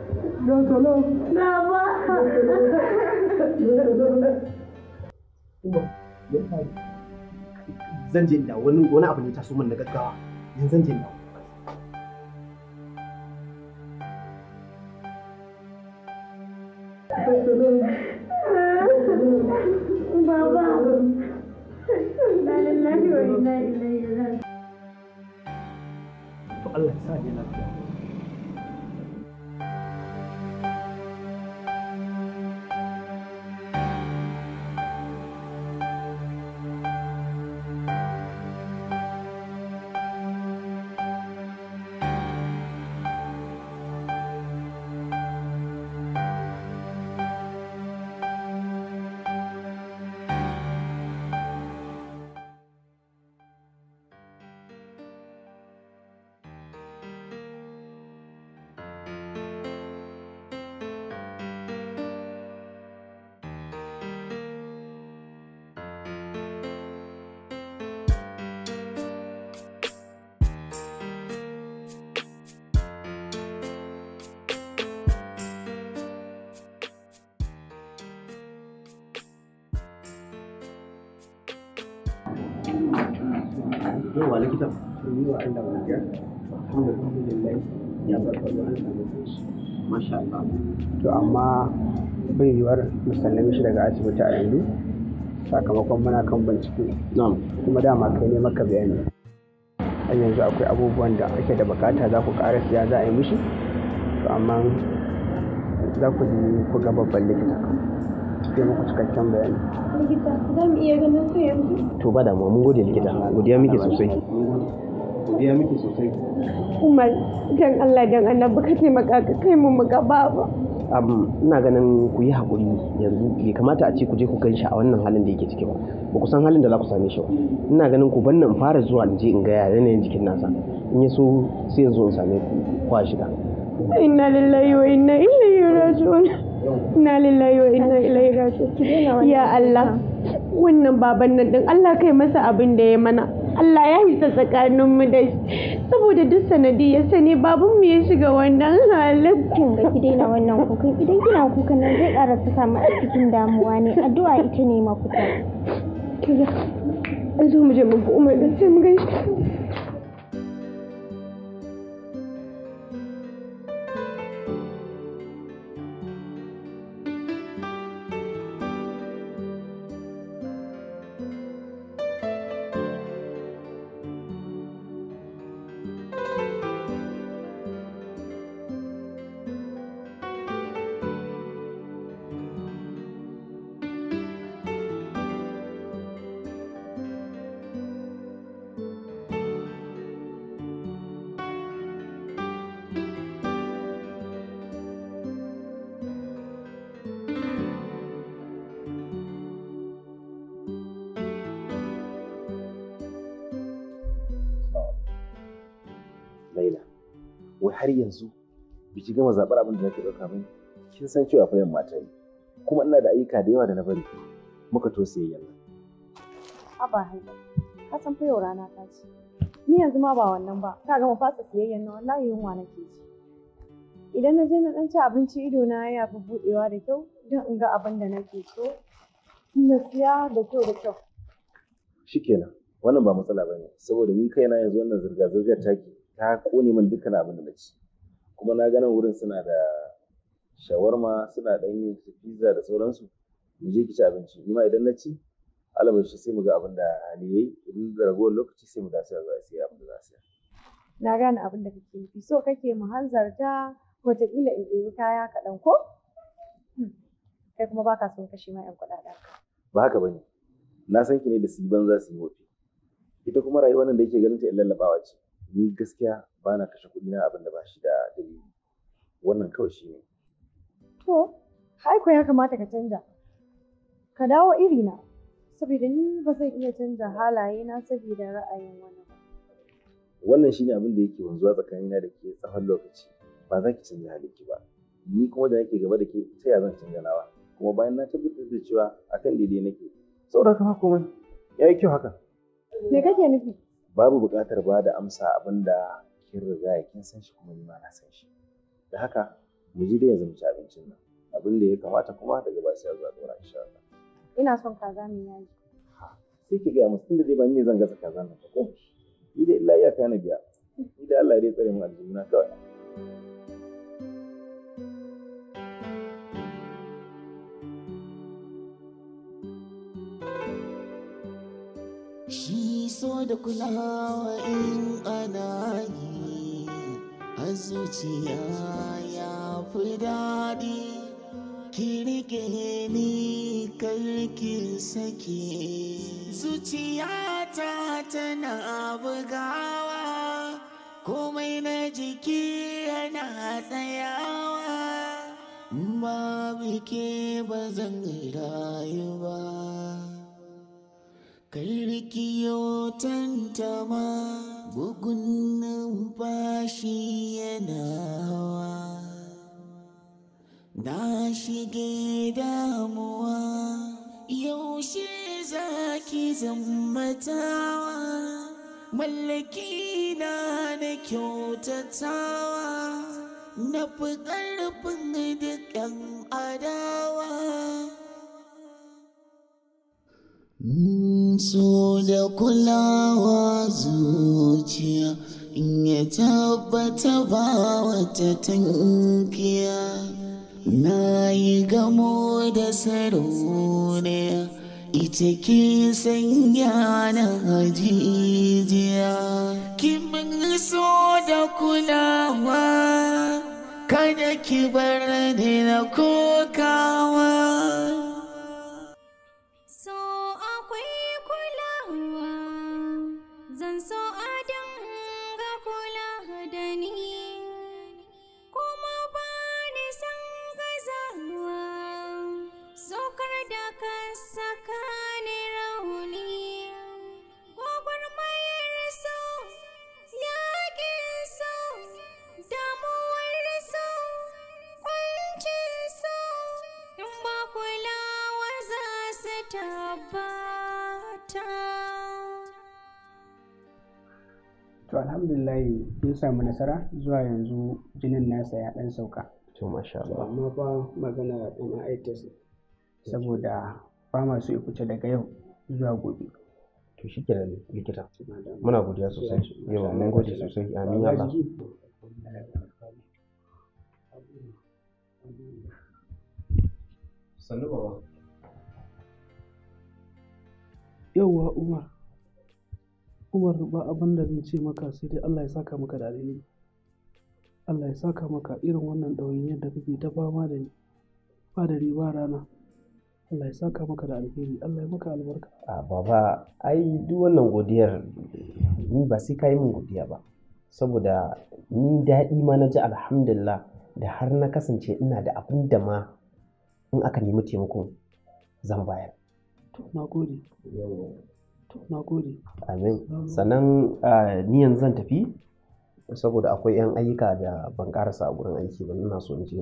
No, no, no. No, no, no. zan je inda wani wani abu ne ta so min na gaggawa. Yanzu zan je inda. Baba. Na lillahi wa inna To Allah ya sa ni lafiya. cewar musallin shi daga asibiti a yanzu sakamakon muna kan bincike kuma dama kai ne maka bayani a yanzu akwai abubuwan da ake da bukata za ku ƙara siya za a yi mishi to amma za ku ji ku ga babban likita sai muku cikakken bayani likita za mu iya ganin su yanzu to ba damuwa mun gode likita godiya miki sosai godiya miki sosai umar dan Allah dan annabi ka taimaka ka kai mu mu gaba ba ina ganin ku yi haƙuri yanzu bai kamata a ce ku je ku gan shi a wannan halin da yake ciki ba ba ku san halin da za ku same shi ba ina ganin ku ban nan fara zuwa in je in ga yanayin jikin nasa in ya so sai yanzu in same ku kwa shiga inna lillahi wa inna ilaihi raji'un inna lillahi wa inna ilaihi raji'un ya Allah wannan baban nan din Allah kai masa abin da ya mana Allah ya isa tsakanin mu da shi saboda duk sanadi ya sani, babun mu ya shiga wannan halin kin ga ki daina wannan kukan idan kina kukan nan zai ƙara saka mu a cikin damuwa ne addu'a ita ne mafita kiga an zo mu je mu ga umar sai mu gaishe har yanzu biki gama zaɓar abin da nake ɗauka mai kin san cewa fa yamma ta kuma ina da ayyuka da yawa da na bari muka to yalla. haba haida ka san fa yau rana ta ce ni yanzu ma ba wannan ba ka gama fasa siyayyan nan wallahi yunwa nake ji idan na je na ɗan ci abinci ido na ya fi buɗewa da kyau don in ga abin da nake so na siya da kyau da kyau shikenan wannan ba matsala bane saboda ni kaina yanzu wannan zirga-zirgar taki ta kone min dukkan abin da na ci kuma na ganin wurin suna da shawarma suna dan yin pizza da sauransu mu je ki ci abinci ni ma idan na ci alabar shi sai mu ga abin da hali yayi idan da ragowar lokaci sai mu da sai za a siya abin da za na gane abin da kake nufi so kake mu hanzarta wataƙila in ɗebi kaya kaɗan ko hmm. kai kuma baka son kashe ma 'yan kuɗaɗen ba haka bane na san ki ne da su za su yi hoto. ita kuma rayuwar nan da yake ganin ta illallabawa ce ni gaskiya ba na kashe kuɗi na abin da ba shi da dalili wannan kawai shi ne to haiko ya kamata ka canja ka dawo iri na saboda ni ba zan iya canja halaye na saboda ra'ayin wani ba wannan shine abin da yake wanzuwa tsakanina da ke tsawon lokaci ba za ki canja halinki ba ni kuma da nake gaba da ke ta ya zan canja nawa kuma bayan na tabbatar da cewa akan daidai nake saboda haka komai ya yi kyau haka me kake nufi babu buƙatar ba da amsa abin da kin riga kin san shi kuma ni ma na san shi da haka mu ji da yanzu mu abincin nan abin da ya kamata kuma daga ba sai zuwa dora insha Allah ina son kaza mai yaji sai ki ga mutum da zai ba ni zan gasa kazan nan ko ni dai Allah ya kana biya ni da Allah ya tsare mu aljuna kawai so da kulawa in ana yi a zuciya ya fi daɗi ki rike ni karki sake ta tana bugawa komai na jiki yana tsayawa babu ke ba zan rayu ba rikiyo tantama bugun numfashi yana hawa. Na shige damuwa yaushe za ki zammatawa. Mallaki na na kyautatawa na fi ƙarfin dukkan adawa. So da kulawa zuciya in ya tabbata ba wata tankiya na yi gamo da sarauniya ita ke sanya na hajijiya kimin so da kulawa kada ki bar ni na kokawa to alhamdulillah mun samu nasara zuwa yanzu jinin nasa ya dan sauka to masha Allah amma fa magana su saboda ba masu ikuce daga yau zuwa gobe to shikenan likita muna godiya sosai yawa mun gode sosai amin ya Allah sannu baba yauwa umar Umar ba abin da zan ce maka sai dai Allah ya saka maka da alheri. Allah ya saka maka irin wannan ɗawainiyar da kake ta fama da ni. Ba da riba rana. Allah ya saka maka da alheri, Allah ya maka albarka. A baba, ai duk wannan godiyar ni ba sai kai yi min godiya ba. Saboda ni daɗi ma na ji alhamdulillah da har na kasance ina da abin da ma in aka nemi taimakon zan bayar. To, na gode. na amin sannan ah, ni yanzu zan tafi saboda akwai 'yan ayyuka da ban karasa a gurin aiki ba ina so in je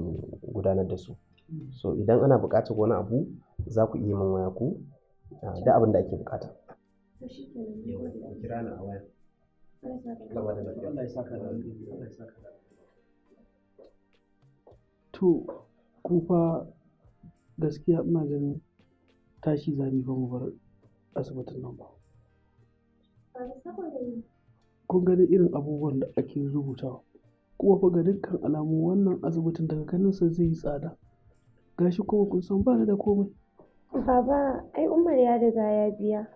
gudanar da su mm. so idan ana bukatar wani abu za ku iya min waya ku ah, da abin da ake bukata. to kufa gaskiya ina ganin tashi zami ba mu bar asibitin nan ba kun gani irin abubuwan da ake rubutawa kuma fa ga dukkan alamu wannan asibitin daga ganinsa zai yi tsada gashi kuma kun san ba da komai baba ai umar ya riga ya biya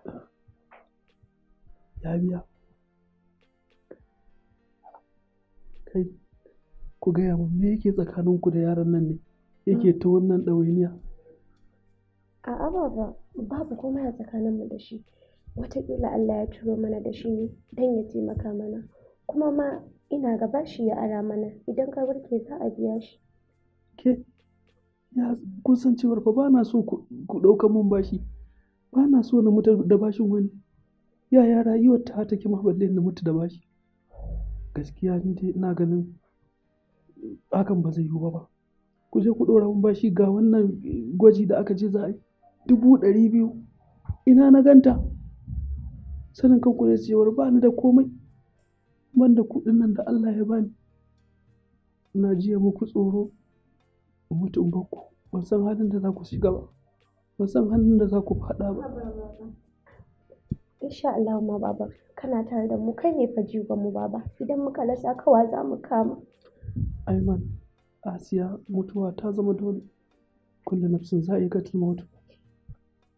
ya biya kai ku gaya min me yake tsakaninku da yaran nan ne yake ta wannan ɗawainiya a'a baba babu komai a tsakaninmu da shi wataƙila Allah ya turo mana da shi ne don ya taimaka mana kuma ma ina ga bashi ya ara mana idan ka warke za a biya shi ke ya kun san cewar fa ba na so ku ɗauka mun bashi ba na so na mutu da bashin wani yaya rayuwar ta take ma balle na mutu da bashi gaskiya ni dai ina ganin hakan ba zai yiwu ba ku je ku ɗora mun bashi ga wannan gwaji da aka je za a yi dubu ɗari biyu ina na ganta sanin kanku ne cewar ba ni da komai ban da kuɗin nan da Allah ya bani Ina jiya muku tsoro mutu in mutum baku ban san halin da za ku shiga ba ban san halin da za ku faɗa ba insha Allah ma baba kana tare da mu kai ne fa jigon mu baba idan muka lasa kawa za mu kama Aiman Asiya mutuwa ta zama dole kullu nafsin za'iqatul mutu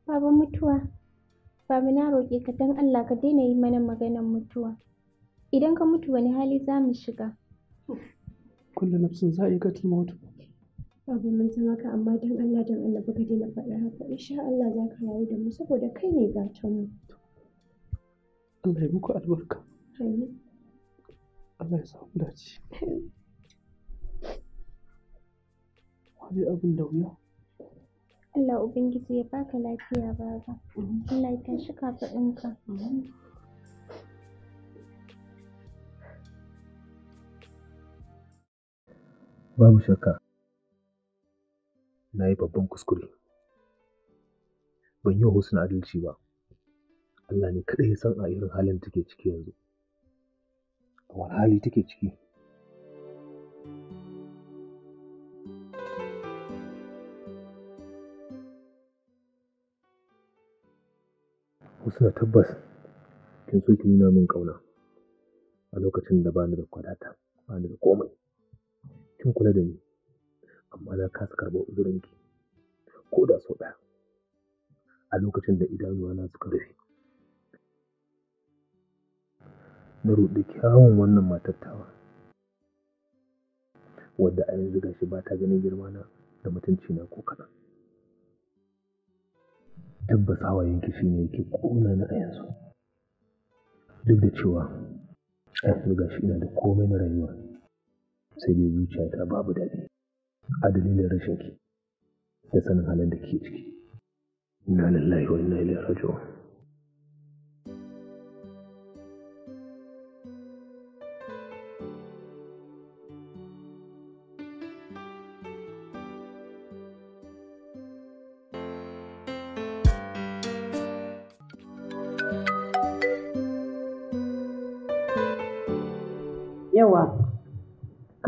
Baba mutuwa Fami na roƙe ka don Allah ka daina yi mana maganar mutuwa. Idan ka mutu wani hali za mu shiga? Kullum nafsin za a yi katil mutu. Babu mun san haka amma don Allah don Allah ka daina faɗa haka. Insha Allah za ka rayu da mu saboda kai ne gatan mu. Allah ya muku albarka. Amin. Allah ya samu dace. Wani abin da wuya. Allah Ubangiji ya baka lafiya baba. Allah ya tashi kafaɗinka. Babu shakka, na yi babban kuskure. Ban yi wa adalci ba. Allah ne kaɗai ya san a irin halin take ciki yanzu. A wani hali take ciki? Husna tabbas kin so ki nuna min ƙauna a lokacin da bani da kwadata, bani da komai. Kin kula da ni, amma na kasa karɓar ki ko da sau ɗaya. A lokacin da idanuwa na suka rufe. Na ruɗe kyawun wannan matattawa Wadda a yanzu gashi ba ta ganin girmana da mutuncina ko kaɗan. tabbas hawayen shi ne yake kona na yanzu duk da cewa a yanzu ga shi ina da komai na rayuwa sai dai zuciya ta babu daɗi a dalilin ki da sanin halin da ke ciki inna lillahi wa inna ilaihi raji'un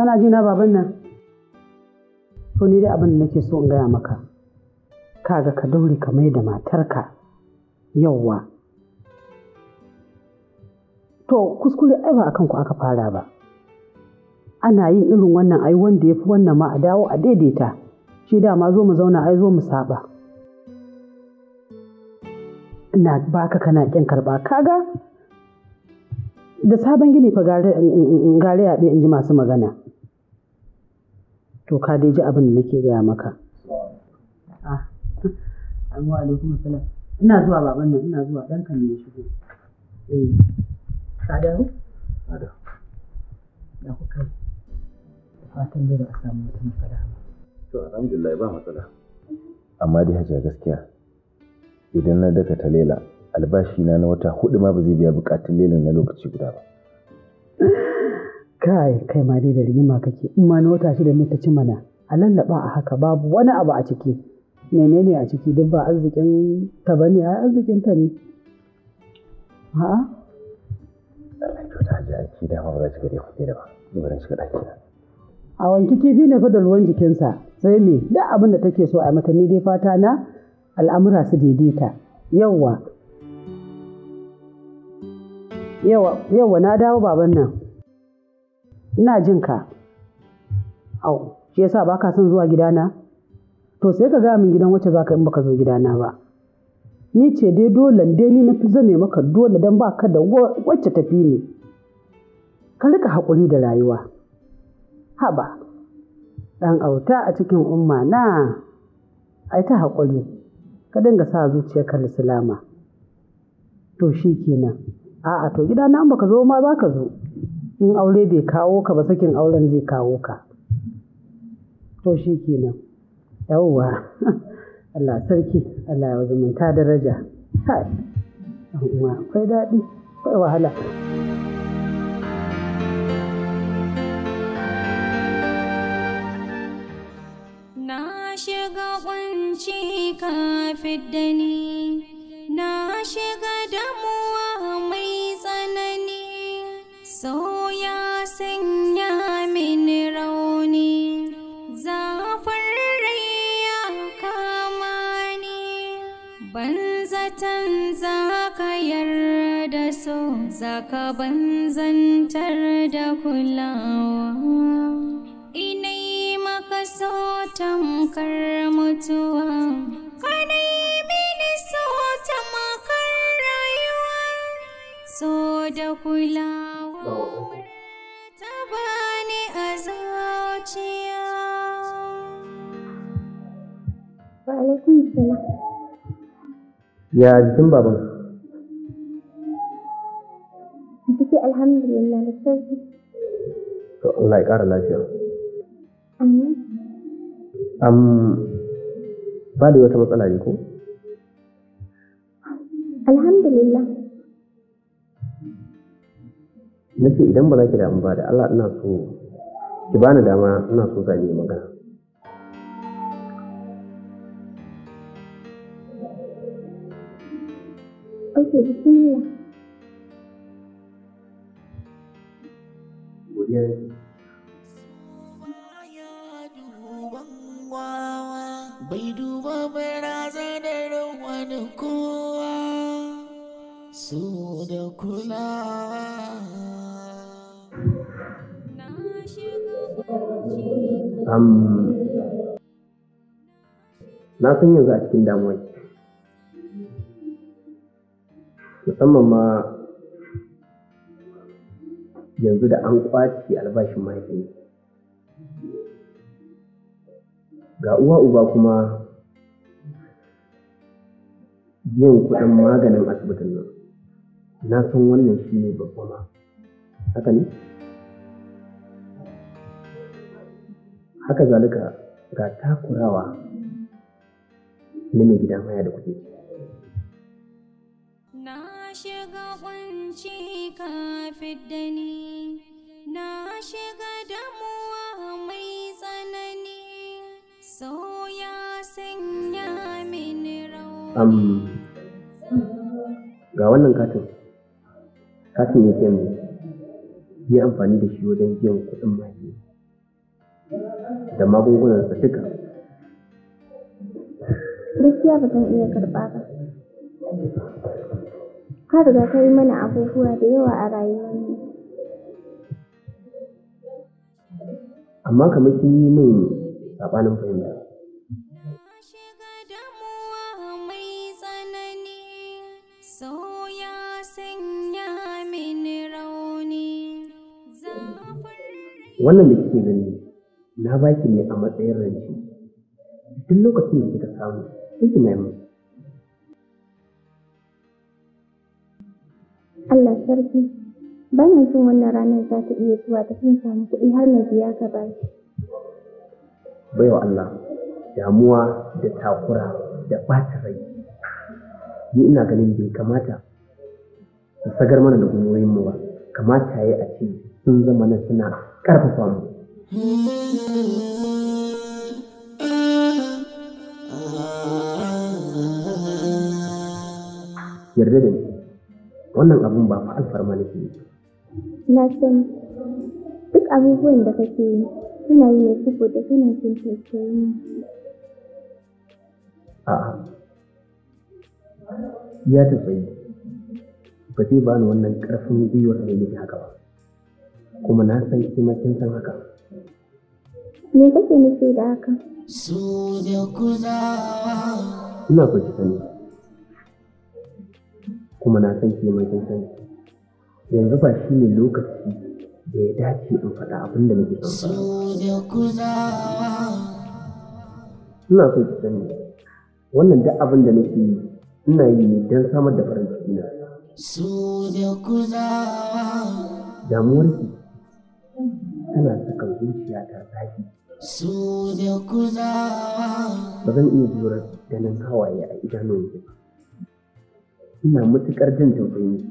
kana ji na baban nan to ni dai abin da nake so in gaya maka kaga ka daure ka mai da matarka yauwa to kuskure ai ba akan ku aka fara ba ana yin irin wannan ai wanda ya fi wannan ma a dawo a daidaita shi dama zo mu zauna ai zo mu saba ina baka kana kin karba kaga da sabon gini fa gare a in ji masu magana to ka dai ji abin da nake gaya maka ah. alaikum a samu wata Amma dai hajiya gaskiya idan na daka talela albashi na na wata hudu ma ba zai biya bukatun lelan na lokaci guda ba. kai kai ma dai da rigima kake in ma na wata shida ne ta ci mana a lallaba a haka babu wani abu a ciki menene a ciki duk ba arzikin ta bane ai arzikin ta ne ha a ji da kuɗi da ba shiga ɗaki a wanki kifi ne fa da ruwan jikinsa sai me duk abin da take so a mata ni dai fata na al'amura su daidaita yawwa yawa na dawo baban nan ina jin ka au shi yasa ba ka son zuwa gidana to sai ka gaya min gidan wacce za ka in baka zo gidana ba ni ce dai dole dai ni na fi zame maka dole don baka da wacce tafi ne ka rika haƙuri da rayuwa haba ɗan auta a cikin umma na ai ta haƙuri ka dinga sa zuciyarka lislama to shi kenan a'a to gidana in baka zo ma za ka zo in aure bai kawo ka ba sakin auren zai kawo ka to shi kenan yawwa Allah sarki Allah ya zumunta daraja kai akwai daɗi akwai wahala na shiga kwanci kafin da ni Zaka ban banzantar da kulawa inai maka so tamkar mutuwa kanai mini so tamkar rayuwa so da kulawa ta bani a zuciya ya jikin baban alhamdulillah da sauki. To Allah ya ƙara lafiya. ba da wata matsala ne ko? Na ce idan ba za damu ba da Allah ina so ki bani dama ina so za magana. godiya bai duba barazanar wani san yanzu a cikin damuwa musamman ma yanzu da an kwace albashin mahaifinsa ga uwa uba kuma biyan kuɗin maganin asibitin nan na san wannan shi ne babba ma haka ne haka zalika ga takurawa na mai gidan haya da kuke ciki ka na shiga damuwa mai tsanani sau ya sanya mini rauni ga wannan katin katin ya ce mu yi amfani da shi wajen biyan kuɗin mafi da magungunan sa duka gaskiya ba zan iya karɓa ba ka riga ka yi mana abubuwa da yawa a rayuwarmu amma kamar kin yi min saɓanin fahimta wannan da kike gani na baki ne a matsayin rance duk lokacin da kika samu kike mai Allah sarki ba na jin wannan ranar za ta iya zuwa ta kan samu kuɗi har na biya ka bashi. Baiwa Allah damuwa da takura da ɓata rai ni ina ganin bai kamata su sagar mana da mu ba kamata ya a ce sun zama na suna ƙarfafa mu. Yarda da ni. wannan abun ba fa alfarma ke yi na san duk abubuwan da kake yi suna yi ne saboda kana son a a'a ya tausayi ba zai bani wannan ƙarfin gwiwar da yake haka ba kuma na san kimakin san haka me kake nufi da haka su da kuzawa ina ku sani kuma na san ke mai sani yanzu ba shi ne lokaci da ya dace in faɗa abin da nake son ina so ki sani wannan duk abin da nake yi ina yi ne don samar da farin ciki na damuwar ki tana saka zuciya ta zafi ba zan iya jura ganin hawaye a idanun ki ba ina matuƙar jin tausayi.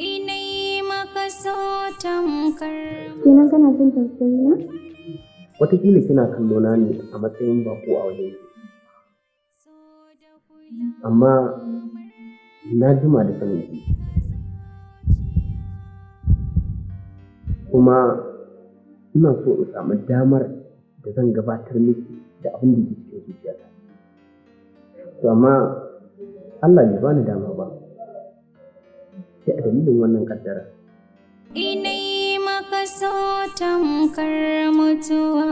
Inai maka tamkar. Kina kana jin tausayi na? Wataƙila kina kallo na ne a matsayin bako a wajen Amma na jima da sanin Kuma ina so in samu damar da zan gabatar miki da abin da ke cikin zuciyata. To amma Allah bai bani dama ba sai a dalilin wannan kaddara inai maka so tamkar mutuwa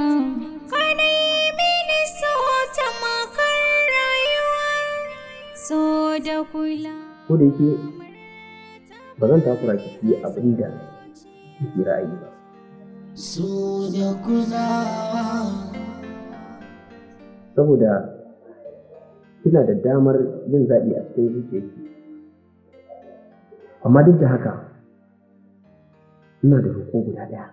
kanai mini so tamkar rayuwa so da kula ko da yake ba zan takura ki fiye abin da kike ra'ayi ba so da kulawa saboda kina da damar yin zaɓi a cikin zuciyarki amma duk da haka ina da roƙo guda ɗaya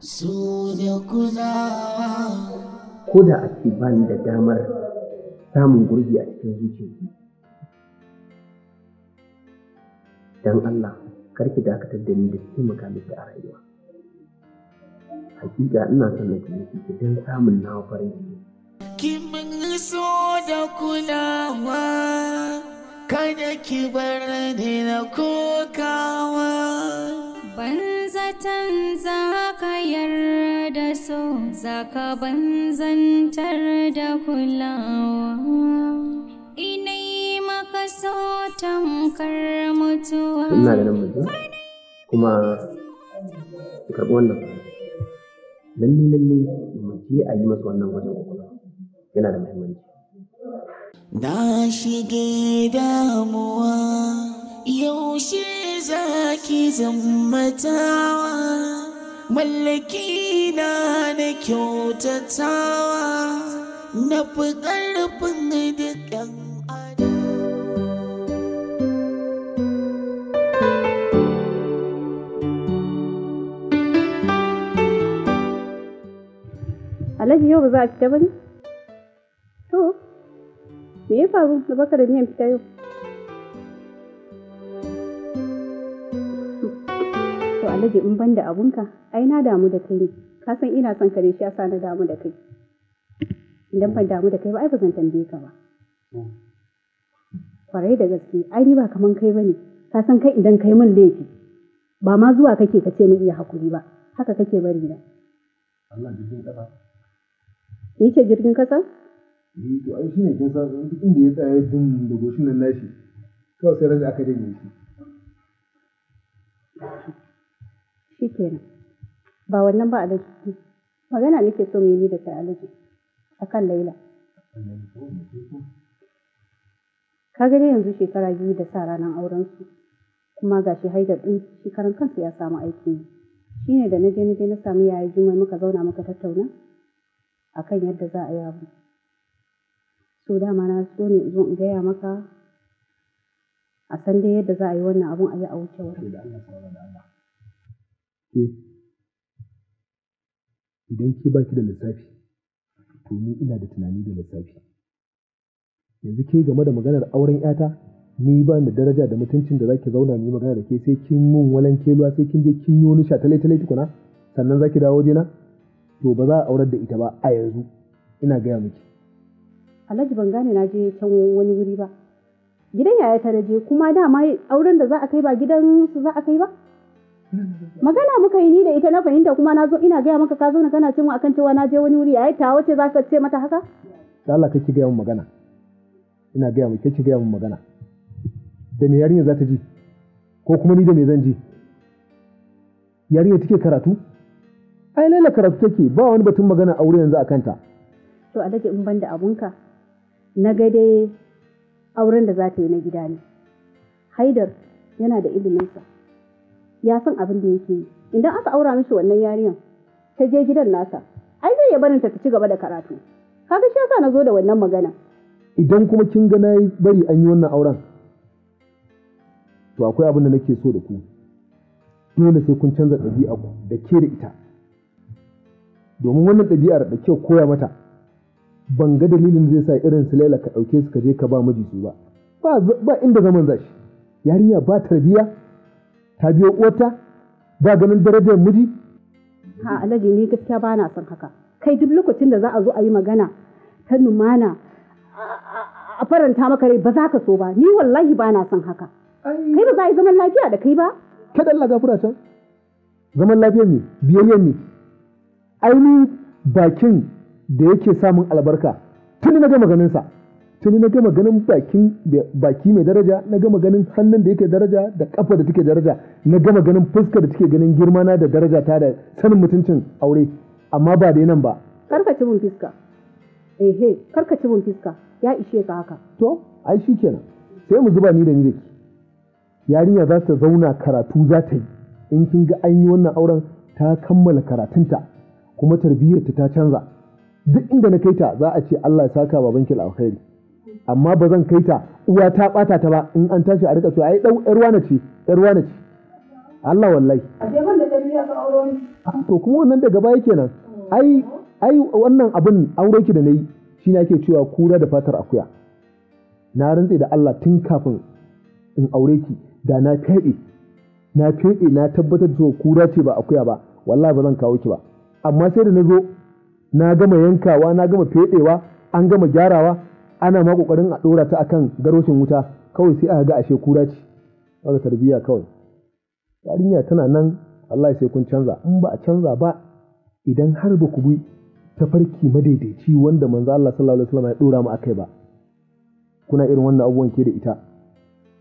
ko da a ce ba ni da damar samun gurbi a cikin zuciyarki don Allah karki dakatar da ni da ke miki a rayuwa hakika ina son na ke yi don samun nawa farin ciki kimin so da kulawa kada ki bar ni na kokawa ban zaton za ka yarda so za ka ban da kulawa inai maka so tamkar mutuwa ina da namiji kuma ki karɓi wannan lalle lalle mu a yi masa wannan wajen kwakwalwa yana da muhimmanci na shige damuwa yaushe za ki zammatawa mallaki na na kyautatawa na fi ƙarfin dukkan Alhaji yau ba za a fita ba ne? To, me ya faru da baka da niyan fita yau? To, Alhaji in ban da abunka, ai na damu da kai ne. Ka san ina son ka ne shi yasa na damu da kai. Idan ban damu da kai ba, ai ba zan tambaye ka ba. Kwarai da gaske, ai ni ba kaman kai ba ne. Ka san kai idan kai min laifi, ba ma zuwa kake ka ce min iya hakuri ba, haka kake bari na. Allah jirgin ƙasa. Ni ce jirgin ƙasa? eh to ai shine kin san duk inda ya tsaya dum da goshin nan nashi kawai sai ranta aka danye shi shikenan ba wannan ba alaji magana nake so mu yi da kai alaji akan Laila ka ga yanzu shekara biyu da sa ranar auren su kuma gashi haidar din shekaran kansa ya samu aiki ne. shine da na je na samu yaya jumai muka zauna muka tattauna akan yadda za a yi abu So dama na so ne in zo in gaya maka a san dai yadda za a yi wannan abun a yi a wuce wurin. Eh, idan ke baki da lissafi, to ni ina da tunani da lissafi. Yanzu ke game da maganar auren 'yata, ni ba da daraja da mutuncin da zaki zauna ni magana da ke sai kin mun walan keluwa sai kin je kin yi wani talai-talai tukuna sannan zaki dawo jina to ba za a aurar da ita ba a yanzu ina gaya miki alhaji ban gane na je can wani wuri ba gidan yaya ta naje kuma dama auren da za a kai ba gidan su za a kai ba magana muka yi ni da ita na fahimta kuma na zo ina gaya maka ka zo na kana cewa akan cewa na je wani wuri yaya ta wace za ka ce mata haka da Allah kake gaya min magana ina gaya mu kake gaya min magana da me yarinya za ta ji ko kuma ni da me zan ji yarinya take karatu ai laila karatu take ba wani batun magana aure yanzu akan ta to alhaji in ban da abunka na ga dai auren da za ta yi na gida ne haidar yana da iliminsa ya san abin da yake yi idan aka aura mishi wannan yariyan ta je gidan nasa ai zai ya barinta ta ci gaba da karatu kaga shi yasa na zo da wannan magana idan kuma kin ga yi bari an yi wannan auren to akwai abin da nake so da ku dole sai kun canza ɗabi'a ku da ke da ita domin wannan ɗabi'ar da kyau koya mata ban ga dalilin zai sa irin su laila ka ɗauke su ka je ka ba miji su ba ba inda zaman zashi yarinya ba tarbiya ta biyo uwarta ba ganin darajar miji ha alaji ni gaskiya ba na son haka kai duk lokacin da za a zo a yi magana ta numana a faranta maka rai ba za ka so ba ni wallahi ba na son haka kai ba za a yi zaman lafiya da kai ba kada Allah gafura can zaman lafiyar ne biyayyar ne ainihin bakin da yake samun albarka tuni na gama ganinsa tuni na gama ganin baki mai daraja na gama ganin hannun da yake daraja da kafa da take daraja na gama ganin fuska da take ganin girma na da daraja ta da sanin mutuncin aure amma ba dai nan ba karka cibin fiska ehe karka cibin fuska ya ishe ka haka to ai shi kenan sai mu zuba ni da ni da ki yarinya za ta zauna karatu za ta yi in kin ga an yi wannan auren ta kammala karatunta kuma tarbiyyarta ta canza duk inda na kai ta za a ce Allah ya saka babanki alkhairi amma ba zan kai ta uwa ta bata ta ba in an tashi a rika so ai dau yar wana ce yar wana ce Allah wallahi to kuma wannan daga baya kenan ai ai wannan abin aureki ki da nayi shi ne ake cewa kura da fatar akuya na rantse da Allah tun kafin in aure ki da na fede na fede na tabbatar da kura ce ba akuya ba wallahi ba zan kawo ki ba amma sai da na zo na gama yankawa na gama fedewa an gama gyarawa ana ma kokarin a dora ta akan garoshin wuta kawai sai aka ga ashe kura ce wanda tarbiyya kawai yarinya tana nan Allah sai kun canza in ba a canza ba idan har ba ku bi tafarki madaidaici wanda manzo Allah sallallahu alaihi wasallam ya dora mu akai ba kuna irin wannan abubuwan ke da ita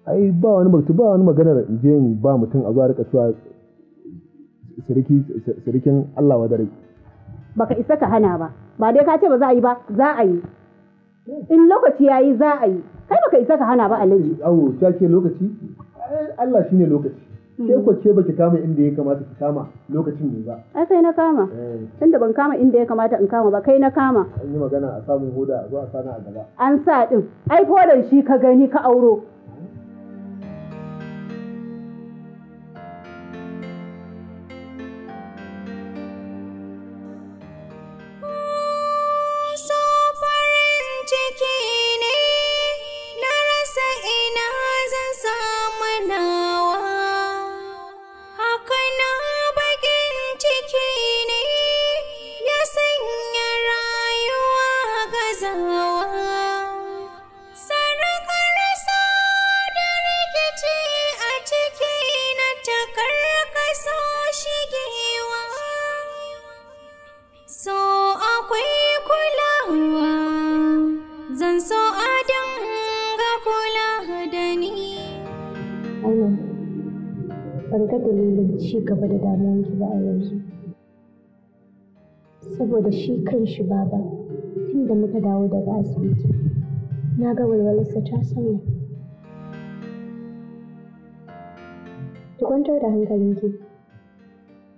ai ba wani bakti ba wani maganar in je ba mutum a zuwa rika cewa sarkin Allah wa baka isa ka hana ba ba dai ka ce ba za a yi ba za a yi in lokaci ya yi za a yi kai baka isa ka hana ba a alhaji awo ta ce lokaci eh, Allah shine lokaci sai ku ce baki kama inda ya kamata ki kama lokacin ne ba ai kai na kama eh. tunda ban kama inda ya kamata in kama ba kai na kama an yi magana a samun hoda a zo a sana a gaba an sa din ai fodan shi ka gani ka auro ci gaba da ki ba a yanzu saboda shi kan shi baba tun da muka dawo daga asibiti na ga walwalarsa ta sauya ki kwantar da hankalinki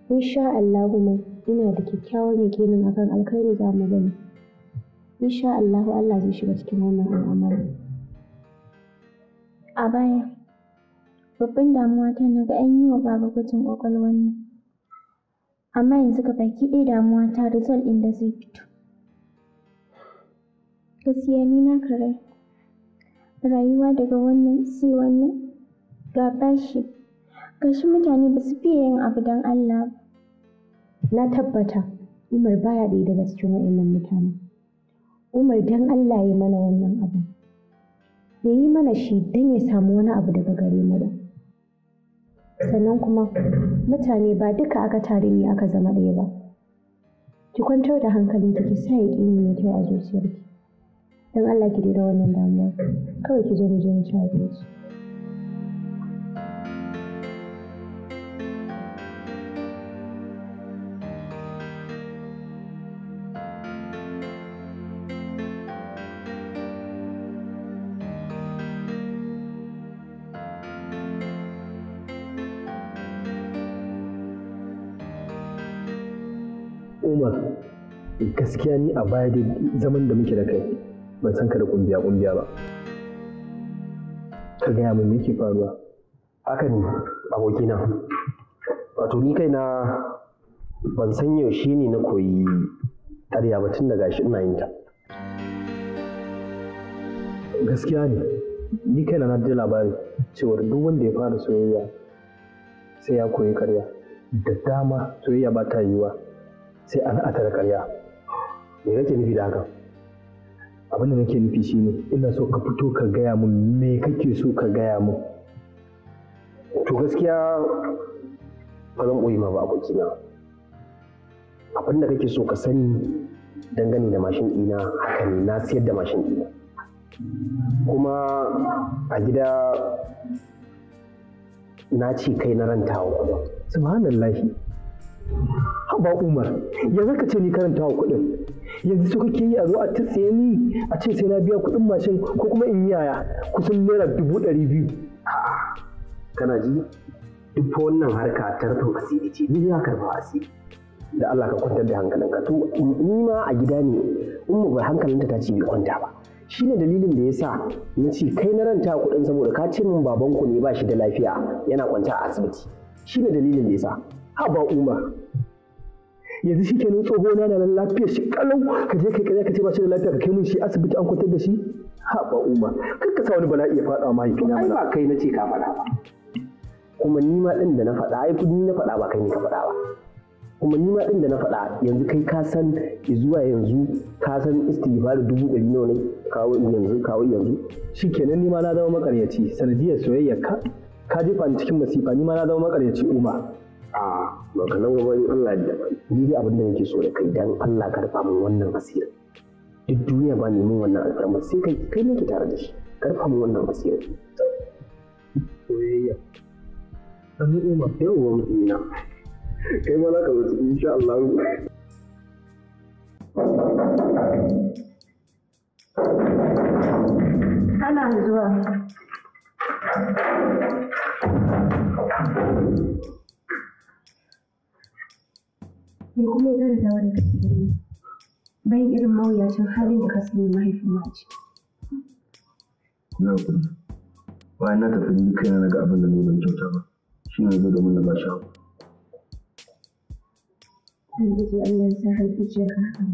insha Allahu mai ina da kyakkyawan yakinin akan alkhairi za mu gani insha Allahu Allah zai shiga cikin wannan al'amari a baya babban ta na ga an yi wa baba gwajin ƙwaƙwalwan nan. Amma yanzu ka baki ɗaya ta result ɗin da zai fito. Gaskiya ni na karai. Rayuwa daga wannan sai wannan ga bashi. Gashi mutane ba su fiye yin abu don Allah ba. Na tabbata Umar baya ɗaya daga cikin waɗannan mutane. Umar don Allah ya mana wannan abu. bai yi mana shi don ya samu wani abu daga gare mu ba. sannan kuma mutane ba duka aka tare ne aka zama ɗaya ba ki kwantar da hankali ki sa yaƙi mai kyau a zuciyarki don Allah ki dira wannan damuwa kawai ki zo mu je mu ci abinci umar gaskiya ni a baya dai zaman da muke da kai ban san ka da kumbiya kumbiya ba ka gaya min me ke faruwa haka ne abokina wato ni kai na ban san yaushe ne na koyi ƙarya ba tun daga shi ina yin ta gaskiya ne ni kai na da labari cewa duk wanda ya fara soyayya sai ya koyi ƙarya da dama soyayya ba ta yiwuwa sai an haɗa da ƙarya me kake nufi da haka abin da nake nufi shine ina so ka fito ka gaya mun me kake so ka gaya mun to gaskiya ba zan ɓoye ma ba abokina abin da kake so ka sani dangane da mashin ɗina haka ne na siyar da mashin ɗina kuma a gida na ce kai na rantawa kuma subhanallahi haba umar ya zaka ce ni karanta wa kuɗin yanzu su kake yi a zo a tsaye ni a ce sai na biya kuɗin mashin ko kuma in yaya kusan naira dubu ɗari biyu kana ji duk wannan harka ta asiri ce ni za karba asiri da Allah ka kwantar da hankalinka to ni ma a gida ne in mu bai hankalinta ta ce bai kwanta ba shi ne dalilin da ya sa na ce kai na ranta kuɗin saboda ka ce min babanku ne ba shi da lafiya yana kwanta a asibiti shi ne dalilin da ya sa haba umar yanzu shi kenan tsoho na na lafiya shi kalau ka je kai kaza ka ce ba shi da lafiya ka kai mun shi asibiti an kwantar da shi haɓa umma kar ka sa wani bala'i ya faɗa mahaifina ai ba kai na ce ka faɗa ba kuma ni ma ɗin da na faɗa ai ni na faɗa ba kai ne ka faɗa ba kuma ni ma ɗin da na faɗa yanzu kai ka san zuwa yanzu ka san istighfari dubu ɗari nawa ne kawo yanzu kawo yanzu shikenan ni ma na zama makaryaci sanadiyar soyayya ka ka jefa ni cikin masifa ni ma na zama makaryaci umma a maganan wani Allah da ni dai abin da nake so da kai dan Allah ka rufa min wannan asirin duk duniya ba neman wannan alfarma sai kai kai ke tare da shi ka rufa min wannan asirin soyayya sanu umar yawwa mutumina kai ma za ka zo cikin insha Allah Ana zuwa. sai kuma ya ƙara dawo da kashi gari bayan irin mawuyacin halin da ka sani mahaifin mace. Na kuɗi. Bayan na tafi ni kaina na ga abin da na ban kyauta ba. Shi ne zo domin na ba shi haku. Ubangiji Allah ya sa har zuciyarka a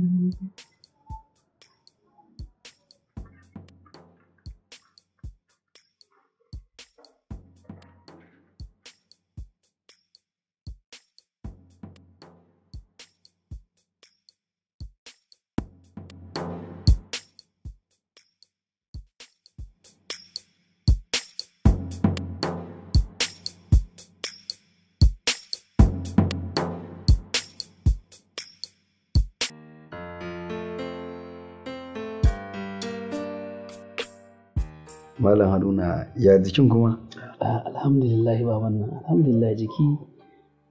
Malam Haruna ya jikin kuma? Ah, alhamdulillah ba wannan alhamdulillah jiki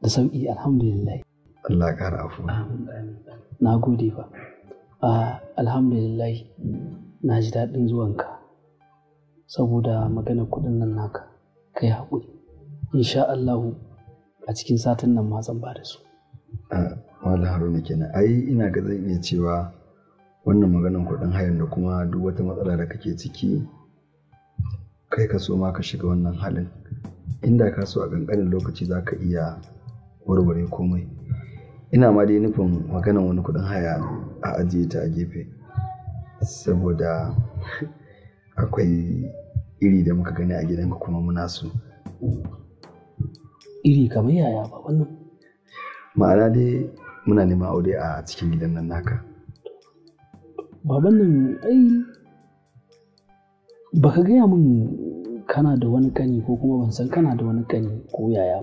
da sauƙi alhamdulillah. Allah ƙara afu. Na gode ba. Ah, alhamdulillah na ji daɗin zuwanka saboda magana kuɗin nan naka kai haƙuri. Insha Allah a cikin satin nan ma zan ba da su. Ah, Malam Haruna kenan ai ina ga zan iya cewa wannan maganan kuɗin hayan da kuma duk wata matsala da kake ciki kai ka so ma ka shiga wannan halin inda ka so a ƙanƙanin lokaci za ka iya warware komai ina ma dai nufin maganan wani kuɗin haya a ajiye ta a gefe saboda akwai iri da muka gani a gidanka kuma muna so iri kamar yaya ba wannan ma'ana dai muna neman aure a cikin gidan nan naka baban nan ai baka gaya min kana da wani kani ko kuma ban san kana da wani kani ko yaya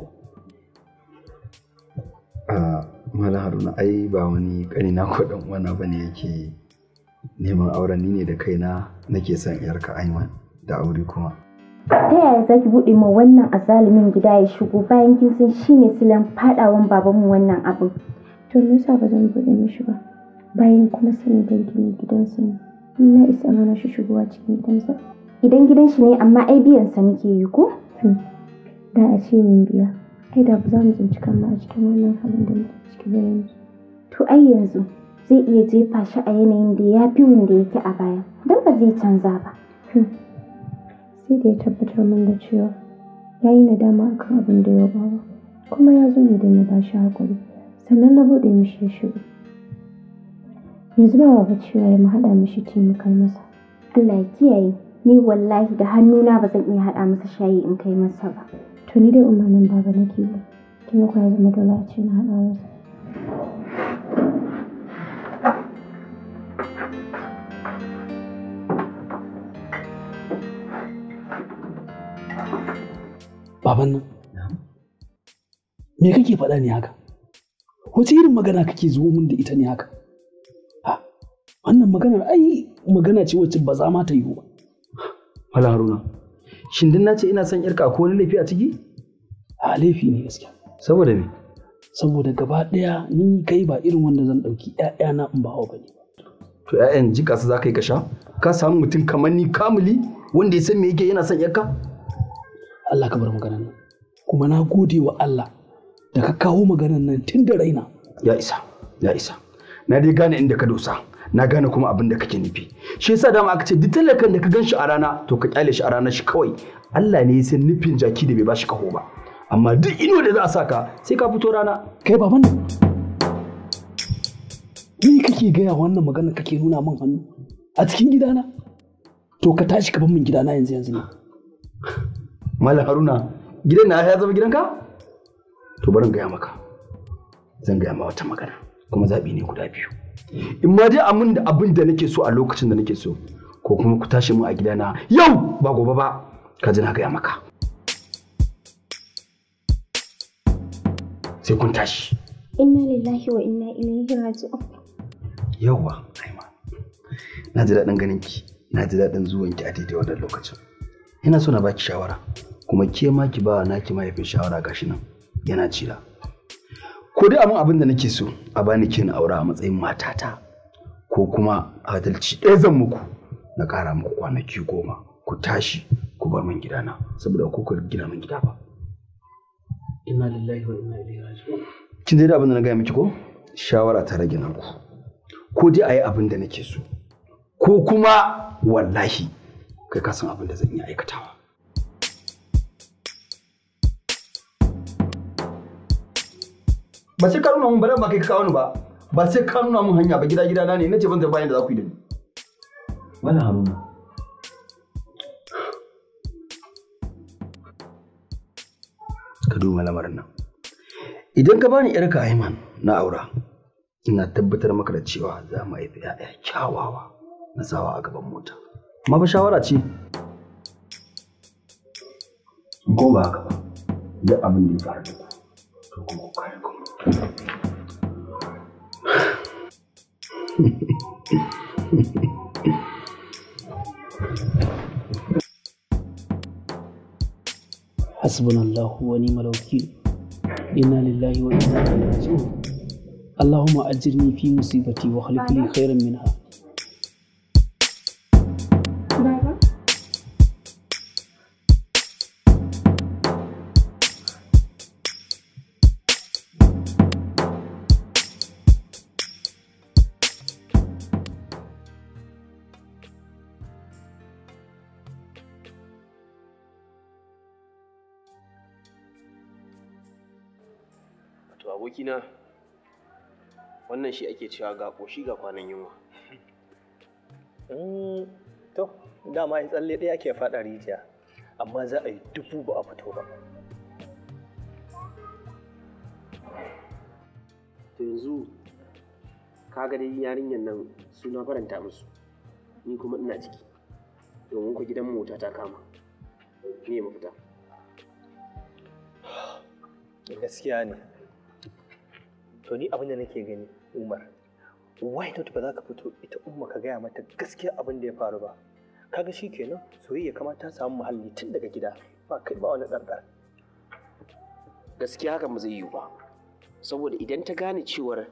ba a mala haruna ai ba wani kani na ko dan uwana bane yake neman auren ni ne da kaina nake son yarka aiman da aure kuma ta yaya za ki buɗe ma wannan azalimin gida ya shigo bayan kin san shi ne silan faɗawan babanmu wannan abin to me yasa ba zan buɗe mishi ba bayan kuma sanin dangin gidansu ne Ina na isa mana shi shigowa cikin gidansa idan gidan shi ne amma ai biyan sa muke yi ko hmm. da a ce min biya ai da ba za mu tsinci kanmu a cikin wannan halin da muke ciki ba yanzu to ai yanzu zai iya jefa shi a yanayin da ya fi wanda yake a baya don ba zai canza ba hmm. sai da ya tabbatar min da cewa ya yi nadama akan abin da ya bawa kuma ya zo ne don ya ba shi hakuri sannan na buɗe mishi ya shigo yanzu ba baba cewa ya haɗa mishi ce mu masa Allah ya kiyaye ni wallahi da hannuna ba zan iya haɗa masa shayi in kai masa ba to ni dai umarnin baba nake yi kin ga ya zama dole a ce na haɗa masa Baban nan, me kake faɗa ne haka? Wace irin magana kake zuwa min da ita ne haka? wannan maganar ai magana ce wacce ba za ma ta yiwu ba Haruna shin na nace ina son yarka ko wani laifi a ciki a laifi ne gaskiya saboda me saboda gaba daya ni kai ba irin wanda zan dauki 'ya'yana in ba hawa bane to ƴaƴan jika su zaka yi ka sha ka samu mutum kamar ni kamuli wanda ya san me yake yana son yarka Allah ka bar maganar nan kuma na gode wa Allah da ka kawo maganar nan tun da raina ya isa ya isa na dai gane inda ka dosa na gane kuma abin da kake nufi shi yasa dama aka ce duk talakan da ka gan shi a rana to ka kyale shi a rana shi kawai Allah ne ya san nufin jaki da bai bashi kaho ba amma duk ino da za a saka sai ka fito rana kai baban ni kake gaya wannan magana kake nuna min hannu a cikin gidana to ka tashi ka bar min gidana yanzu yanzu ne Malam Haruna gidan na ya zama gidanka to barin gaya maka zan gaya ma wata magana kuma zaɓi ne guda biyu in ma dai amin da abin da nake so a lokacin da nake so ko kuma ku tashi mu a gidana yau ba gobe ba ka ji na gaya maka sai kun tashi inna lillahi wa inna ilaihi raji'un yawa aima na ji daɗin ganin ki na ji daɗin zuwan ki a daidai wannan lokacin ina so na baki shawara kuma ke ma ki ba naki mahaifin shawara gashi nan yana cira. ko dai amin abin da nake so a bani ke na aura a matsayin matata ko kuma adalci ɗaya eh zan muku na ƙara muku kwanaki goma ku tashi ku bar min gidana saboda ku ku gina min gida ba inna lillahi wa inna ilaihi raji'un kin dai abin da na gaya miki ko shawara ta rage nan ku ko dai ayi abin da nake so ko kuma wallahi kai ka san abin da zan iya aikatawa ba sai ka mun ba ba kai ka kawo ni ba ba sai ka mun hanya ba gida gida na ne nace ban da bayan da za ku yi da ni wala haruna ka duba lamarin nan idan ka bani yarka Aiman na aura ina tabbatar maka da cewa za mu haifi ‘ya'ya kyawawa na sawa a gaban mota amma ba shawara ce ko ba haka ba duk abin da ya faru da ku حسبنا الله ونعم الوكيل إنا لله وإنا إليه راجعون اللهم أجرني في مصيبتي واخلف لي خيرا منها abokina wannan shi ake cewa ga ƙoshi ga kwanan yunwa mm, to dama in tsalle ɗaya ke faɗa rijiya amma za a yi dubu ba a fito ba to yanzu ka ga dai yarinyar nan suna faranta musu ni kuma ina ciki domin ku gidan mota ta kama ne mafita gaskiya ne to ni abin da nake gani umar why not ba za ka fito ita umma ka gaya mata gaskiya abin da ya faru ba kaga shi kenan soyayya kamar ta samu muhalli tun daga gida ba kai ba wani ɗarɗar gaskiya hakan ba zai yiwu ba saboda idan ta gane cewar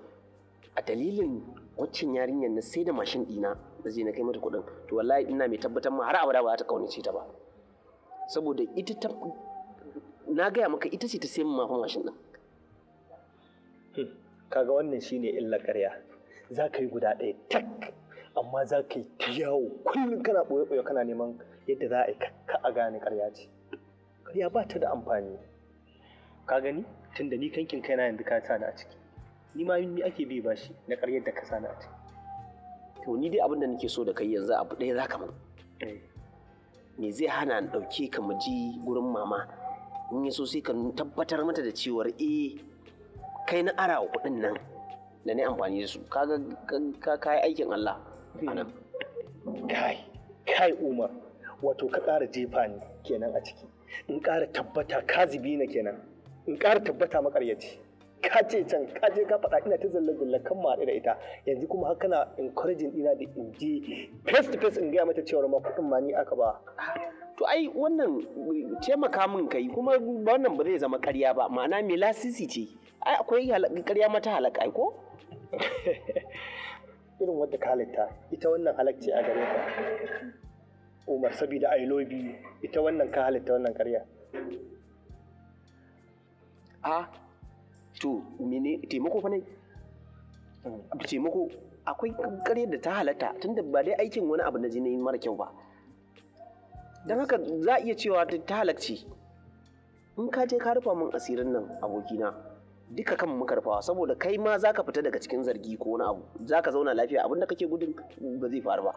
a dalilin waccan yarinyar na sai da mashin dina da zai na kai mata kuɗin to wallahi ina mai tabbatar ma har abada ba ta kaunace ta ba saboda ita ta na gaya maka ita ce ta sai mun mafi mashin din kaga wannan shine illa ƙarya za ka yi guda ɗaya tak amma za ka yi ta yawo kullum kana ɓoye-ɓoye kana neman yadda za a yi ka a gane ƙarya ce ƙarya ba ta da amfani ka gani tun da ni kankin kaina yanzu ka sa ni a ciki ni ma ni ake bi bashi na ƙaryar da ka sa ni a ciki to ni dai abin da nake so da kai yanzu abu ɗaya za ka mun eh. me zai hana ɗauke ka mu ji gurin mama in ya so sai ka tabbatar mata da cewar eh kai na ara kuɗin nan da ne amfani da su kaga ka kai aikin Allah anan kai kai Umar wato ka ƙara jefa ni kenan a ciki in ƙara tabbata kazibi na kenan in ƙara tabbata makaryaci ka ce can ka je ka faɗa ina ta zalla zalla kan da ita yanzu kuma haka na encouraging ina da in je face to face in gaya mata cewa ma kuɗin ma ni aka ba to ai wannan taimaka min kai kuma wannan ba zai zama ƙarya ba ma'ana me lasisi ce ai akwai ƙarya mata halakai ko irin wadda ka ita wannan halakci a gare ka umar sabida a yi you ita wannan ka halitta wannan ƙarya a to mene taimako fa ne hmm. taimako akwai ƙaryar da ta halatta tunda ba dai aikin wani abu na jini mara kyau ba don haka za a iya cewa ta halakci in ka je ka rufa min asirin nan abokina duka kan muka rufawa saboda kai ma za ka fita daga cikin zargi ko wani abu za ka zauna lafiya abin da kake gudun ba zai faru ba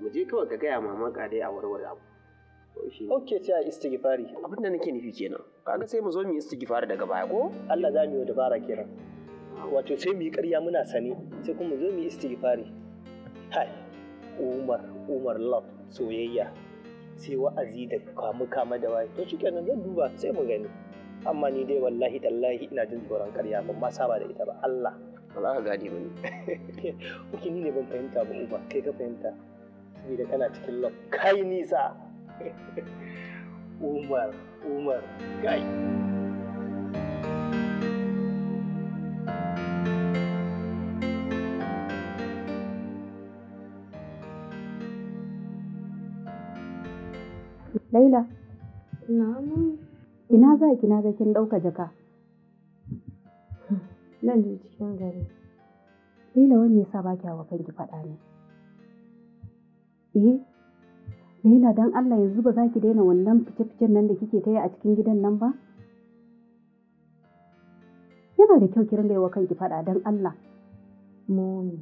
mu je kawai ka gaya mama dai a warware abu Ok, sai a istighfari. Abin da nake nufi kenan. Kaga sai mu zo mu istighfari daga baya ko? Allah za mu yi dabara kenan. Wato sai mu yi ƙarya muna sane, sai kuma mu zo mu yi istighfari. Hai, Umar, Umar love soyayya. Sai wa'azi da kamu kama da waye. To shi kenan zan duba sai mu gani. amma ni dai wallahi tallahi ina jin tsoron karya ban ma saba da ita ba Allah ba za ka gane ba ne kuke ni ne ban fahimta ba uba kai ka fahimta saboda kana cikin lab kai nisa Umar Umar kai Laila. Ina za ki na ga kin ɗauka jaka? Nan ne cikin gari. Laila wani yasa ba ki wa ki faɗa ne? Eh, Laila don Allah yanzu ba za ki daina wannan fice-ficen nan da kike ta yi a cikin gidan nan ba? Yana da kyau ki ringa yi wa kanki faɗa don Allah. Momi,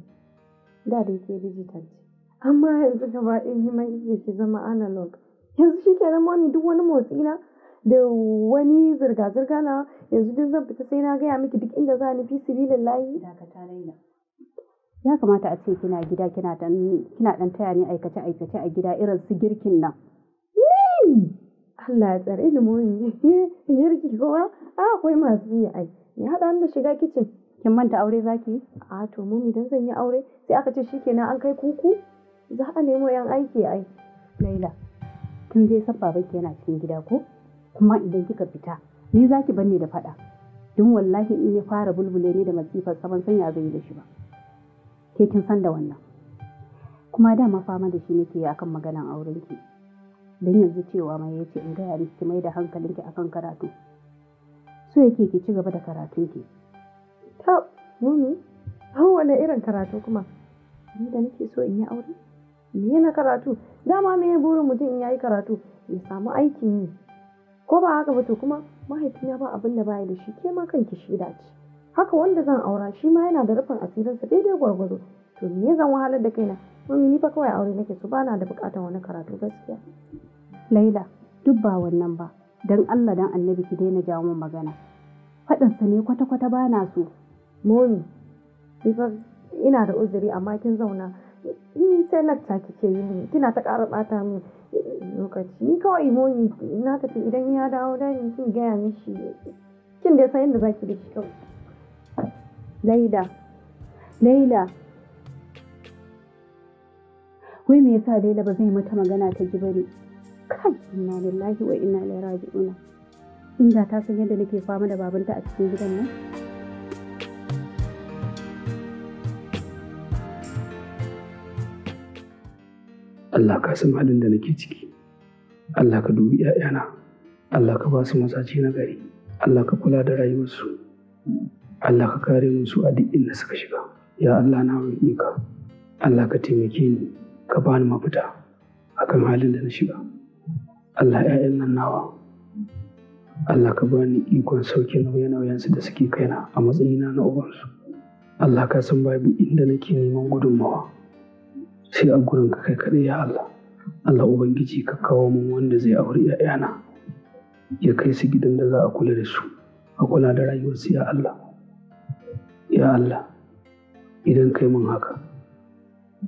da dai ke digital ce. Amma yanzu gaba ɗaya neman kike ki zama analog. Yanzu shi kenan momi duk wani motsi na da wani zirga-zirga na yanzu duk zan fita sai na gaya miki duk inda za ni fi sibilin layi ya kamata a ce kina gida kina dan taya ni aikace aikace a gida irin su girkin nan Allah ya tsare ni mun girki kuma a akwai masu yi ai ni hada da shiga kicin kin manta aure zaki a to mummy dan zan yi aure sai aka ce shikenan an kai kuku za a nemo yan aiki ai Laila kin je san babanki yana cikin gida ko kuma idan kika fita ni za ki banne da faɗa don wallahi in ya fara bulbule ne da masifar saban sanya zai da shi ba ke kin san da wannan kuma dama fama da shi nake akan maganan aurenki don yanzu cewa mai yace in gaya miki ki mai da hankalinki akan karatu so yake ki ci gaba da karatunki ta mumi an wani irin karatu kuma ni da nake so in yi aure me na karatu dama me burin mutum in yayi karatu ya samu aikin yi ko ba haka ba to kuma mahaifin ya ba abin da baya da shi ke ma kanki shaida ce haka wanda zan aura shi ma yana da rufin asirinsa daidai gwargwado to me zan wahalar da kaina mami ni fa kawai aure nake so bana da bukatar wani karatu gaskiya laila duk ba wannan ba dan Allah dan annabi ki daina jawo min magana faɗinsa ne kwata-kwata bana so momi ina da uzuri amma kin zauna ni sai ta kike yi kina ta ƙara ɓata min lokaci kawai moni na tafi idan ya dawo dani kin gaya mishi kin da san yadda zaki da shi laila laila wai me yasa laila ba zai mata magana ta ji bane kai inna lillahi wa inna ilaihi raji'un inda ta san yadda nake fama da babanta a cikin gidan nan Allah ka san halin da nake ciki Allah ka dubi 'ya'yana Allah ka ba su mazaje na gari Allah ka kula da rayuwarsu Allah ka kare musu a duk inda suka shiga ya Allah na roƙe ka Allah ka taimake ni ka bani mafita akan halin da na shiga Allah 'ya'yan nan nawa Allah ka bani ikon sauke nauye-nauyensu da suke kaina a matsayina na ubansu. Allah ka san babu inda nake neman gudunmawa. sai a gurin ka kai kaɗai ya Allah Allah Ubangiji ka kawo min wanda zai auri ‘ya'yana ya kai su gidan da za a kula da su a kula da rayuwarsu ya Allah ya Allah idan kai mun haka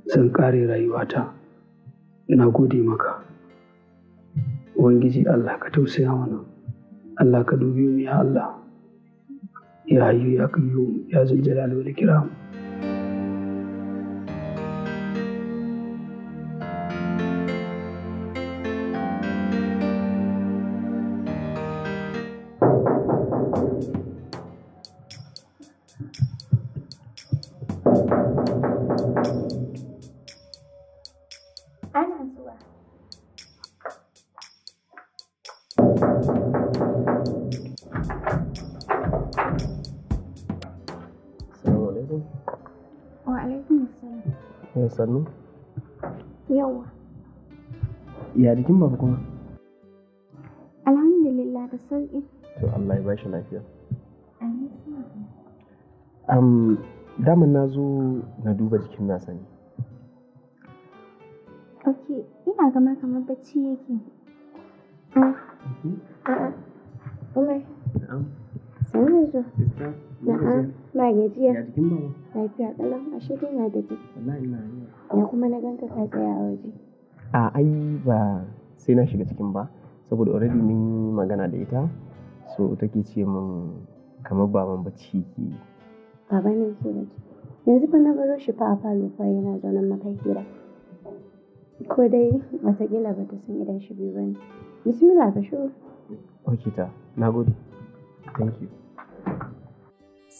zan ƙare rayuwata na gode maka Ubangiji Allah ka tausaya mana Allah ka dubi mu ya Allah ya haihu ya kayyum ya zuljalal da mu. sannu yawa ya jikin babu kuma alhamdulillah da sauƙi. to Allah ya ba shi lafiya um, daman na zo na duba jikin na sani. ok ina gama kamar bacci yake Umar, sannu zo. Na'am, ba gajiya. Ya jikin baba? Lafiya ƙalau, ashe kai na da Wallahi ina Ya kuma na ganka ka tsaya a waje. A ai ba sai na shiga cikin ba, saboda already mun yi magana da ita, so take ce min kamar baban bacci ke. Baba ne ke bacci. Yanzu fa na baro shi fa a falo fa yana zaunan maka hira. Ko dai watakila ba ta san idan shi biyu ba ne. Bismillah ka shiru. Ok ta, na gode. Thank you.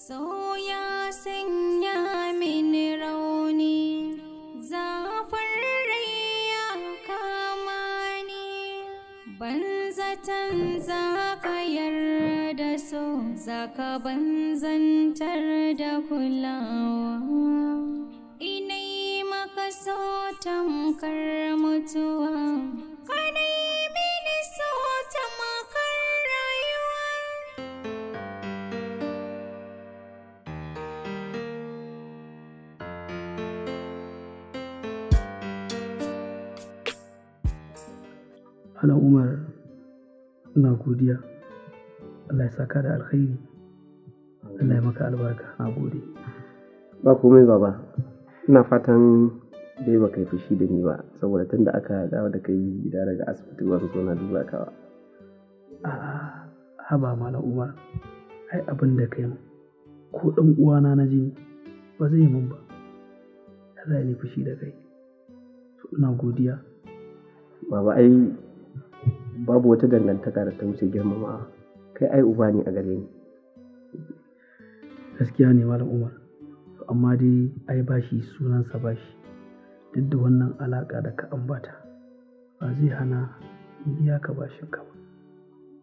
So ya sanya min rauni, zafin rai ya kama ni, ban za ka yarda so, za ka ban zantar da kulawa. Inai maka so tamkar mutuwa. Malam Umar ina godiya. Allah ya saka da alkhairi. Allah ya maka albarka. Na gode. Ba komai baba. Ina fatan dai baka fushi da ni ba saboda tun da aka dawo da kai gida daga asibiti ba su na duba ka ba. A'a, haba Malam Umar. Ai abin da kai ko ɗan uwana na jini ba zai mun ba. Allah ya fushi da kai. Ina godiya. Baba ai babu wata dangantaka da ta wuce girmama kai ai uba ne a gare ni gaskiya ne malam umar amma dai ai ba shi sunansa ba shi, duk da wannan alaƙa da ka ambata ba zai hana biya ka bashin ka ba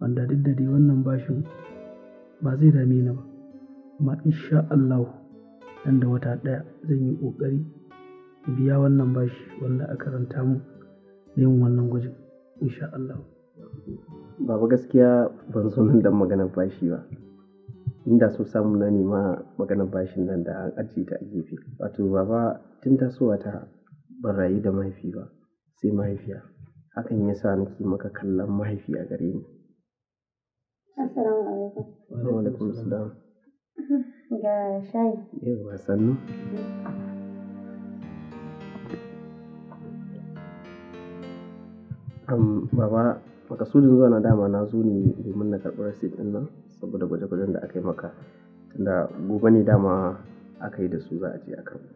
wanda duk da dai wannan bashin ba zai dame ni ba amma insha Allah nan da wata ɗaya zan yi ƙoƙari biya wannan bashi wanda aka ranta mu yin wannan gwajin insha Allah Baba gaskiya ban zo nan dan maganar bashi ba. Inda so samu na nema maganar bashin nan da an ajiye ta a gefe. Wato baba tun tasowa ta ban rayu da mahaifi ba sai mahaifiya. Hakan ya sa nake maka kallon mahaifi a gare ni. Assalamu alaikum. Wa Ga shayi. sannu. baba Makasudin zuwa na dama na zo ne domin na karɓi receipt ɗin nan saboda gwaje-gwajen da aka yi maka. Tunda gobe ne dama aka yi da su za a je a karɓo.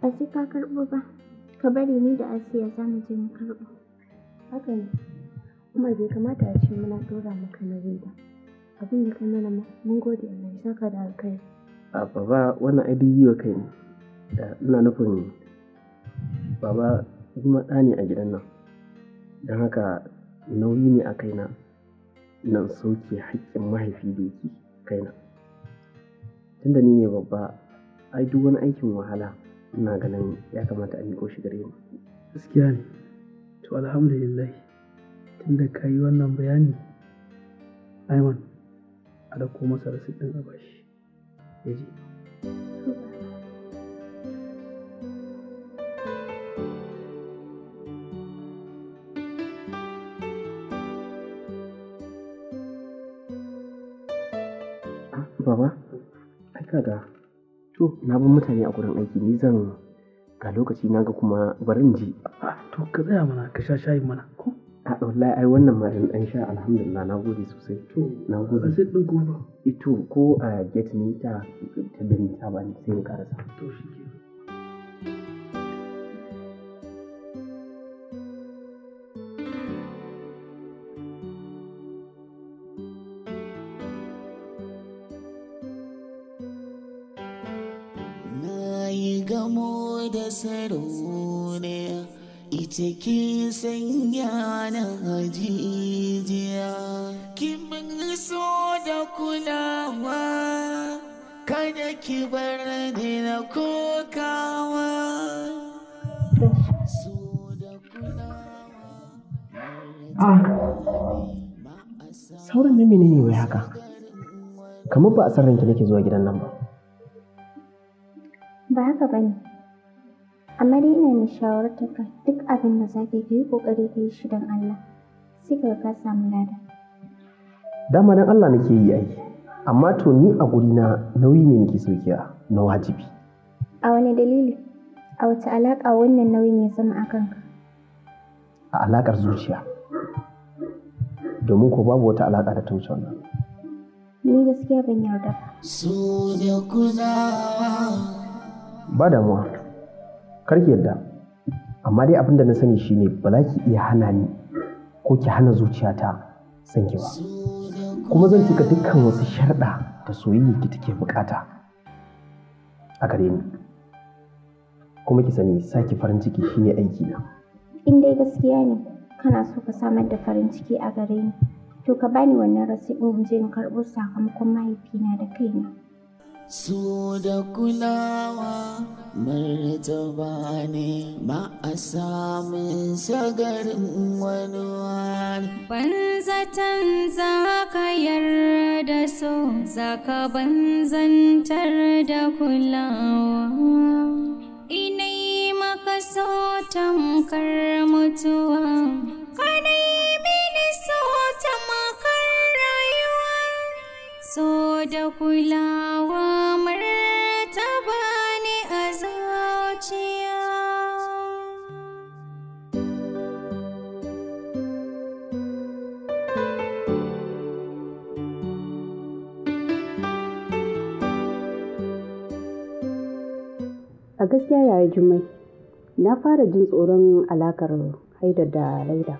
ba sai ka karɓo ba. Ka bari ni da Asiya za mu je mu karɓo. Haka ne. Kuma bai kamata a ce muna ɗora maka nauyi ba. Abin da kai mana mun gode Allah ya saka da alkhairi. A baba wannan ai yi wa kai ne. Ina nufin baba ma ɗa ne a gidan nan. don haka nauyi ne a kaina nan sauke haƙƙin mahaifi da yake kaina tunda ni ne babba ai duk wani aikin wahala ina ganin ya kamata a miƙo shi gare ni gaskiya ne to alhamdulillah tunda ka yi wannan bayani aiman a da masa rasidin a bashi ya je kaga to na bin mutane a gurin aiki ni zan ga lokaci na ga kuma barin ji ah, to ka tsaya mana ka sha shayi mana ko a wallahi ai wannan ma an sha alhamdulillah na gode sosai to na gode sai din ko ba ito eh ko a get ni ta ta dinta ba ni sai in karasa to shi wai menene wai haka kamar ba a san ranki nake zuwa gidan nan ba ba haka bane amma dai ina mai shawartar ka duk abin da zaka yi kokari ka yi shi don Allah sai ka ka samu lada dama dan Allah nake yi ai amma to ni a guri na nauyi ne nake sokiya na wajibi a wani dalili a wata alaƙa wannan nauyin ya zama a kanka a alaƙar zuciya domin ko babu wata alaƙa da ta wannan ni gaskiya ban yarda ba su da ba damuwa karki yarda amma dai abin da na sani shine ba za ki iya hana ni ko ki hana zuciyata san ki ba kuma zan cika dukkan wasu sharɗa da soyayya ki take bukata a gare ni kuma ki sani saki farin ciki shine aiki na in dai gaskiya ne kana so ka samar da farin ciki a gare ni to ka bani wannan rasiɗin in je in karɓo sakamakon mahaifina da kaina su da kulawa martaba ne ba a samun shagarin wani wani banzatan za ka yarda so za ka banzantar da kulawa inai so tamkar mutuwa ka nemi ni so rayuwa so da kulawa martaba ne a zuciya a gaskiya yaya jummai na fara jin tsoron alakar haidar da laida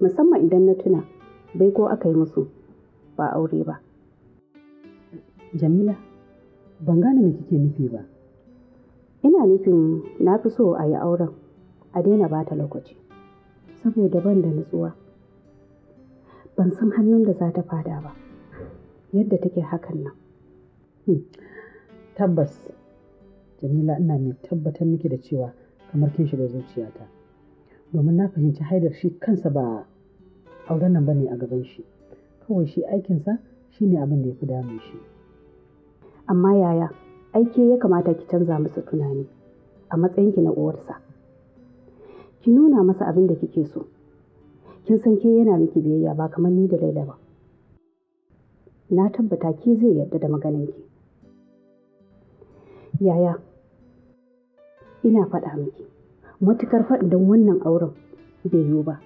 musamman idan na tuna bai ko aka yi musu ba aure ba jamila ban gane me kike nufi ba ina nufin na fi so a yi auren a daina ba ta lokaci saboda ban da nutsuwa ban san hannun da za ta fada ba yadda take hakan nan hmm, tabbas jamila ina mai tabbatar miki da cewa kamar kin shiga zuciyata domin na fahimci haidar shi kansa ba auren nan bane a gaban shi kawai shi aikinsa shine abin da ya fi damun shi amma yaya aiki ya kamata ki canza masa tunani a matsayinki na uwarsa ki nuna masa abin da kike so kin san ke yana miki biyayya ba kamar ni da Laila ba na tabbata ke zai yarda da maganin ki. yaya ina faɗa miki matukar faɗin wannan auren bai yiwu ba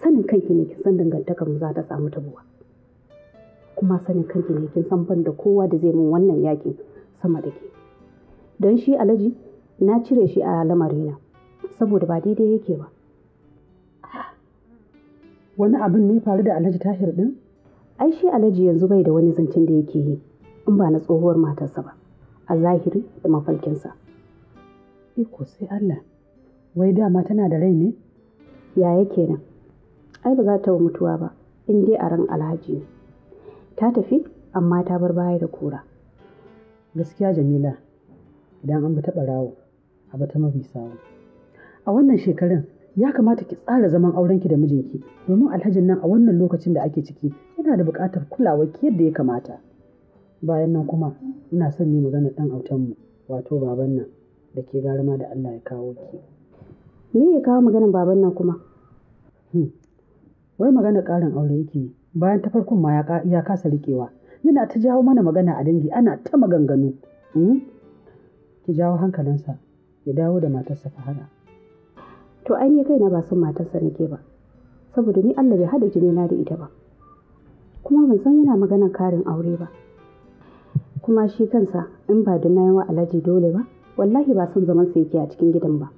sanin kanki ne kin san dangantakar mu za ta samu tabuwa kuma sanin kanki ne kin san ban kowa da zai min wannan yakin sama da ke don shi alaji na cire shi a lamarina saboda ba daidai yake ba wani abin ne faru da alhaji tahir din ai shi alhaji yanzu bai da wani zancen da yake yi in ba na tsohuwar matarsa ba a zahiri da mafarkinsa Iko sai Allah, wai dama tana da rai ne? Yaya kenan? Ai ba za ta wa mutuwa ba, in dai a ran alhaji ne. Ta tafi, amma ta bar baya da kura. Gaskiya Jamila, idan an bi taɓa rawo, a bata mafi sawo. A wannan shekarun ya kamata ki tsara zaman aurenki da mijinki domin alhajin nan a wannan lokacin da ake ciki yana da buƙatar kulawar ki yadda ya kamata. Bayan nan kuma ina son mu magana ɗan autanmu wato baban nan. da ke gara da Allah ya kawo ki. Me ya kawo maganar baban nan kuma? Hmm. Wai maganar ƙarin aure yake bayan ta farkon ma ya kasa riƙewa. Yana ta jawo mana magana a dangi ana ta maganganu. Hmm? Ki jawo hankalinsa ya dawo da matarsa fahara. To ai ni kaina ba son matarsa nake ba. Saboda ni Allah bai hada jini na da ita ba. Kuma ban san yana maganar karin aure ba. Kuma shi kansa in ba da na yawa alhaji dole ba, wallahi ba son zaman sa yake a cikin gidan ba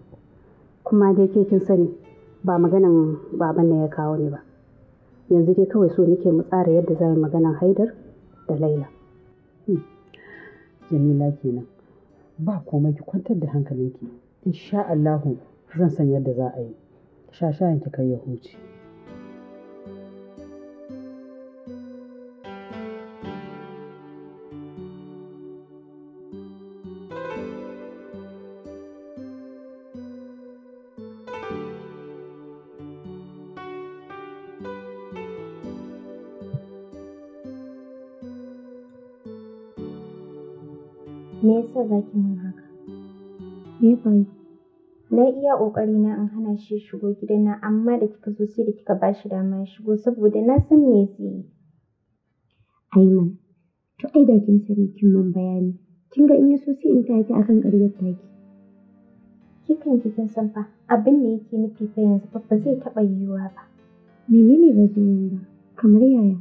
kuma dai ke kin sani ba maganan baban na ya kawo ni ba yanzu dai kawai so nake mu tsara yadda za mu maganan haidar da laila hmm. jamila kenan ba komai ki kwantar da hankalinki insha Allahu zan san yadda za a yi sha sha ki kai ya huce yasa za ki min haka? Me Na iya ƙoƙari na in hana shi shigo gidana, amma da kika zo sai da kika ba shi dama shigo saboda na san me zai yi. Aiman, to ai da kin sani kin man bayani. Kin ga in yi so in taya ki akan ƙaryar taki. Kikan kikin kin san fa abin da yake nufi fa yanzu fa ba zai taɓa yiwuwa ba. Menene ba zai yi ba? Kamar yaya?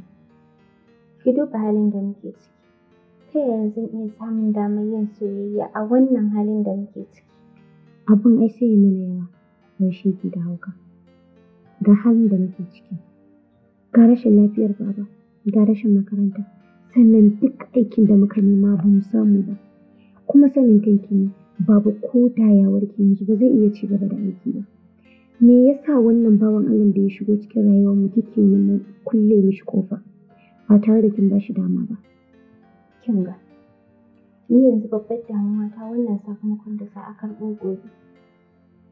Ki duba halin da muke ciki. ta yaya zan iya samun damar yin soyayya a wannan halin da muke. ciki? Abin ai sai ya mana yawa, yaushe ki da hauka. Ga halin da muke ciki, ga rashin lafiyar baba, ga rashin makaranta, sannan duk aikin da muka nema ba mu samu ba. Kuma sanin kanki ne, babu ko da ya warke yanzu ba zai iya ci gaba da aiki ba. Me yasa wannan bawan Allah da ya shigo cikin rayuwarmu kike neman kulle mishi kofa ba tare da kin ba shi dama ba? kin ga ni yanzu babbar damuwa ta wannan sakamakon da za a karɓo gobe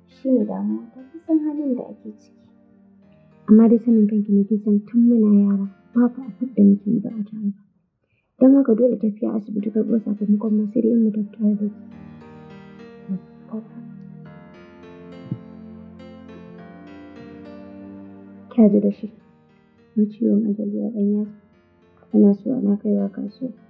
shine damuwa ta kusan halin da ake ciki amma dai sanin kanki ne kin san tun muna yara babu abin da muke yi ba a tare ba don haka dole tafiya asibiti karɓo sakamakon ma sai dai in mu tattara da Ki kyaji da shi ciwon ajali a ɗan ana so ana kaiwa kasuwa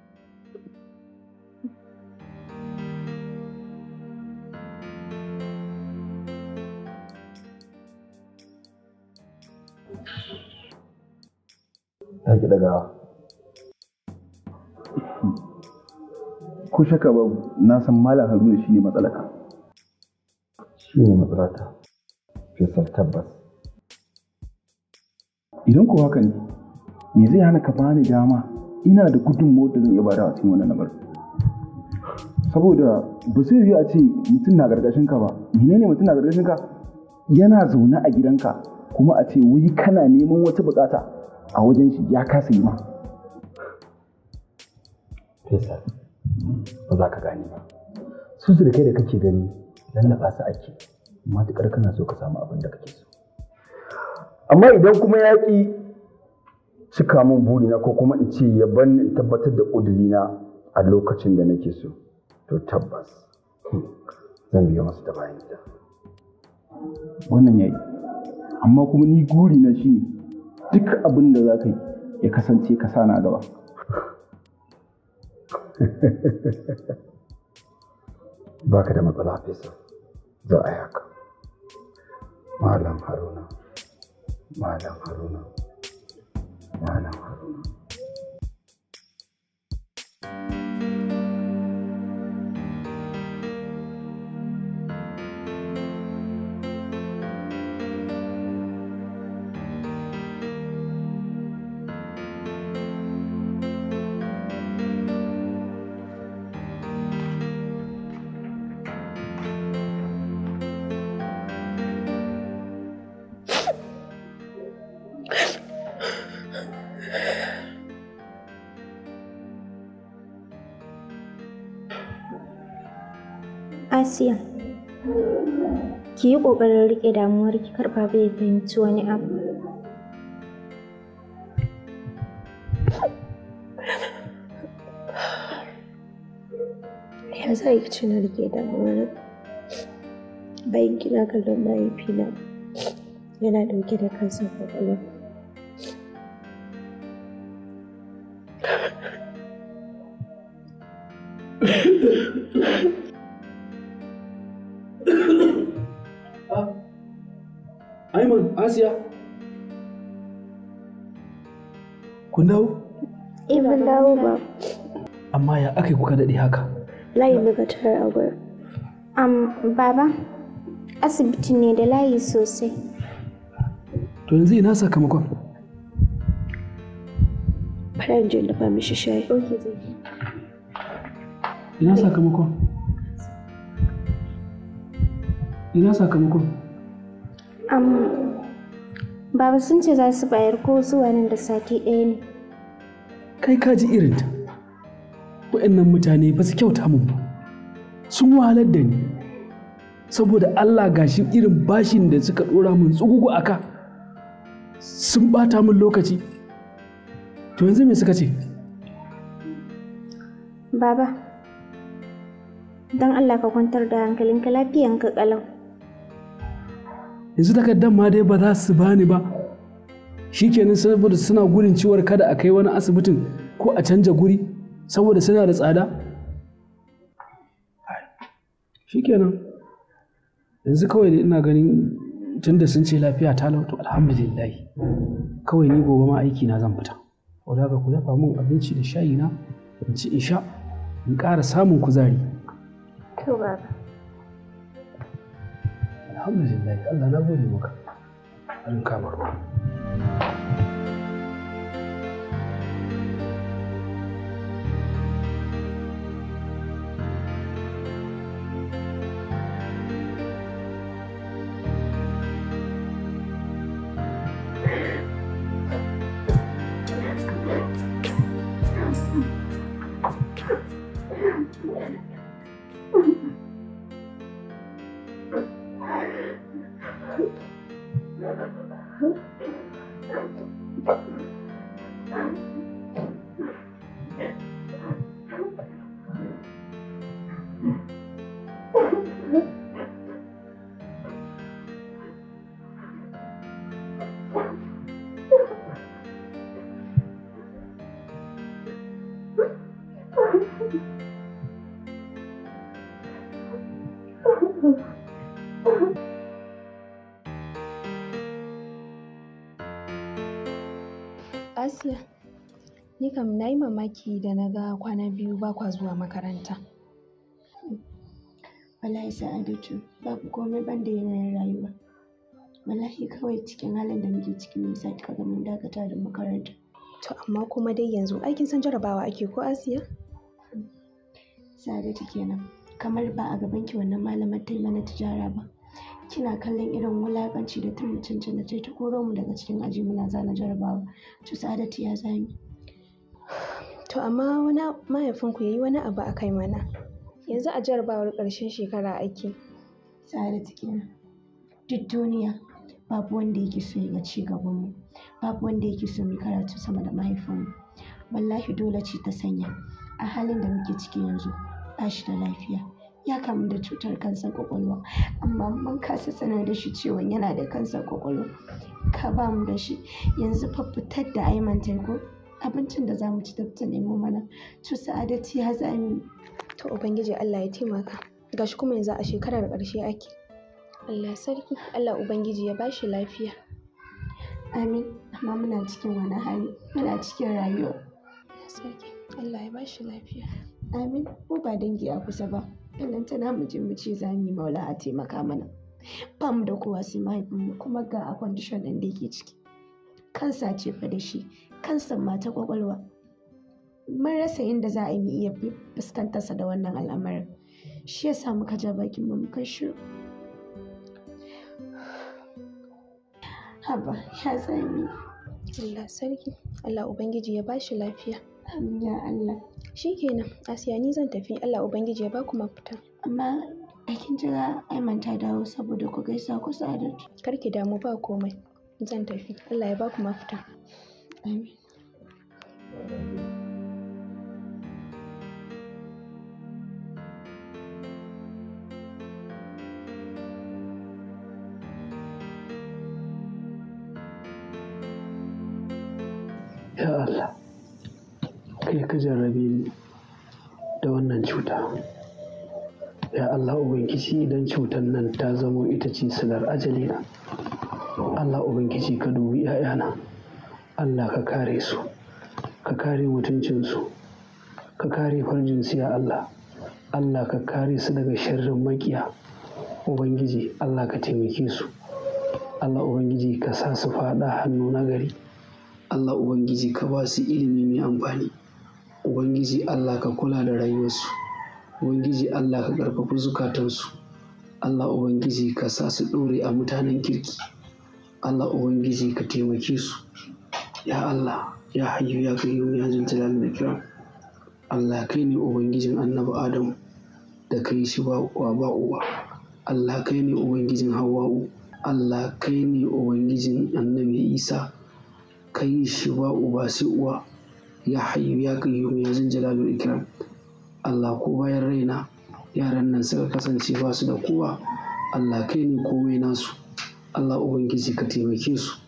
ta ki dagawa ko ka ba na san malam haruna ne matsalaka Shi ne matsalata fesal tabbas idan ku haka ne me zai hana ka bani dama ina da gudun da zan iya bada a cikin wannan lamarin saboda ba zai yi a ce mutum na gargashin ka ba menene mutum na gargashin ka yana zaune a gidanka kuma a ce wuyi kana neman wata bukata a wajen shi ya kasa yi ma. Fesa, ba za ka gane ba. Su da kai da kake gani lallaba su ake matuƙar kana so ka samu abin da kake so. Amma idan kuma ya ƙi cika min burina ko kuma in ce ya ban in tabbatar da ƙudurina a lokacin da nake so, to tabbas hmm, zan biyo masu da bayan gida. Wannan ya yi. Amma kuma ni guri na shi ne duk abin da za ka yi ya kasance ka sa na gaba ba ka da matsala fesa za a yi haka malam haruna malam haruna malam haruna ki yi ƙoƙarin riƙe damuwarki kar ba ya fahimci wani abu ya za ki ci na riƙe damuwar bayan gina kallon mahaifina yana ɗauke da kansa kwakwalwa Aiman, Asiya. Kun dawo? Eh, ban dawo ba. Amma ya aka kuka daɗe haka? Layi daga tarar a gurin. Am, baba, asibiti ne da layi sosai. To yanzu ina sakamakon? Fara in je dafa shi shayi. Ina sakamakon? Ina sakamakon? Baba sun ce za su bayar ko zuwa nan da sati ɗaya ne. Kai ka ji irinta. Wa'annan mutane ba su kyauta mun ba. Sun wahalar da ni. Saboda Allah gashin irin bashin da suka ɗora min tsugugu aka. Sun bata mun lokaci. To yanzu me suka ce? Baba, don Allah ka kwantar da hankalinka lafiyanka ƙalau. yanzu takardar ma dai ba za su bani ba shikenan saboda suna gudun ciwar kada a kai wani asibitin ko a canja guri saboda suna da tsada shikenan yanzu kawai da ina ganin tunda sun ce lafiya ta lautu alhamdulillah kawai ni gobe ma aiki na zan fita wadda ga ku dafa min abinci da shayi na in ci in sha in ƙara samun kuzari to الحمد لله الله نبودي مكان المكان Ni kam na yi mamaki da na ga kwana biyu bakwa zuwa makaranta. Wallahi Sa'adatu babu komai ban da yanayin rayuwa. Wallahi kawai cikin halin da muke ciki ne sa kika ga mun dakata da makaranta. To amma kuma dai yanzu aikin san jarabawa ake ko Asiya? Sa'adatu kenan kamar ba a gaban ki wannan malamar ta mana tijara ba. Kina kallon irin wulakanci da tun mutuncin da ta koro mu daga cikin aji muna zana jarabawa. To Sa'adatu ya zami. To amma wani mahaifinku ya yi wani abu a kai mana. Yanzu a jarabawar ƙarshen shekara ake. ta kenan. Duk duniya babu wanda yake so ya ci mu, Babu wanda yake so mu karatu sama da mahaifinmu. Wallahi dole ce ta sanya. A halin da muke ciki yanzu ba shi da lafiya. Ya kamu da cutar kansar kwakwalwa amma mun kasa sanar da shi cewa yana da kansar kwakwalwa. Ka ba mu da shi yanzu fa fitar da aimantar ko abincin da zamu mu ci ta nemo mana to sa'adati ya za to ubangiji Allah ya taimaka gashi kuma yanzu a shekarar karshe ake Allah sarki Allah ubangiji ya bashi lafiya amin amma muna cikin wani hali muna cikin rayuwa sarki Allah ya bashi lafiya amin ko ba dangi a kusa ba idan tana mu je mu ce za mu yi maula a taimaka mana ba da kowa sai mahaifinmu kuma ga a condition ɗin da yake ciki kansa ce fa da shi kansan mata kwakwalwa mun rasa inda za a yi iya fuskantarsa da wannan al'amarin shi ya sa muka ja bakin mu muka shiru haba ya sami Allah sarki Allah ubangiji ya bashi lafiya amin ya Allah kenan asiya ni zan tafi Allah ubangiji ya baku mafita amma aikin jira aiman ta dawo saboda ku gaisa ku sa'adatu kar ki damu ba komai zan tafi Allah ya baku mafita Ya Allah, kai ka jarrabe ni da wannan cuta. Ya Allah Ubangiji idan cutar nan ta zamo ita ce silar ajalina. Allah Ubangiji ka dubi 'ya'yana. Allah ka kare su ka kare mutuncinsu ka kare farjinsu ya Allah Allah ka kare su daga sharrin makiya Ubangiji Allah ka taimake su Allah Ubangiji ka sa su faɗa hannu na gari Allah Ubangiji ka ba su ilimi mai amfani Ubangiji Allah ka kula da rayuwarsu Ubangiji Allah ka ƙarfafi zukatansu Allah Ubangiji ka sa su ɗore a mutanen kirki Allah Ubangiji ka taimake su ya Allah ya hayu ya kayyum ya zul jalal da kiram Allah kai ne ubangijin annabi Adam da kai shi ba ba uwa Allah kai ne ubangijin Hawwa'u Allah kai ne ubangijin annabi Isa kai shi ba uba sai uwa ya hayu ya kayyum ya zul jalal da kiram Allah ko bayan raina yaran nan suka kasance ba su da kowa Allah kai ne komai nasu Allah Ubangiji ka taimake su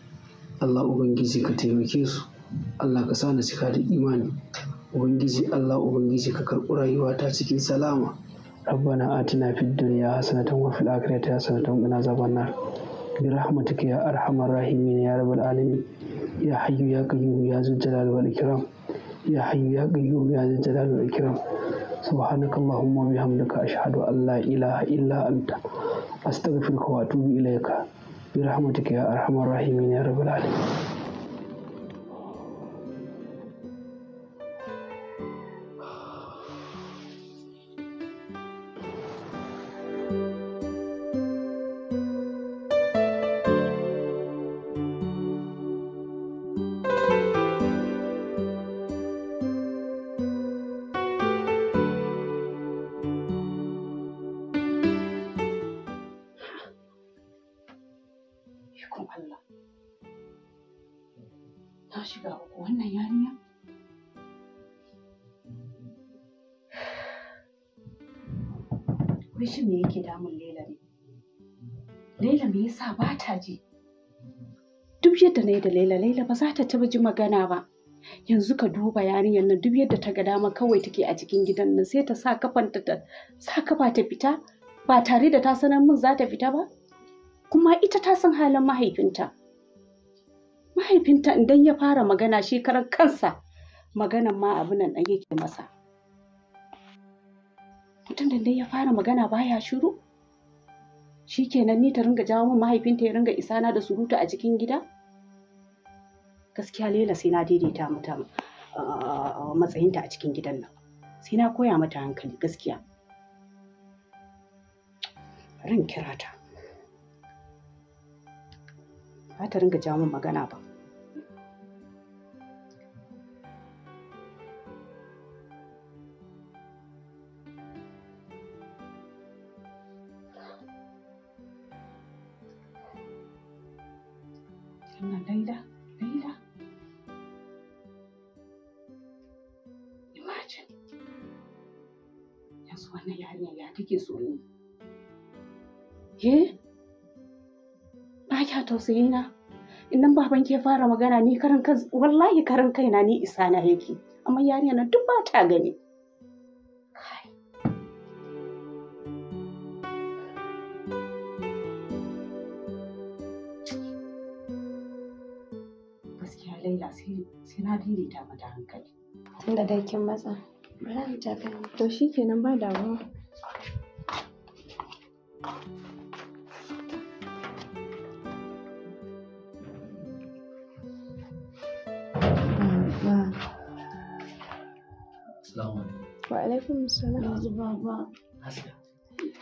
Allah Ubangiji ka taimake su Allah ka sani cika da imani Ubangiji Allah Ubangiji ka karɓi rayuwata cikin salama ربنا آتنا في الدنيا حسنة وفي الآخرة حسنة وقنا عذاب النار برحمتك يا أرحم الراحمين يا رب العالمين يا حي يا قيوم يا ذو الجلال والإكرام يا حي يا قيوم يا ذو الجلال والإكرام سبحانك اللهم وبحمدك أشهد أن لا إله إلا أنت أستغفرك وأتوب إليك برحمتك يا أرحم الراحمين يا رب العالمين yadda na yi da Laila Laila ba za ta taba ji magana ba yanzu ka duba yarinyar nan duk yadda ta ga dama kawai take a cikin gidan nan sai ta sa kafanta ta sa kafa ta fita ba tare da ta sanar min za ta fita ba kuma ita ta san halin mahaifinta mahaifinta idan ya fara magana shi karan kansa maganan ma abu nan ɗan yake masa mutum da ya fara magana baya shiru Shi kenan ni ta ringa jawo min mahaifinta ya ringa isana da surutu a cikin gida gaskiya lela sai na daidaita mata ah, matsayinta a cikin gidan nan sai na koya mata hankali gaskiya ran kira ta ba ta ringa jawo magana ba take so ni. Ke? Eh? Ba kya na? Idan baban ke fara magana ni karan kan wallahi karan kaina ni isa na yake. Amma yarinya na duk ba ta gani. Laila sai na daidaita mata hankali. Tunda da kin matsa. Bari ta kai. To shikenan ba damuwa. alaikum salam yanzu baba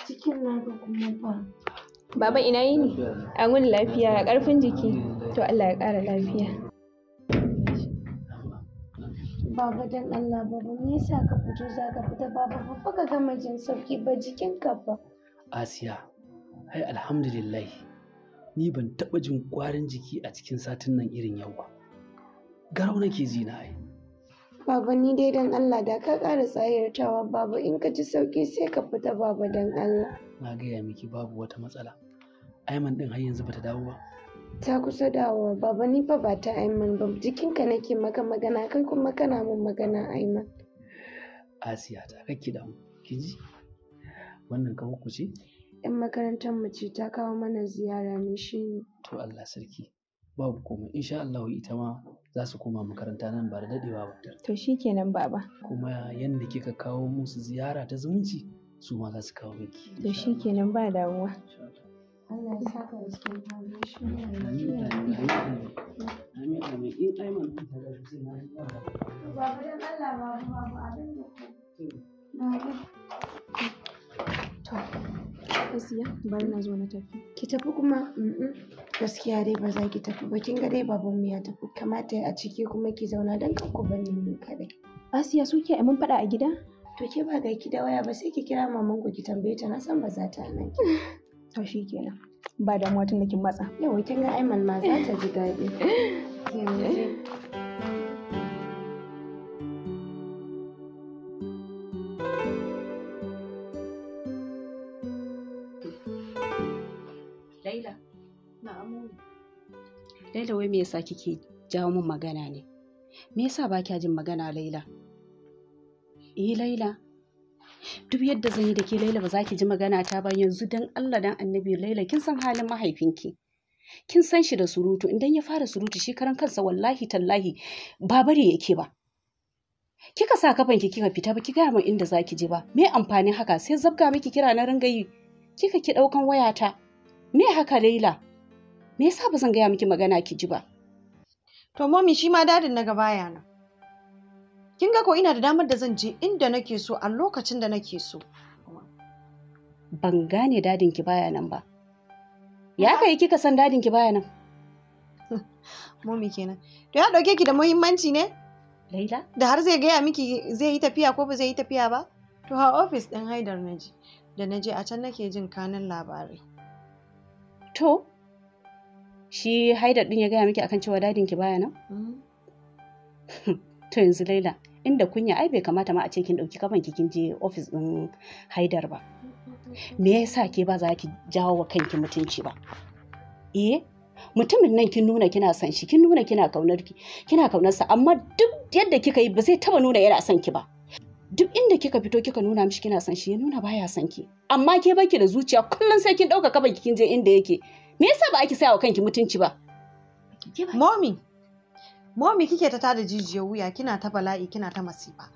cikin naka kuma ba baba ina yi ne an wani lafiya a ƙarfin jiki to Allah ya ƙara lafiya baba dan Allah baba me yasa ka fito za ka fita baba fa ka gama jin sauki ba jikin ka ba Asiya ai alhamdulillah ni ban taɓa jin ƙwarin jiki a cikin satin nan irin yau ba garau nake ji ai Baba ni dai don Allah da ka ƙara tsayartawa baba in ka ji sauƙi sai ka fita baba don Allah. Na gaya miki babu wata matsala. Aiman ɗin har yanzu bata dawo ba. Ta kusa dawowa baba ni fa ba ta Aiman ba jikinka nake maka magana kai kuma kana min magana Aiman. Asiya ta kake damu ki ji wannan kawo ku ce? ‘Yan makarantar mu ce ta kawo mana ziyara ne shi ne. To Allah sarki babu komai insha Allah ita ma za su koma makaranta nan ba da dadewa ba. To shi kenan baba. Kuma yadda kika kawo musu ziyara ta zumunci su ma za su kawo miki. To shi kenan ba damuwa. da cikin To. bari na zo na tafi. Ki tafi kuma. gaskiya dai ba za ki tafi ba kin ga dai baban mu ya tafi kamata a ciki kuma ki zauna dan kan ku bani ni kaɗai. Asiya su ke mun faɗa a gida? To ke ba ga ki da waya ba sai ki kira maman ku ki tambaye ta na san ba za ta nan To shi ba damuwa tun da kin matsa. Yau kin ga Aiman ma za ta ji daɗi. da wai me yasa kike jawo min magana ne? Me yasa ba kya jin magana Laila? Eh Laila, duk yadda zan yi da ke Laila ba za ki ji magana ta ba yanzu dan Allah dan Annabi Laila kin san halin mahaifinki. Kin san shi da surutu idan ya fara surutu shi karan kansa wallahi tallahi ba bari yake ba. Kika sa kafanki kika fita ba ki gaya min inda zaki ki je ba. Me amfanin haka sai zabga miki kira na ringayi. Kika ki daukan wayata. Me haka Laila? me yasa ba zan gaya miki magana ki ji ba to momi shi ma dadin na gaba yana kin ga ko ina da damar da zan je inda nake so a lokacin da nake so ban gane dadin ki baya nan ba ya kai kika san dadin ki baya nan momi kenan to ya dauke ki da muhimmanci ne Laila? Da har zai gaya miki zai yi tafiya ko ba zai yi tafiya ba? To ha ofis ɗin haidar na ji, da na je a can nake jin kanin labarai. To, shi haidar din ya gaya miki akan cewa dadin ki baya nan hmm. to yanzu laila inda kunya ai bai kamata ma a ce kin dauki kaman kin je ofis din haidar ba me yasa ke ba za ki jawo wa kanki mutunci ba eh mutumin nan kin nuna kina son shi kin nuna kina kaunar ki kina kaunar sa amma duk yadda kika yi ba zai taba nuna yana son ki ba duk inda kika fito kika nuna mishi kina son shi ya nuna baya son ki amma ke baki da zuciya kullum sai kin dauka kaban kin je inda yake me yasa ba ake sayawa kanki mutunci ba momi momi kike ta tada jijiyar wuya kina ta bala'i kina ta masifa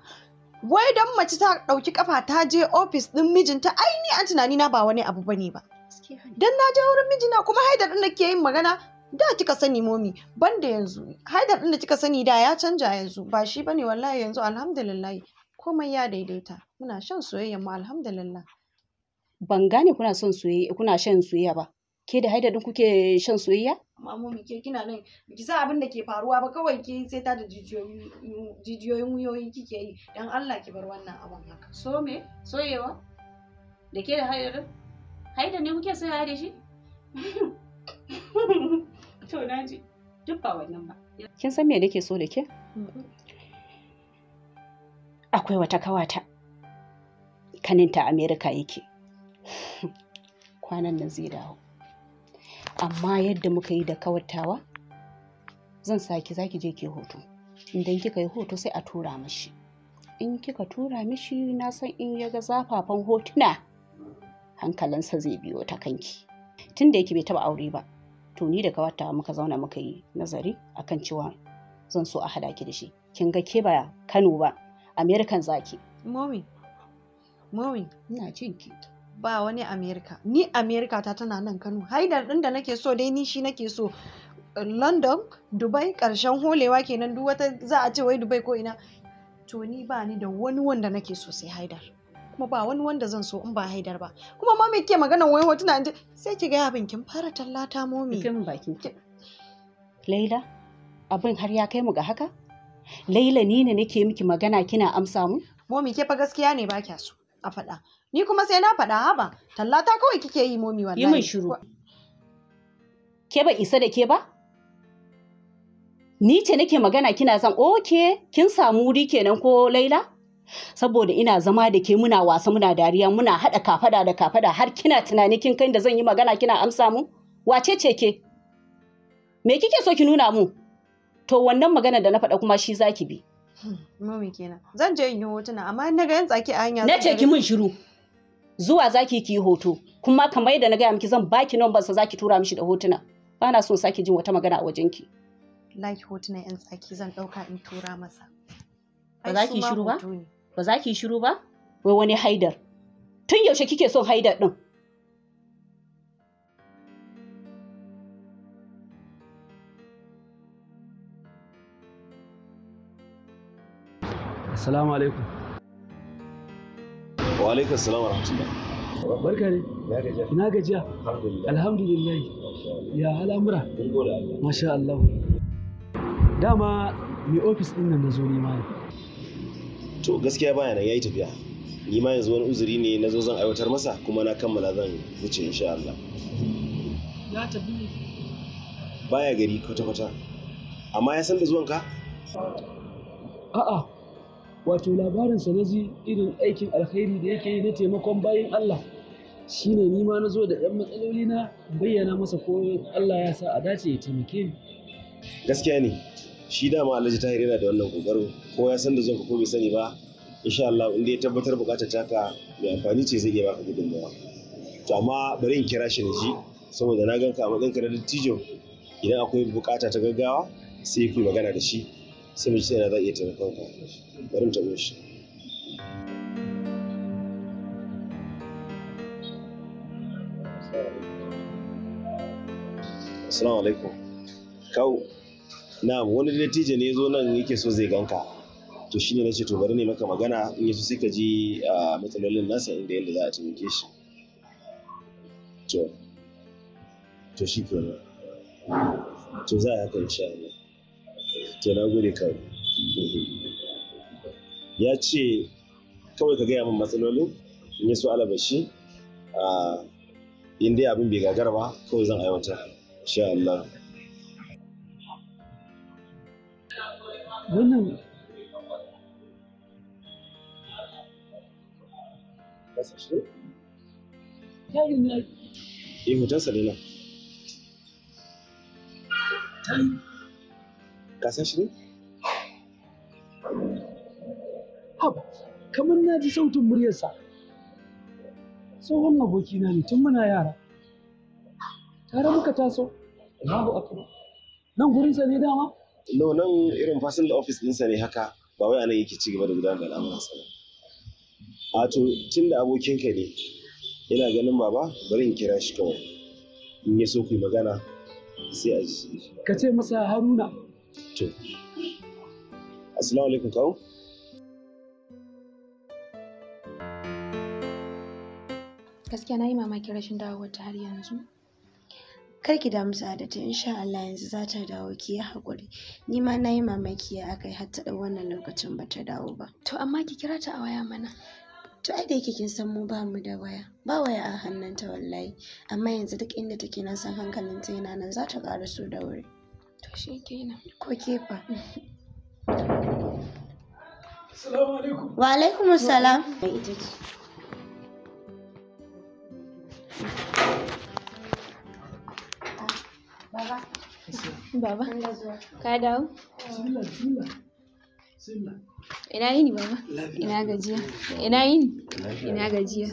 wai don mace ta ɗauki kafa ta je ofis ɗin mijinta ai ni a tunani na ba wani abu bane ba dan na je wurin mijina kuma haidar ɗin da ke yin magana da kika sani momi banda yanzu haidar ɗin da kika sani da ya canja yanzu ba shi bane wallahi yanzu alhamdulillah komai ya daidaita muna shan soyayya mu alhamdulillah ban gane kuna son kuna shan soyayya ba ke da haida din kuke shan soyayya mi ke kina nan ki sa abin da ke faruwa ba kawai ke sai ta da jijiyoyin wuyoyi kike yi dan Allah ki bar wannan abin haka so me soyewa da ke da haida haida ne kuke soyayya da shi to naji duk ba wannan ba kin san me nake so da ke mm-hmm. akwai wata kawata kaninta Amerika yake kwanan nan zai dawo amma yadda muka yi da kawattawa zan saki zaki je ke hoto idan kika yi hoto sai a tura mashi in kika tura mishi na san in ya ga zafafan hotuna hankalinsa zai biyo ta kanki tun da yake bai taba aure ba to ni da kawata muka zauna muka yi nazari akan cewa zan so a hada ki da shi kin ga ke ba Kano ba American zaki Mami Mami ina jinki ki ba wani america ni america ta tana nan kano haidar din da nake so dai ni shi nake so london dubai karshen holewa kenan duk wata za a ce wai dubai ko ina to ni ba ni da wani wanda nake so sai haidar kuma ba wani wanda zan so in ba haidar ba kuma ma me ke magana wai hotuna sai ki ga abin kin fara tallata momi kin baki laila abin har ya kai mu ga haka laila ni ne nake miki magana kina amsa mu momi ke fa gaskiya ne ba kya so a faɗa ni kuma sai na faɗa haba tallata kawai kike yi momi wallahi yi min shiru ke ba isa da ke ba ni ce nake magana kina san, oke kin samu wuri kenan ko laila saboda ina zama da ke muna wasa muna dariya muna haɗa kafada da kafada har kina tunani kin kai da zan yi magana kina amsa mu wace ce ke me kike so ki nuna mu to wannan magana da na faɗa kuma shi zaki bi mami hmm, kenan zan je in yi hotuna amma na ga yan tsaki a hanya na ce ki mun shiru zuwa zaki ki hoto kuma kamar yadda na gaya miki zan baki nan sa zaki tura mishi da hotuna ba na son saki jin wata magana a wajen ki laki hotuna yan tsaki zan dauka in tura masa ba za ki shiru ba ba za ki shiru ba wai wani haidar tun yaushe kike son haidar din Assalamu alaikum. wa alaikum salam wa rahmatullah barka ne na gajiya alhamdulillah ya al'amura masha Allah dama mai ofis din nan na zo nema ne to gaskiya baya nan yayi tafiya ni ma yanzu wani uzuri ne na zo zan aiwatar masa kuma na kammala zan wuce insha Allah ya tafi baya gari kwata-kwata amma ya san da zuwanka a'a wato labarin na ji irin aikin alkhairi da yake yi na taimakon bayan Allah shine ni ma na zo da 'yan matsaloli na bayyana masa ko Allah ya sa a dace ya taimake ni gaskiya ne shi dama Alhaji Tahir yana da wannan kokarin ko ya san da zan ko bai sani ba insha Allah inda ya tabbatar bukatar taka mai amfani ce zai iya baka gudunmawa to amma bari in kira shi da ji saboda na ganka a matsayin ka na dattijo idan akwai bukata ta gaggawa sai ku magana da shi sai mu ji yana za a iya taimakon ka bari mu taɓa shi Assalamu alaikum. Kau, na wani dattijo ne ya zo nan yake so zai ganka. To shine na ce to bari ne maka magana in yaso sai ka ji matsalolin nasa inda yadda za a taimake shi. To, to shi kenan. To za a haka insha to na gode ka ya ce kawai ka gaya min matsalolin in yi su alabashi in dai abin bai gagara ba kawai zan aiwata insha Allah wannan Eh, ka san shi ne haba kamar na ji sautin muryarsa tsohon abokina ne tun muna yara tare muka taso babu akaba nan gurinsa ne dama no nan irin fasin da ofis ɗinsa ne haka ba wai anan yake ci gaba da gudanar da al'amuransa ba a to tun da abokinka ne ina ganin baba bari in kira shi kawai in ya so ku magana sai a ji ka ce masa haruna to assalamu alaikum kawo gaskiya na yi mamakin rashin dawowar ta har yanzu kar ki damu sa'adatu insha Allah yanzu za ta dawo ki yi haƙuri ni ma na yi mamaki ya aka yi har wannan lokacin ba ta dawo ba to amma ki kira ta a waya mana to ai da yake kin san mu ba mu da waya ba waya a hannunta wallahi amma yanzu duk inda take na san hankalinta yana nan za ta ƙara so da wuri to shi kenan ko kefa Assalamu alaikum. Wa alaikum assalam. Baba. Baba. Ka dawo? Ina yini baba? Ina gajiya. Ina yini? Ina gajiya.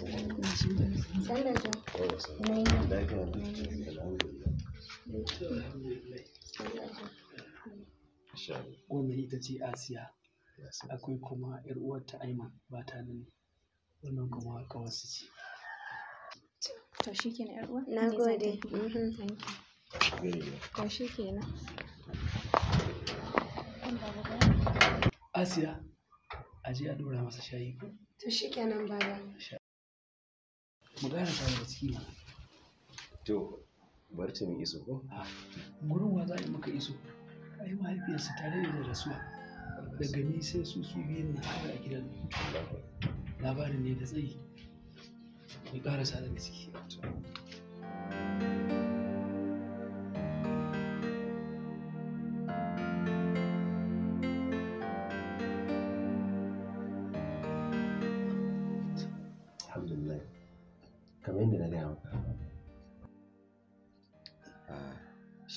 wannan ita ce asiya akwai kuma yar uwarta aima ba ta nan wannan kuma kawarsu ce to shi na gode mm-hmm. to shi asiya aje a dora masa shayi to shi mu gane ta da ciki to barci iso ko gurin wa za a yi maka iso ai mahaifiyarsa tare da rasuwa daga ni sai su su biyun na haɗa a gidan labarin ne da tsayi mai ƙarasa daga ciki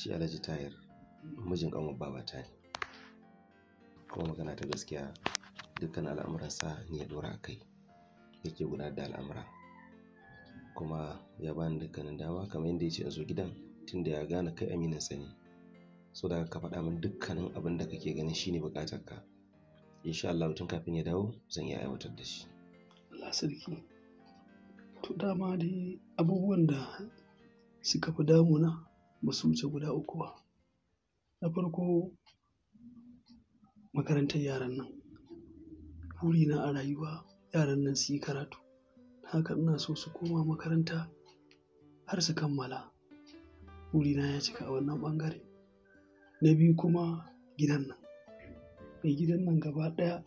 shi alhaji tayar mijin ƙanwar babata ne kuma magana ta gaskiya dukkan al'amuransa ne ya dora a kai yake gudanar da al'amura kuma ya bani dukkanin dama kamar yadda ya ce in zo gidan tunda ya gane kai aminin sani, so da ka faɗa min dukkanin abin da kake ganin shine buƙatar ka insha Allah tun kafin ya dawo zan iya aiwatar da shi Allah sarki to dama dai abubuwan da suka fi damuna ba wuce guda uku ba na farko makarantar yaran nan burina a rayuwa yaran nan su yi karatu haka ina so su koma makaranta har su kammala burina ya cika a wannan bangare na biyu kuma gidan nan mai gidan nan gaba ɗaya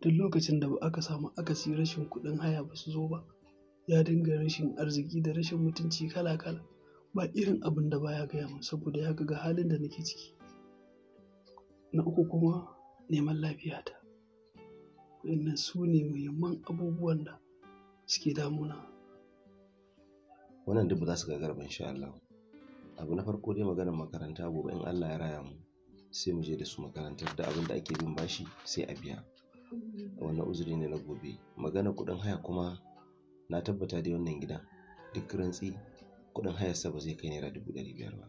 duk lokacin da ba aka samu akasi rashin kuɗin haya ba su zo ba ya dinga rashin arziki da rashin mutunci kala-kala ba irin abin da baya gaya min saboda ya ga halin da nake ciki na uku kuma neman lafiyata wannan su ne muhimman abubuwan da suke damuna wannan duk ba za su gagara ba insha Allah abu na farko dai maganar makaranta gobe in Allah ya raya mu sai mu je da su makarantar da abin da ake bin bashi sai a biya wannan uzuri ne na gobe magana kuɗin haya kuma na tabbata da wannan gidan duk rantsi kuɗin hayarsa ba zai kai naira dubu ɗari biyar ba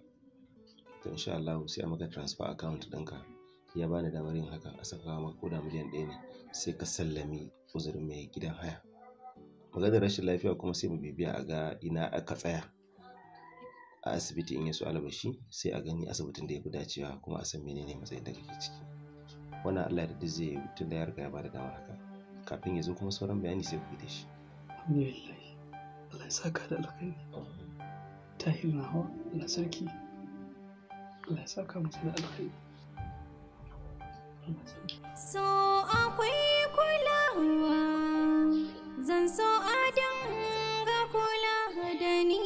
to insha Allah sai a maka transfer account ɗinka ya bani damar yin haka a saka maka koda miliyan ɗaya ne sai ka sallami uzurin mai gidan haya maganar rashin lafiya kuma sai mu bibiya a ga ina aka tsaya a asibiti in ya alabashi sai a gani asibitin da ya fi dacewa kuma a san menene matsayin da kake ciki wannan Allah ya duk zai tun da ya riga ya bada damar haka kafin ya zo kuma sauran bayani sai ku bi da shi Allah ya saka da alkhairi tahir na hawa na sarki Allah ya saka musu da alkhairi So akwai kulawa zan so a dinga kula da ni.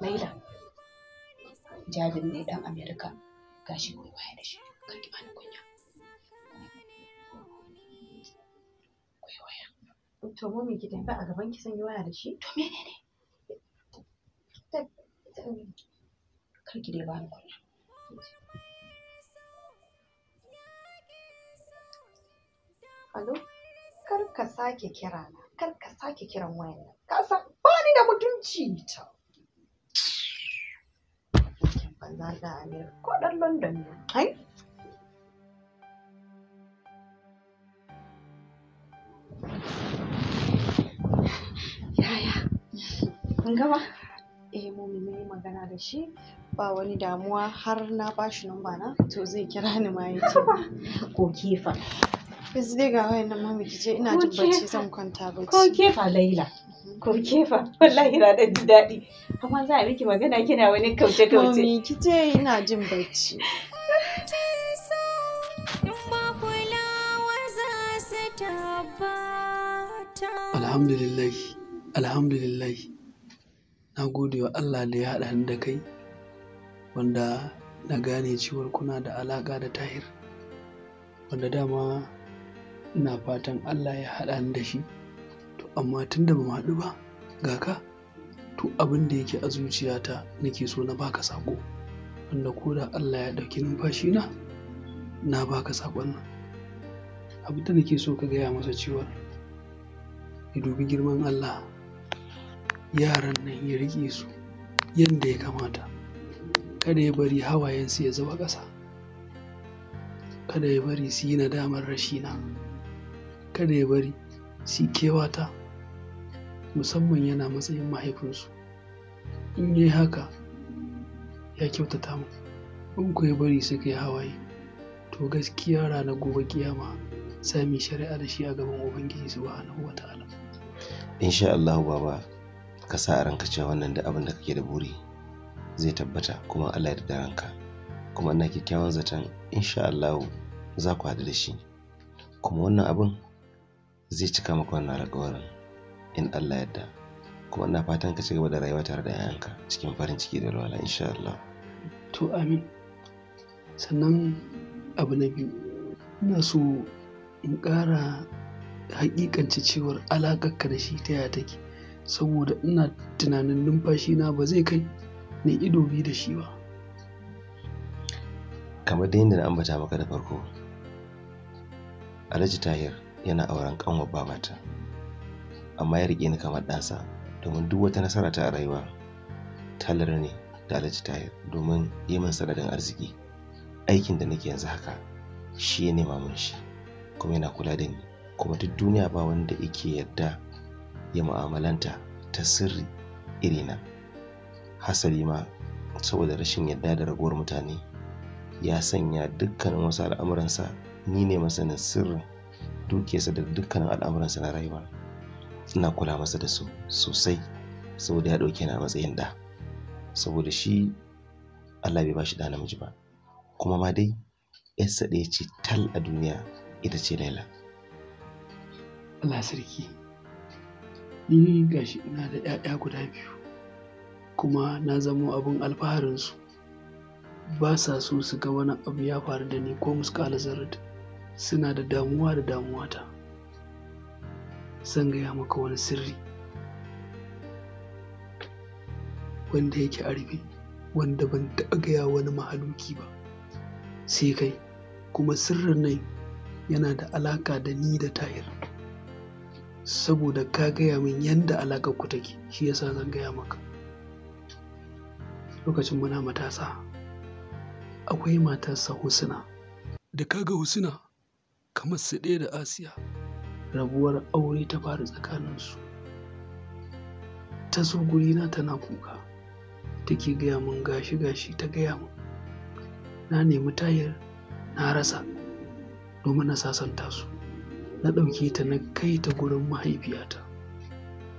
Laila, jabin ne dan America gashi ko baya da shi ka ki bani kunya. Kwaiwaya. To mu me ki tafi a gaban ki san yi waya da shi? To menene? karki Kar ka sake kira na, kar ka sake kiran wayan kasan Ka ba ni da mutunci ta. Banza da Amir, ko ɗan London ne. eh momi magana da shi ba wani damuwa har na bashi numba na to zai kira ni ma yace ko kifa yanzu dai ga wayannan mami kije ina jin bacci zan kwanta bacci ko kifa laila ko kifa wallahi na da ji daɗi amma za a miki magana kina wani kauce kauce mami kije ina jin bacci Alhamdulillah, alhamdulillah. na gode wa Allah da ya haɗa ni da kai wanda na gane cewar kuna da alaƙa da tahir wanda dama ina fatan Allah ya haɗa ni da shi to amma tun da haɗu ba ga ka to abin da yake a zuciyata nake so na baka saƙo, wanda ko da Allah ya ɗauki numfashi na na baka sakon nan abin da nake so ka gaya masa cewa ya dubi girman Allah yaran nan ya riƙe su yadda ya kamata kada ya bari hawayensu ya zuba ƙasa kada ya bari su yi nadamar rashina kada ya bari su kewata musamman yana matsayin mahaifinsu in yi haka ya kyautata mu in ku ya bari suka yi hawaye to gaskiya ranar gobe kiyama sami shari'a da shi a gaban ubangiji subhanahu wa insha Allah baba ka sa a ranka cewa wannan da abin da kake da buri zai tabbata kuma Allah ya da ranka kuma ina kyakkyawan zaton insha Allah za ku haɗu da shi kuma wannan abin zai cika maka wannan alƙawarin in Allah ya yarda kuma ina fatan ka ci gaba da rayuwa tare da yayanka cikin farin ciki da walwala insha Allah to amin sannan abu na biyu ina so in ƙara hakikance cewar alaƙarka da shi ta yaya take saboda ina tunanin numfashina ba zai kai na ido biyu da shi ba kamar da yadda na ambata maka da farko alhaji tahir yana auren kanwar babata amma ya rike ni kamar ɗansa domin duk wata nasara ta rayuwa talar ne da alhaji tahir domin yi min sanadin arziki aikin da nake yanzu haka shi ya nema min shi kuma yana kula da ni kuma duk duniya ba wanda yake yarda ya mu'amalanta ta sirri irina hasali ma saboda rashin yadda da raguwar mutane ya sanya dukkanin wasu al'amuransa ni ne masanin sirrin dukiyarsa da dukkanin al'amuransa na rayuwa ina kula masa da su sosai saboda ya ɗauke na matsayin ɗa saboda shi Allah bai ba shi ɗa namiji ba kuma ma dai yarsa ɗaya ce tal a duniya ita ce Laila. Allah sarki. ni gashi ina da 'ya'ya guda biyu kuma na zamo abin alfaharinsu ba sa so su ga wani abu ya faru da ni ko muskala zarrad suna da damuwa da damuwata zan gaya maka wani sirri wanda yake a rufe wanda ban taɓa gaya wani mahaluki ba sai kai kuma sirrin nan yana da alaka da ni da tahir saboda ka gaya min yadda alaƙar ku take shi yasa zan gaya maka lokacin muna matasa akwai matasa husna da kaga husna kamar su ɗaya da asiya rabuwar aure ta faru tsakaninsu ta zo na tana kuka take gaya min gashi gashi ta gaya min na nemi tayar na rasa domin na sasanta su na ɗauke ta na kai ta gurin mahaifiyata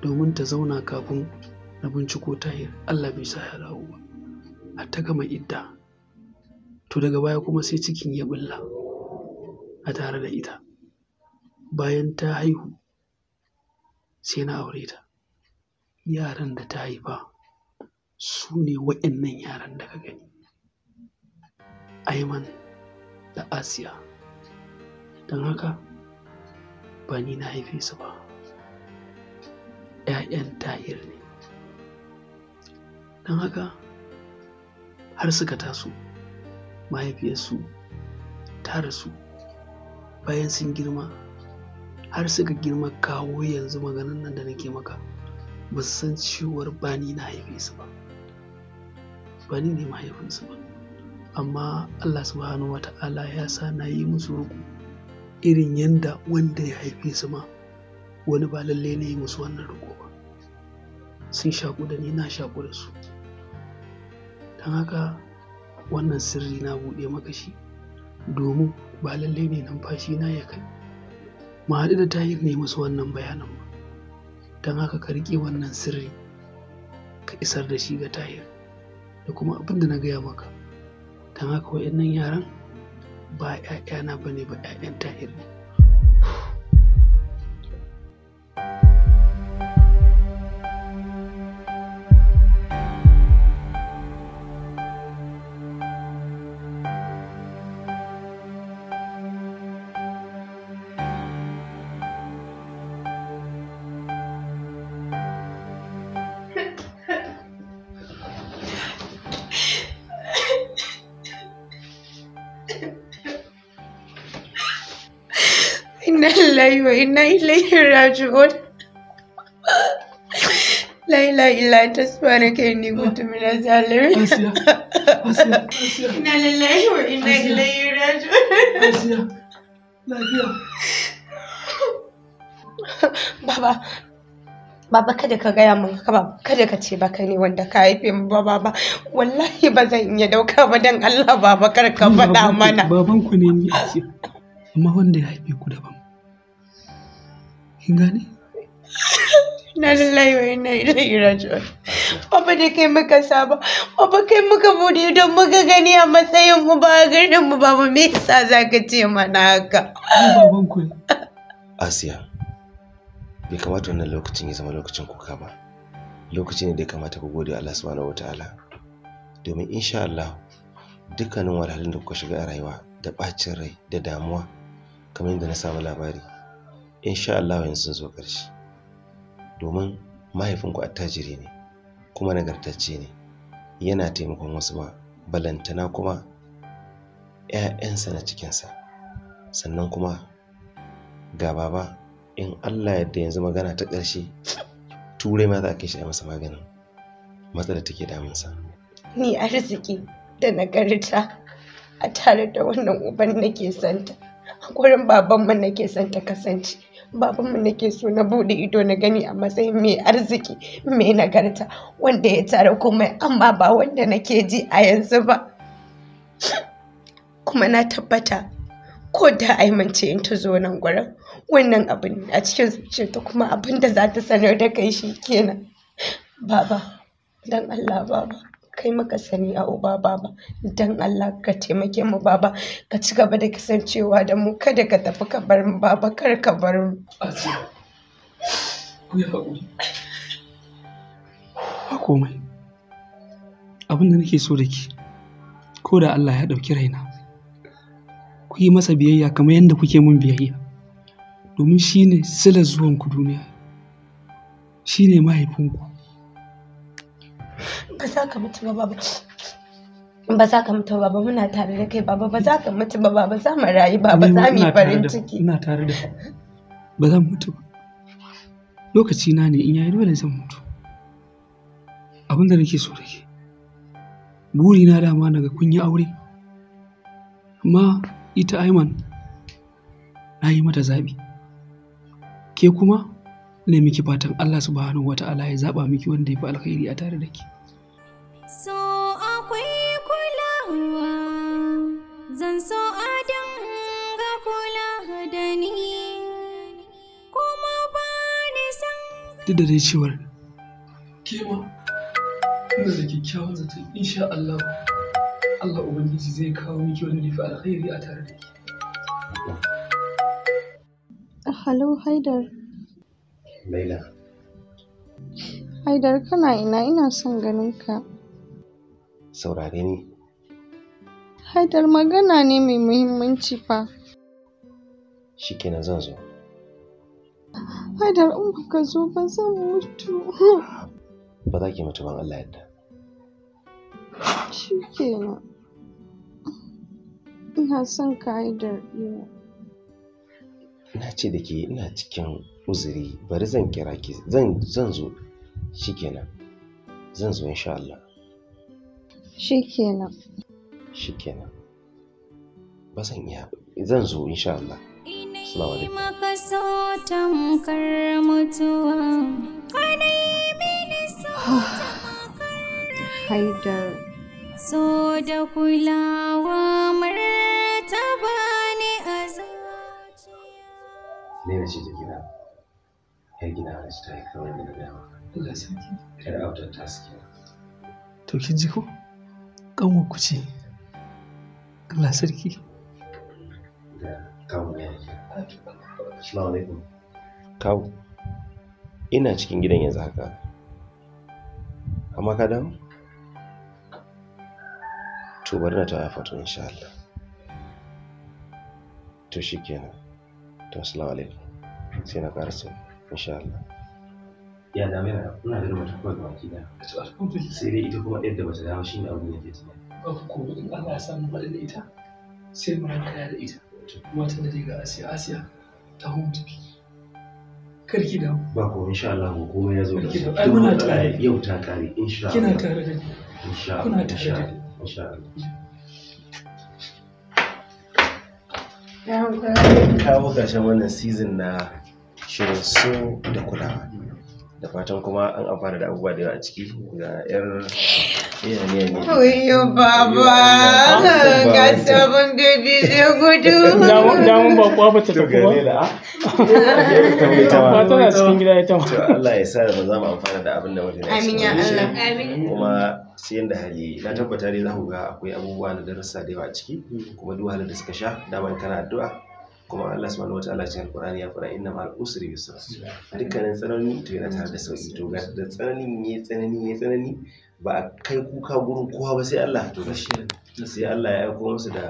domin ta zauna kafin na binciko ta yi. Allah bai sa ya dawo ba har ta gama idda to daga baya kuma sai cikin ya bulla a tare da ita bayan ta haihu sai na aure ta yaran da ta haifa su ne waɗannan yaran da ka gani Ayman da Asiya don haka ba ni na haife su ba ‘ya'yan tahir ne don haka har suka taso mahaifiyarsu ta rasu bayan sun girma har suka girma kawo yanzu maganin nan da nake maka ba su san cewar bani na haife su ba bani ne mahaifinsu ba amma allah subhanahu wata'ala ya sa na yi musu ruku irin yanda wanda ya haife su ma wani ba lalle ne musu wannan riko ba sun shaƙu da ni na shaƙu da su don haka wannan sirri na buɗe maka shi domin ba lalle ne numfashi na ya kai mu haɗu da tahir ne musu wannan bayanan ba don haka ka riƙe wannan sirri ka isar da shi ga tahir da kuma abin da na gaya maka don haka waɗannan yaran ba 'ya'yana ba ne ba 'ya'yan tahir ne ايوه wa inna ilaihi لا la ilaha illa anta subhanaka inni kuntu minaz zalimin inna lillahi wa inna baba baba kada ka gaya min haka kada ka ce baka ne wanda ka haife mu ba baba wallahi ba zan iya dauka ba dan Allah baba kar ka faɗa mana ya kin gane na lallai wa ina ilai rajuwa Baba da kai muka saba, baba kai muka bude don muka gani a matsayin mu ba garin mu ba mu me yasa za ka ce mana haka. Asiya, bai kamata wannan lokacin ya zama lokacin kuka ba. Lokaci ne da ya kamata ku gode Allah subhanahu ta'ala. Domin insha Allah dukkanin wahalhalun da kuka shiga a rayuwa da ɓacin rai da damuwa kamar yadda na samu labari sha Allah yanzu sun zo ƙarshe domin mahaifinku attajiri ne kuma nagartacce ne yana taimakon wasu ba balantana kuma 'ya'yansa na cikinsa sannan kuma ga baba in Allah yadda yanzu magana ta ƙarshe turai ma za a kai shi a masa maganin matsalar take damunsa ni arziki da nagarta a tare da wannan uban nake santa a gurin babanmu nake santa kasance babanmu nake so na bude ido na gani a matsayin mai arziki mai nagarta wanda ya tara komai amma ba wanda nake ji a yanzu ba kuma na tabbata ko da aimance in ta zo nan gurin wannan abin a cikin zuciyarta kuma abin da za ta sanar da kai shi kenan baba don allah baba kai maka sani a uba baba don Allah ka taimake mu baba ka ci gaba da kasancewa da mu kada ka tafi ka bar mu baba kar ka bar mu ba komai abin da nake so da ki ko da Allah ya ɗauki raina ku yi masa biyayya kamar yadda kuke mun biyayya domin shine silar zuwanku duniya shine mahaifinku ba za ka mutu ba baba ba za ka mutu baba muna tare da kai baba ba za ka mutu ba baba za mu rayu baba za mu yi farin ciki ina tare da ba za mu mutu ba lokaci na ne in yayi dole zan mutu abin da nake so da ke buri na dama daga kun yi aure amma ita Aiman na yi mata zaɓi ke kuma ne miki fatan Allah subhanahu wa ta'ala ya zaba miki wanda ya fi alkhairi a tare da ki. So akwai kulawa zan so a ga kula da ni kuma ba ni san. Duk da dai cewar. Ke ma, ina da kyakkyawan zata insha Allah Allah Ubangiji zai kawo miki wanda ya fi alkhairi a tare da ki. Hello Haidar. Laila. Haidar kana ina ina son ganin ka. Saurare ni. Haidar magana ne mai muhimmanci fa. Shikenan zan zo. Haidar in baka zo ba zan mutu. Ba za ki mutu ban Allah yadda. Shikenan. Ina son ka Haidar ina. Na ce da ke ina cikin uzuri bari zan kira ki zan zan zo shikenan zan zo insha Allah shikenan shikenan ba zan iya zan zo insha Allah alaikum maka so tamkar mutuwa so haidar so da kulawa martaba ne a zuciya ne gida ya gina wani style kamar da na gaya maka. Allah sarki. Yar autar ta suke. To kin ji ko? Kanwa ku ce. Allah sarki. Da kawo ne yake. Assalamu alaikum. Kawo. Ina cikin gidan yanzu haka. Amma ka dawo? To bari na ta fatu insha Allah. To shikenan. To assalamu alaikum. Sai na karasa. insha Allah ya da mai ina da mata kuma ba ki da to alhamdulillah sai dai ita kuma yadda bata dawo shine abin da yake ci ko in Allah ya samu faɗi da ita sai mu ranka da ita kuma tana da ga Asiya Asiya ta home to karki da ba ko insha Allah ko komai ya zo da shi muna tare yau ta kare insha Allah kina tare da ni insha Allah kuna tare da ni insha Allah kawo ƙarshen wannan season na shirin so da kulawa da fatan kuma an amfana da abubuwa da yawa a ciki ga yar Oyo baba ga sabon gabi zai gudu. Damun ba kuwa bata ta kuwa. Ah. Ba tana cikin gida ita ma. Allah ya sa da ba za mu amfana da abin da mutane Amin ya Allah. Kuma sai yanda hali na tabbata ne za ku ga akwai abubuwa na darussa da yawa a ciki kuma duk halin da suka sha daman kana addu'a kuma Allah subhanahu wataala cikin alqur'ani ya fara inna ma'al usri yusra dukkanin tsanani to yana tare da sauki to ga da tsananin ne, tsanani yayi tsanani ba a kai kuka gurin kowa ba sai Allah to sai Allah ya aiko musu da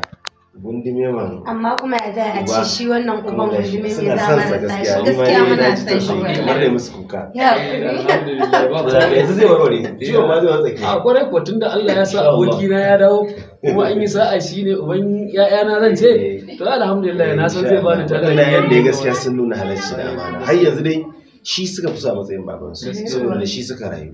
gundime man amma kuma ya za a ce shi wannan uban gundime mai za mu rasa shi gaskiya muna san shi eh, kamar da musu kuka ya eh, yanzu zai warware ciwon eh, ma zai wanzake a kwarai ko tunda Allah ya sa aboki na ya dawo kuma an yi sa'a shi ne uban ƴaƴana zan ce to alhamdulillah na san zai bani tare da ya gaskiya sun nuna halarci da amana har yanzu dai shi suka fi sa matsayin baban su saboda shi suka rayu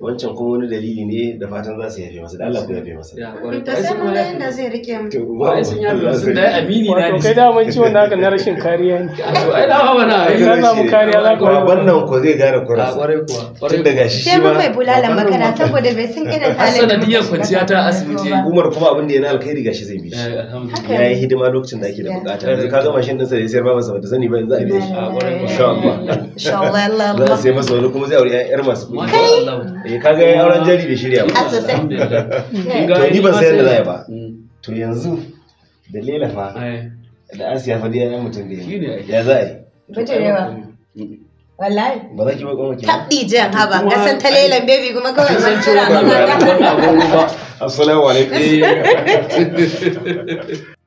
wancan kuma wani dalili ne da fatan za su yafe masa da Allah ku yafe masa to sai mun da zai rike mu wai sun yafe sun dai amini na ne kai da mun ciwon naka na rashin kariya ne to ai da ba na ai za mu kariya za ku wannan ko zai gane kura kwarai kuwa tun daga shi shi mun mai bulalan makana saboda bai sun kira talaka sanadiyar kwanciya ta asibiti Umar kuma abin da yana alkhairi gashi zai bi shi eh, yayi hidima lokacin da ake da bukata kaga ka mashin din sa da sayar ba masa ba da sani ba yanzu a biya shi insha Allah Allah a sai masa wani eh, jari shirya ba to ni ban sayar da zai ba mm. to yanzu da lela fa da an fa dai yayin mutum da ya za a yi wallahi ba za ki ba goma ki jan haba kasan ta lelan baby kuma kawai san cewa ba assalamu alaikum